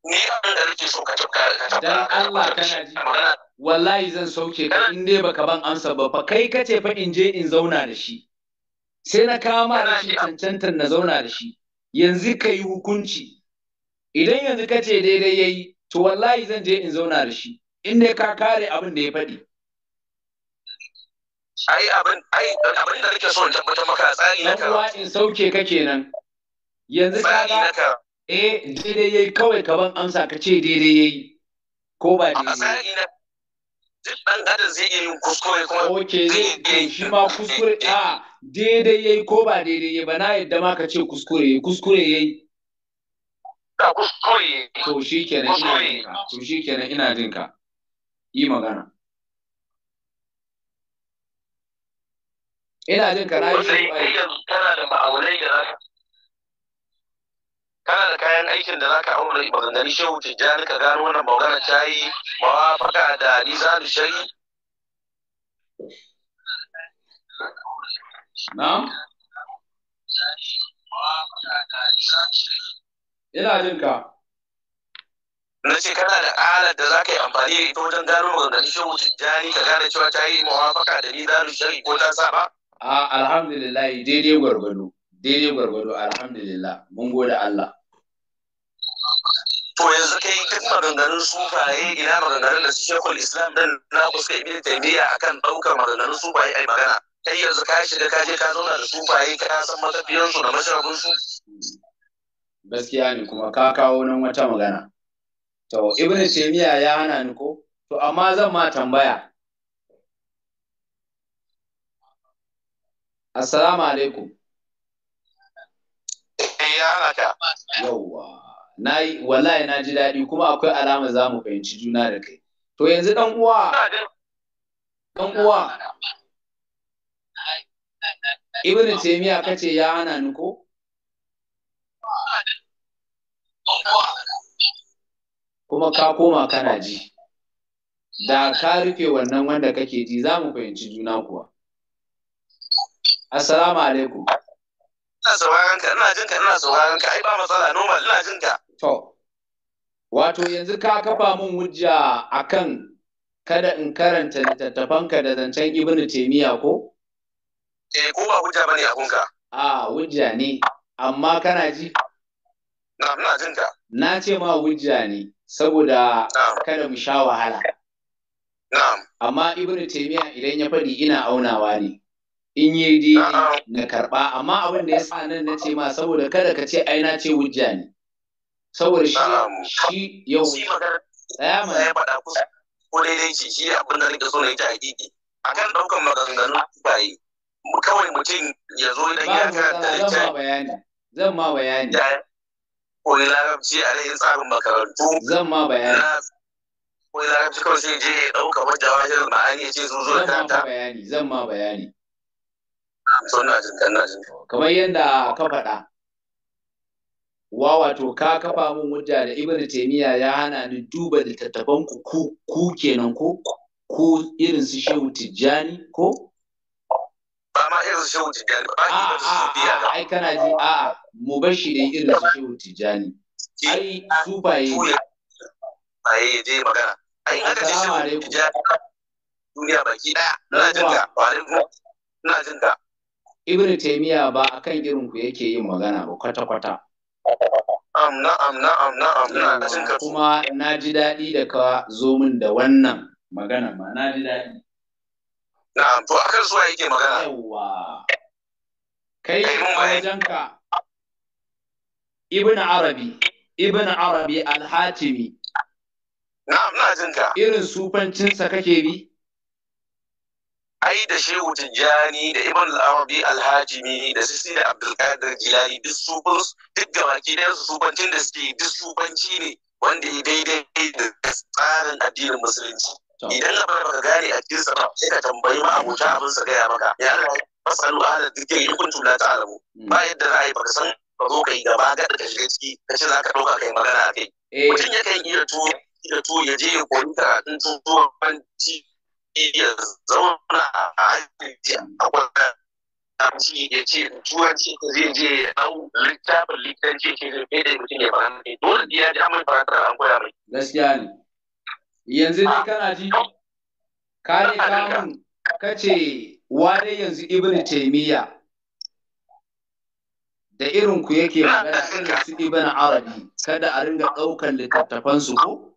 A: ni
E: abin da nake so
A: ka tabbata dan Allah kana ji wallahi zan sauke ka in dai baka ban amsa ba fa kai kace fa in je in zauna da shi sai na kawo ma rashin cancantar na zauna da shi yanzu ka yi hukunci idan yanzu ka ce daidai ya yi to wallahi zan je in zauna da shi in dai ka kare abin da ya faɗi. ai abin ai abin da nake so in tabbatar maka tsari na ka in sauke ka kenan yanzu ka ga eh daidai yayi kawai ka ban amsa ka ce daidai yayi ko ba daidai a tsari na duk zai iya yin kuskure kuma okay zai shi ma kuskure a daidai yayi ko ba daidai yayi ba na yadda ma ka ce kuskure yayi kuskure yayi ka kuskure to shikenan ina jinka to shikenan ina jinka yi magana
E: ina jin ka yi yanzu tana da ma'aunai da za kana
C: da kayan aikin da zaka auna maganganu shehu tijjani ka gano wannan magana ta yi mawafaka da mu shari na ina
A: jin ka na ce kana da alat da zaka yi amfani da ita wajen gano maganganun shehu tijjani ka gane cewa ta yi mawafaka da mu shari ko ta saba a alhamdulillah daidai gwargwado daidai gwargwado alhamdulillah mun gode Allah to yanzu kai duk maganganun sufaye ina maganganun da shekul islam dan na kusa ibn taymiya akan ɗaukar maganganun sufaye yi magana kai yanzu ka shiga ka je ka zauna da sufaye ka san matafiyansu da mashabinsu. gaskiya ne kuma ka kawo nan wata magana to ibn taymiya ya hana ni ko to amma zan ma tambaya assalamu alaikum ya yawwa na yi wallahi na ji daɗi kuma akwai alama za mu fahimci juna da kai to yanzu ɗan uwa ɗan uwa ibn taymiya kace ya hana ni ko kuma ka koma kana ji da ka rufe wannan wanda kake ji za mu fahimci juna kuwa assalamu alaikum ina sauraron ka ina jin ka ina sauraron ka ai ba matsala normal ina jin ka to wato yanzu ka kafa min hujja akan kada in karanta littattafanka da zancen Ibn taymiya ko eh ko ba hujja bane a gunka a hujja ne amma kana ji na ina jin ka na ce ma hujja ne saboda kada mu sha wahala na'am amma Ibn taymiya idan ya faɗi ina aunawa ne in yi daidai na karɓa amma abin da ya sa nan na ce ma saboda kada ka ce ai na ce hujja ne saboda shi shi yau tsaya ma ya ku ko daidai ce shi abin da nake so na yi ta hakiki akan ɗaukar maganganu ba yi kawai mutum ya zo idan ya karanta littafi zan ma bayani koyi larabci a rai tsarin makarantu zan ma bayani koyi larabci kawai sai je ya ɗauka wajen wajen ma'ani ya ce sun zo da karanta zan ma bayani kamar yadda ka faɗa wa wato ka kafa min hujja da ibn taymiya ya hana ni duba littattafan ku ku kenan ko ku irin su shehu tijjani ko ba ma irin su shehu tijjani ba ba su biya da ai kana ji a mu bar shi dai irin su shehu tijjani ai su ne. ai dai magana ai aka ji shehu tijjani duniya baki daya na jinka wa alaikum na jinka ibn taymiya ba akan irin ku yake yin magana ba kwata kwata na'am na'am na'am na'am kuma na ji daɗi da ka zo min da wannan magana ma na ji daɗi na'am to akan zuwa yake magana yawa kai wajenka ibn arabi ibn arabi Na hatimi na'am na jinka irin sufancinsa kake bi ai da shehu tijjani da ibn al-arabi
C: al-hajimi da sisi da abdulkadir jilani duk duk gabaki ɗayan su subancin da suke duk subanci ne wanda ya daidai da tsarin addinin musulunci idan ka baka gane a cikin sa sai ka tambayi ma abuta abin sa gaya maka ya Allah fasalu ala dukkan yakun tula ta alamu ba yadda za a yi baka san ba zo kai gaba ga ka shiga ciki ka ce za ka ɗauka kai magana a kai mutum yakan iya tuwo ya je ya koyi karatun ci ya zauna a hajji a wannan ci ya ce turanci ta zai
A: je ya nau littafin likitanci ke zai da mutum ya fara ne dole ne ya ji amai fara an koya mai. Gaskiya ne. Yanzu ne kana ji kare kamun kace ware yanzu Ibn taimiyya. da irin ku yake magana irin su Ibn Arabi kada a ringa ɗaukan littattafansu ko?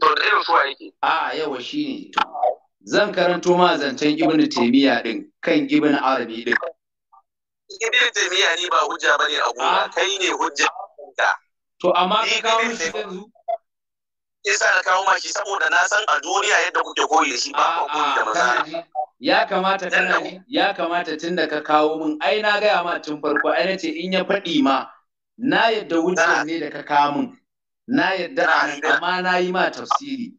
A: to da irin suwa a yawa shine zan karanto ma zancen ibn taymiya din kan ibn arabi din
C: ibn taymiya ni ba hujja ba ne a gona kai ne hujja to amma ka kawo shi yanzu isa na kawo maki saboda na san a duniya yadda kuke koyi da shi ba koyi da maza
A: ya kamata kana ya kamata tunda ka kawo min ai na gaya ma tun farko ai nace in ya faɗi ma na yadda wuce ne da ka kawo min na yadda amma na yi ma tafsiri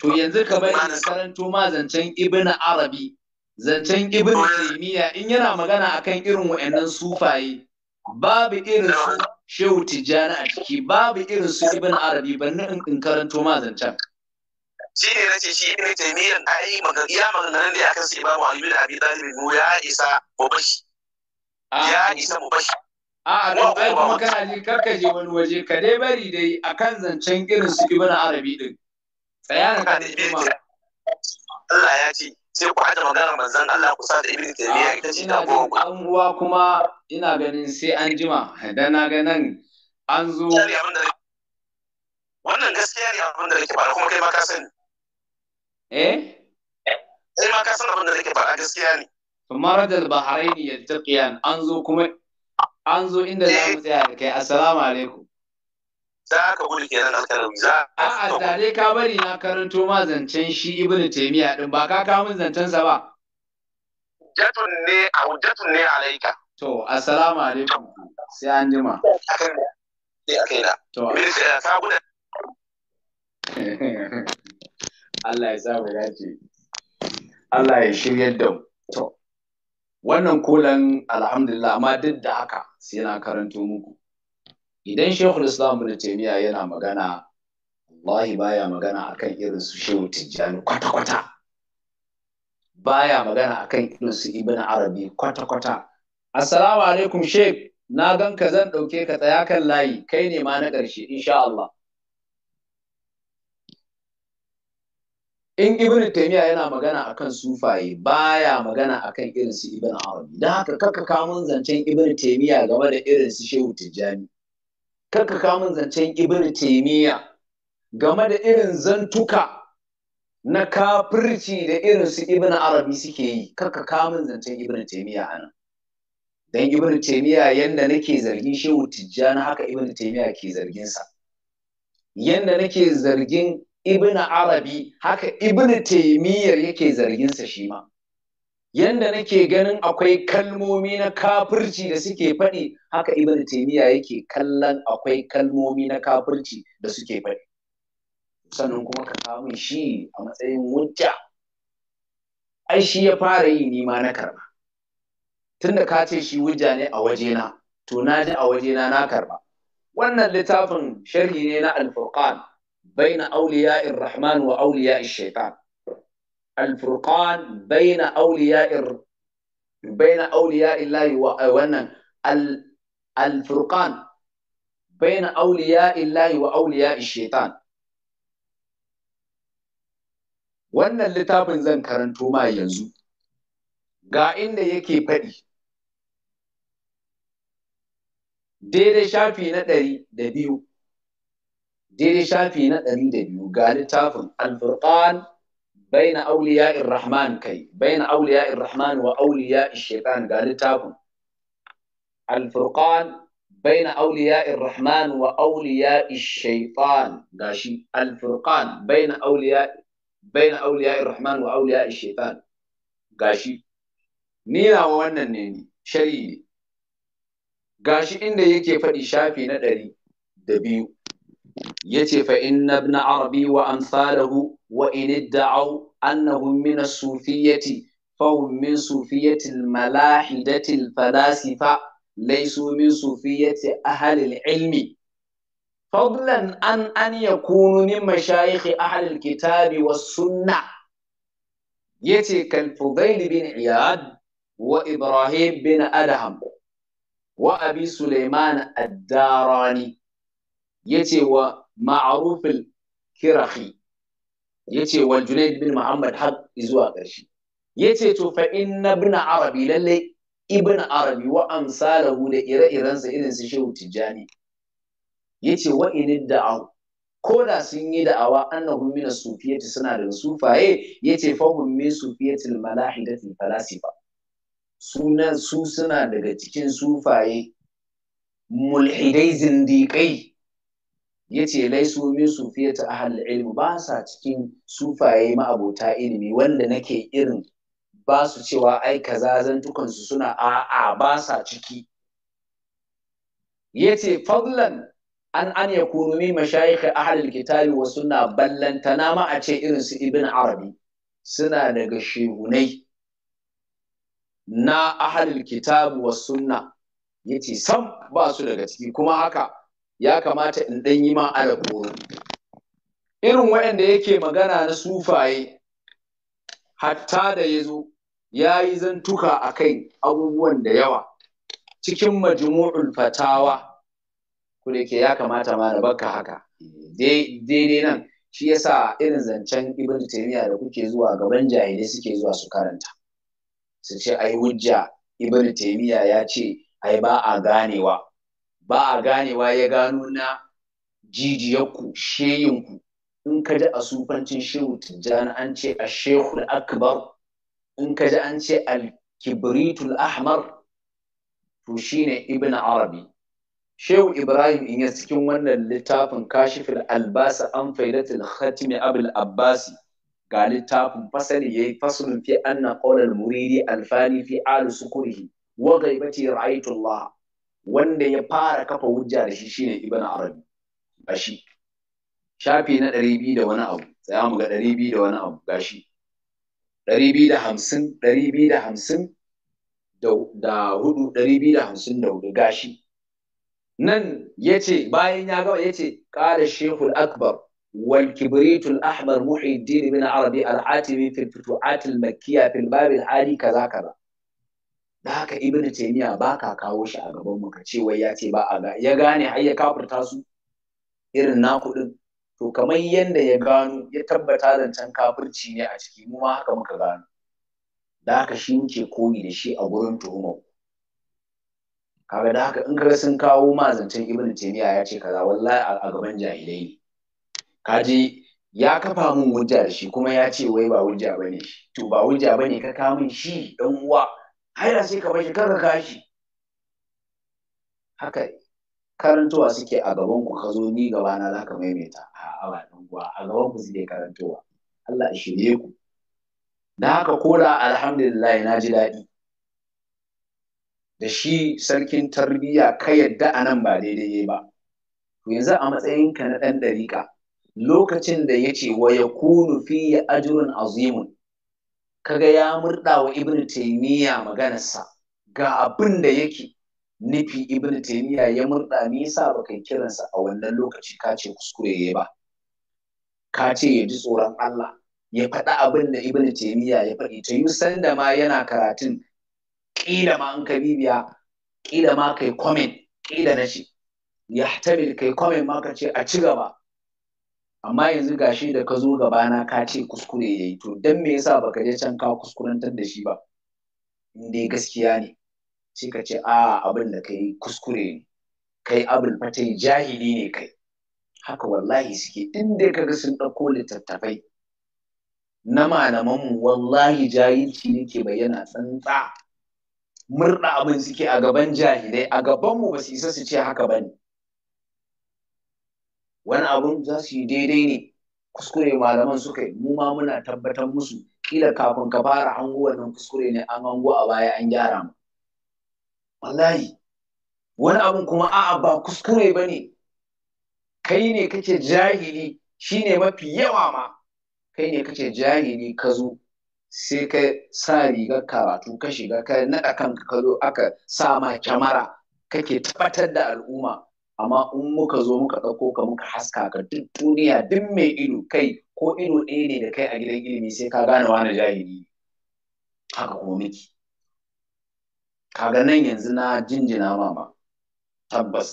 A: to yanzu ka bari na karanto ma zancen ibnu arabi zancen ibnu taymiya in yana magana akan irin wa'annan sufaye babu irin su shehu tijani a ciki babu irin su ibnu arabi banni in karanto ma zancen
C: shi ne nace shi ibn taymiyyah ai magana ya magana ne akan sai babu ali da abi talib mu ya
A: isa mu bashi ya isa mu bashi A'a don kai kuma kana ji karka je wani waje ka dai bari dai kan zancen irin su Ibn Arabi din. Tsaya na da kuma. Allah ya ce sai ku haɗa maganar manzon Allah ku sa da Ibn Taymiyyah ita ce ta gogo. An uwa kuma ina ganin sai an jima dan na ga nan an zo. Wannan gaskiya ne abin da nake faɗa kuma kai ma ka sani. Eh? Kai ma ka san abin da nake faɗa gaskiya ne. Kamar da Bahraini ya taqiyan an zo kuma an zo inda za mu tsaya da kai assalamu alaikum za ka gudu kenan alkalami za a a tare ka bari na karanto ma zancen shi ibn taymiya din ba ka kawo min zancen sa ba jatun ne a hujjatun ne alaika to assalamu alaikum sai an jima to Allah ya sa mu dace Allah ya shiryar da mu to wannan kolan alhamdulillah amma duk da haka sai na karanto muku idan shekul islam ibn taymiya yana magana wallahi baya magana akan irin su shehu tijjani kwata kwata baya magana akan irin su ibn arabi kwata kwata assalamu alaikum sheikh na gan ka zan dauke ka tsaya kan layi kai ne ma na ƙarshe insha Allah in ibn taymiya yana magana akan sufaye baya magana akan irin su ibn arabi dan haka kakka kamun zancen ibn taymiya game da irin su shehu tijjani kakka kamun zancen ibn taymiya game da irin zantuka na kafirci da irin su ibn arabi suke yi kakka kamun zancen ibn taymiya anan dan ibn taymiya yanda nake zargin shehu tijjani haka ibn taymiya ke zargin sa yanda nake zargin ibn arabi haka ibn taimiyyar yake zarginsa shi ma yanda nake ganin akwai kalmomi na kafirci da suke faɗi haka ibn taimiyya yake kallon akwai kalmomi na kafirci da suke faɗi sannan kuma ka samu shi a matsayin hujja ai shi ya fara yi nima na karba tunda ka ce shi wujja ne a wajena to na a wajena na karba wannan littafin sharhi ne na al-furqan بين أولياء الرحمن وأولياء الشيطان الفرقان بين أولياء بين أولياء الله وأن الفرقان بين أولياء الله وأولياء الشيطان wannan littafin zan karanto ma yanzu ga inda yake faɗi daidai shafi na ɗari da biyu daidai shafi na ɗari da biyu ga littafin alfurqan baina auliya rahman kai baina auliya rahman wa auliya shaitan ga littafin alfurqan baina auliya rahman wa auliya shaitan gashi alfurqan baina auliya baina auliya rahman wa auliya shaitan gashi ni na wannan ne ni shari'i gashi inda yake faɗi shafi na ɗari da biyu yace fa inna ibn arabi wa amsalahu wa in idda'u annahum min as-sufiyyati fahum min sufiyyati al-malahidati al-falasifa laysu min sufiyyati ahli al-ilmi fadlan an an yakunu min mashayikh ahli al-kitabi was-sunnah yace kan fudail bin iyad wa ibrahim bin adham wa abi sulaiman ad-darani yace wa ma'ruf al-kirahi yace wa Junayd bin Muhammad har zuwa ƙarshe yace to fa inna ibn arabi lalle ibn arabi wa amsalahu da ire-irensa irin su shehu tijjani yace wa inid da'a ko da sun yi da'awa annahum min sufiyati suna da sufaye yace hum min al-malahidati falasifa sunan su suna daga cikin sufaye mulhidai zindiƙai yace laisu min sufiyata ahal ilmi ba sa cikin sufaye ma'abota ilimi wanda nake irin ba su cewa ai kaza zantukan su suna a'a ba sa ciki yace fadlan an an yakunu min mashayikh ahal kitabi wa sunna ballantana ma a ce irin su ibn arabi suna daga shehunai na ahal kitabi wa sunna yace sam ba su daga ciki kuma haka ya kamata in ɗan yi ma alaboro irin waɗanda yake magana na sufaye hatta da ya zo ya yi zantuka a kai abubuwan da yawa cikin majmu'ul fatawa ku da ke ya kamata ma da baka haka daidai nan shi ya yasa irin zancen ibn taimiyya da kuke zuwa gaban jahilai suke zuwa su karanta su ce ai hujja ibn taimiyya ya ce ai ba a ganewa ba a ganewa ya gano na jijiyarku sheyinku in ka ji a sufancin shehu tijjani an ce a shehul akbar in ka ji an ce al-kibritul ahmar to ne ibn arabi shehu ibrahim in ya cikin wannan littafin kashifil albasa an faidatul khatimi abul abbasi ga littafin fasali yayi faslun fi anna qawlal muridi alfani fi al sukurihi wa wanda ya fara kafa hujja da shi shine ibn arabi gashi! shafi na ɗari biyu da wani abu tsaya mu ga ɗari biyu da wani abu gashi! ɗari biyu da hamsin ɗari biyu da hamsin da hudu ɗari biyu da hamsin da hudu ga nan ya ce bayan ya gaba ya ce ƙara shehul akbar wal kibritul ahmar muhiddin ibn arabi al-atimi fil futuhat al-makkiyya fil bab al-hali kaza kaza da haka ibnu taymiya ba ka kawo shi a gaban mu ka ce wai ya ce ba a ga ya gane har ya kafurta su irin na din to kamar yanda ya gano ya tabbata zancen kafirci ne a ciki mu ma haka muka gano da haka shi muke koyi da shi a gurin tuhuma kaga da haka in ka sun kawo ma zancen ibnu taymiya ya ce kaza wallahi a gaban jahilai ne kaji ya kafa mun hujja da shi kuma ya ce wai ba hujja bane to ba hujja bane ka kawo min shi dan uwa haira sai ka bashi kar ka kashi haka karantowa suke a gaban ku ka zo ni gaba na zaka maimaita a awa ɗan uwa a gaban ku suke karantowa Allah ya shirye ku da haka kola alhamdulillah na ji daɗi da shi sarkin tarbiyya ka yadda a nan ba daidai ba to yanzu a matsayinka na ɗan ɗariƙa lokacin da yace wa ya kunu fiye ajrun azimun kaga ya murda wa ibn taymiya maganarsa ga abin da yake nufi ibn taymiya ya murda me yasa baka kiransa a wannan lokaci ka ce kuskure yayi ba ka ce ya ji tsoron Allah ya faɗa abin da ibn taymiya ya faɗi ta yi sanda ma yana karatun kila ma an ka bibiya ma kai comment kila na shi ya kai comment ma ka ce a ci gaba amma yanzu ga shi da ka zo gabana ka ce kuskure yayi to dan me yasa baka je can ka kuskurantar da shi ba in dai gaskiya ne sai ka ce a abin da kai kuskure ne kai abin fatai jahili ne kai haka wallahi suke in dai ga sun ɗauko littattafai na malaman mu wallahi jahilci ne ke bayyana tsantsa murɗa abin suke a gaban jahilai a gabanmu ba su isa su ce haka ba ne wani abun za su yi daidai ne kuskure malaman suka yi mu ma muna tabbatar musu kila kafin ka fara hango wannan kuskure ne an hango a baya an gyara mu wallahi wani abun kuma a'a ba kuskure ba ne kai ne kake jahili shine mafi yawa ma kai ne kake jahili ka zo sai ka sa rigar karatu ka shiga ka naɗa kanka ka zo aka sa ma kyamara kake tabbatar da al'umma amma in muka zo muka ɗauko ka muka haska ka duk duniya duk mai ido kai ko ido ɗaya ne da kai a gidan ilimi sai ka gane wani jahili haka kuma miki kaga nan yanzu na jinjina mama tabbas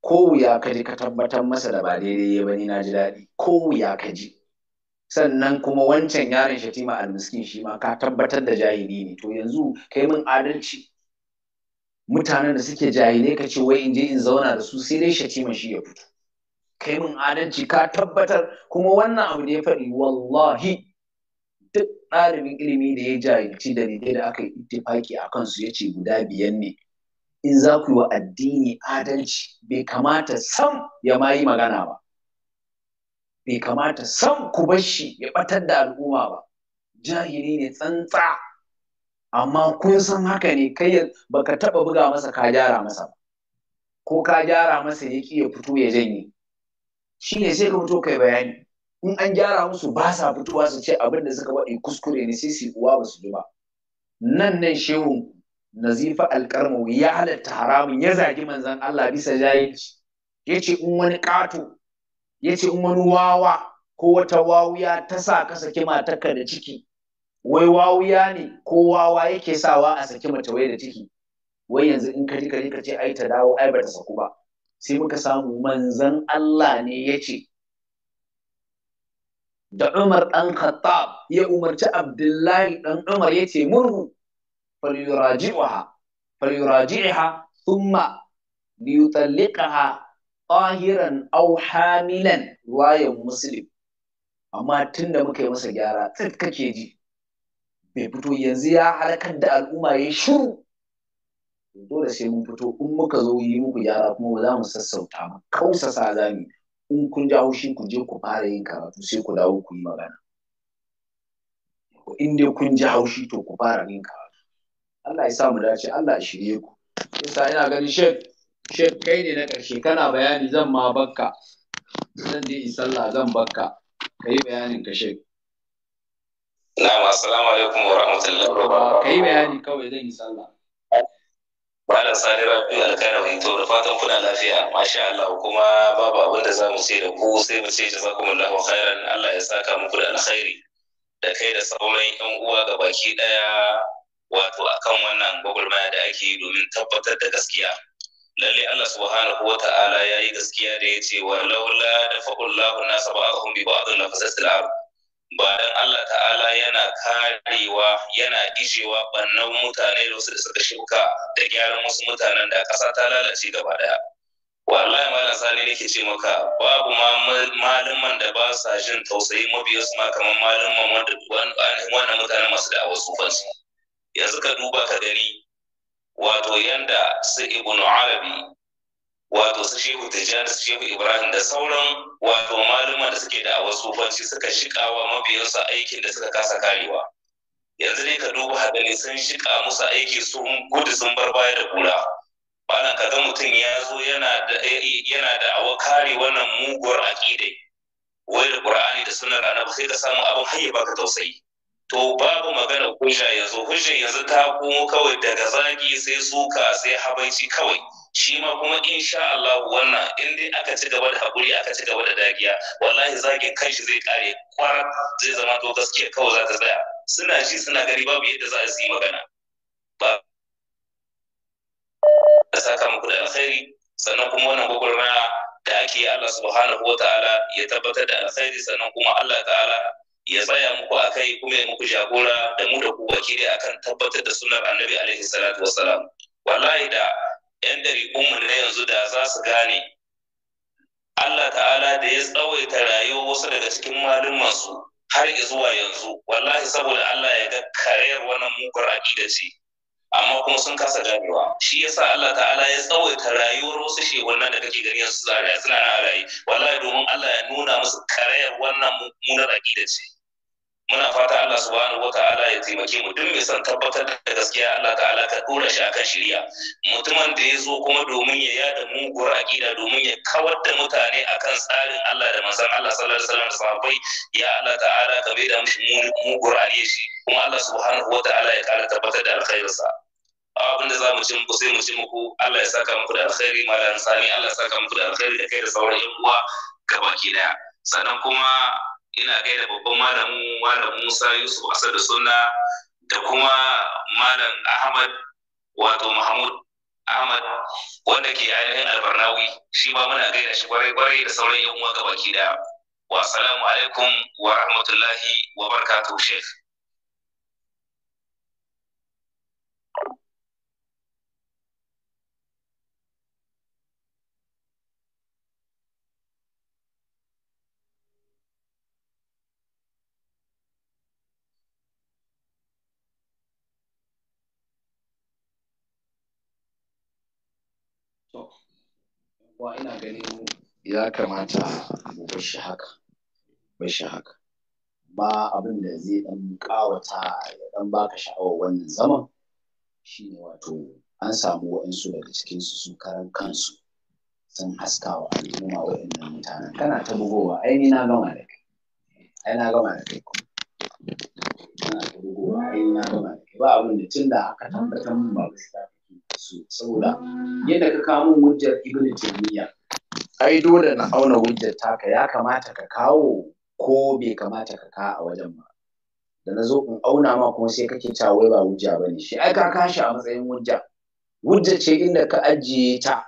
A: ko wuya ka ji ka tabbatar masa da ba daidai ya ni na ji daɗi ko wuya ka ji sannan kuma wancan yaron shatima almiskin shi ma ka tabbatar da jahili ne to yanzu kai min adalci mutanen da suke jahilai ka ce wai in je in zauna da su sai dai shatima shi ya fito kai mun adalci ka tabbatar kuma wannan abu da ya faɗi wallahi duk ɗalibin ilimi da ya jahilci dalilai da aka yi ittifaki a kansu ya ce guda biyan ne in za ku yi wa addini adalci bai kamata sam ya ma yi magana ba bai kamata sam ku bar shi ya ɓatar da al'umma ba jahili ne tsantsa amma kun san haka ne kai baka taɓa buga masa ka gyara masa ba ko ka gyara masa ya ya fito ya janye shi ne sai ka fito kai bayani in an gyara musu ba sa fitowa su ce abin da suka faɗi kuskure ne sai su uwa ba su ji ba nan nan shehun nazifa alƙarmu ya halatta haramun ya zagi manzan Allah bisa jahilci ya ce in wani ƙato ya ce in wani wawa ko wata wawuya ta sa ka sake matarka da ciki wai wawuya ne ko wawa yake sawa a saki mace wai da ciki wai yanzu in ka jika ka ce ai ta dawo ai bata saku ba sai muka samu manzan Allah ne ya ce da Umar ɗan Khattab ya umarci Abdullahi ɗan Umar ya ce murhu falyuraji'uha ha thumma liyutalliqaha tahiran aw hamilan riwayan Muslim amma tunda muka yi masa gyara tsit kake ji bai fito yanzu ya halakar da al'umma ya shiru dole sai mun fito in muka zo yi muku gyara kuma ba za mu sassauta ba kausasa za mu in kun ji haushi ku je ku fara yin karatu sai ku dawo ku yi magana in dai kun ji haushi to ku fara yin karatu Allah ya sa mu dace Allah ya shirye ku yasa ina ganin shek shek kai ne na ƙarshe kana bayani zan ma bakka zan je in sallah zan bakka kai bayanin ka shek Na'am, assalamu alaikum wa rahmatullahi wa barakatuh. Kai bayani kawai zan yi sallah. Malam Sani Rabi Alkanawi to da fatan kuna lafiya masha Allah kuma babu abin da zamu ce da ku sai mu ce
B: jazakumullahu khairan Allah ya saka muku da alkhairi da kai da sauran yan uwa ga baki daya wato akan wannan gwagwarmaya da ake yi domin tabbatar da gaskiya. Lalle Allah subhanahu wa ta'ala ya yi gaskiya da ya ce wa laula da fa'ullahu nasa bi ba'dun lafasatil ardh ba Allah ta'ala yana karewa yana ijewa bannan mutane da wasu da suka shuka da gyaran wasu mutanen da ƙasa ta lalace gaba daya wallahi malam sani nake ce maka babu ma malaman da ba sa jin tausayin mabiyansu ma kamar malaman wanda wannan mutanen masu da da'awar sufansu yanzu ka duba ka gani wato yanda su ibnu arabi wato su shehu tijjani su shehu ibrahim da sauran wato malaman da suke da wasu fanci suka wa mabiyansu aikin da suka kasa karewa yanzu dai ka duba hadari sun shiga musu aiki sun gudu sun bar baya da kura bana kaga mutum ya zo yana da yana kare wannan muguwar aƙidai wai da qur'ani da sunnar annabi sai ka samu abin hayya baka tausayi to babu magana hujja yanzu hujja yanzu ta komo kawai daga zagi sai suka sai habaici kawai shi ma kuma insha Allah wannan in dai aka ci gaba da haƙuri aka ci gaba da dagiya wallahi zagin kanshi zai kare kwar zai zama to gaskiya kawai za ta tsaya suna shi suna gari babu yadda za su yi magana ba a saka muku da alkhairi sannan kuma wannan gwagwarmaya da ake Allah subhanahu wa ta'ala ya tabbatar da alkhairi sannan kuma Allah ta'ala ya tsaya muku a kai kuma ya muku jagora da mu da ku baki akan tabbatar da sunar annabi alaihi salatu wassalam wallahi da 'yan ɗariƙunmu na yanzu da za su gane Allah ta'ala da ya tsawaita rayuwar wasu daga cikin malin masu har zuwa yanzu wallahi saboda Allah ya ga karayar wannan mugun aƙida ce amma kuma sun kasa ganewa shi yasa Allah ta'ala ya tsawaita rayuwar wasu shi wannan da kake gani yanzu suna na rayu wallahi domin Allah ya nuna musu karayar wannan mugun aƙida ce muna fata Allah subhanahu wata'ala ya taimake mu duk mai son tabbatar da gaskiya Allah ta'ala ka dora shi akan shirya mutumin da ya zo kuma domin ya yada muguwar aqida domin ya kawar da mutane akan tsarin Allah da manzon Allah sallallahu alaihi wasallam da sahabbai ya Allah ta'ala ka bai da muguwar aliye shi kuma Allah subhanahu wata'ala ya kara tabbatar da alkhairinsa abin da za mu ci muku sai mu ci muku Allah ya saka muku da alkhairi malam sani Allah ya saka muku da alkhairi da kai da sauran yan uwa gaba gabaki daya sannan kuma ina kai da babban malamin malam Musa Yusuf Asadu Sunna da kuma malam Ahmad wato Mahmud Ahmad wanda ke ainihin albarnawi shi ba muna gaida shi kwarai kwarai da sauran yan uwa gabaki da wa assalamu alaikum wa rahmatullahi wa barakatuh sheikh
E: Wa ina
A: ganin ya kamata mu bar shi haka. Bar shi haka. Ba abin da zai ɗan ƙawata ya ɗan baka sha'awar wannan zaman shi ne wato an samu waɗansu daga cikinsu su karan kansu sun haskawa al'umma waɗannan mutanen kana ta bugowa ai ni na gama da kai ai na gama da kai kana ta bugowa ai na gama da kai ba abin da tun da aka tabbatar min ba gaskiya su saboda yadda ka kawo min hujjar ibn taymiya ai dole na auna hujjar taka ya kamata ka kawo ko bai kamata ka a wajen ba da na zo in auna ma kuma sai kake cewa wai ba hujja bane shi ai ka kashi a matsayin hujja hujja ce inda ka ajiye ta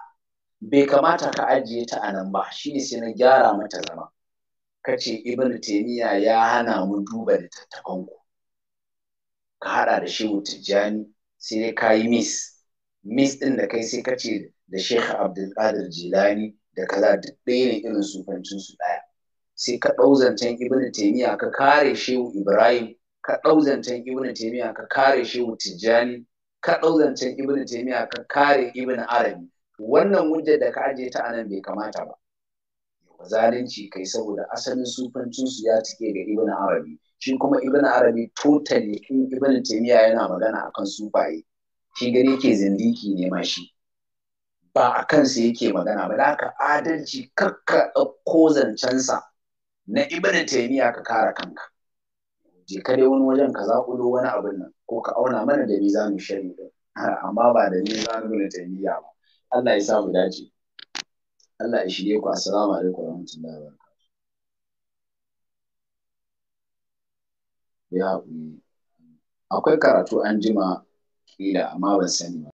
A: bai kamata ka ajiye ta a nan ba shi ne sai na gyara mata zama kace ibn taymiya ya hana mu duba littattafan ku ka hada da shi tijjani sai dai ka yi miss mis ɗin da kai sai ka ce da Sheikh Abdulkadir Jilani da kaza duk ɗaya ne irin sufancin su ɗaya sai ka ɗau zancen Ibn Taymiyyah ka kare Shehu Ibrahim ka ɗau zancen Ibn Taymiyyah ka kare Shehu Tijjani ka ɗau zancen Ibn Taymiyyah ka kare Ibn Arabi wannan wujjar da ka ajiye ta anan bai kamata ba zalunci kai saboda asalin sufancin su ya cike ga Ibn Arabi shi kuma Ibn Arabi totally in Ibn Taymiyyah yana magana akan sufaye shi gani yake zindiki ne ma shi ba a kansa yake magana ba da haka adalci karka ɗauko zancensa na ibn taimiya ka kare kanka je ka dai wani wajen ka do wani abin nan ko ka auna mana da mu shari din amma ba da mu ibn taimiya ba Allah ya sa mu dace Allah ya shirye ku assalamu alaikum wa rahmatullahi wa barakatuh ya akwai karatu an jima
E: Yeah,
G: amaba a ese animal.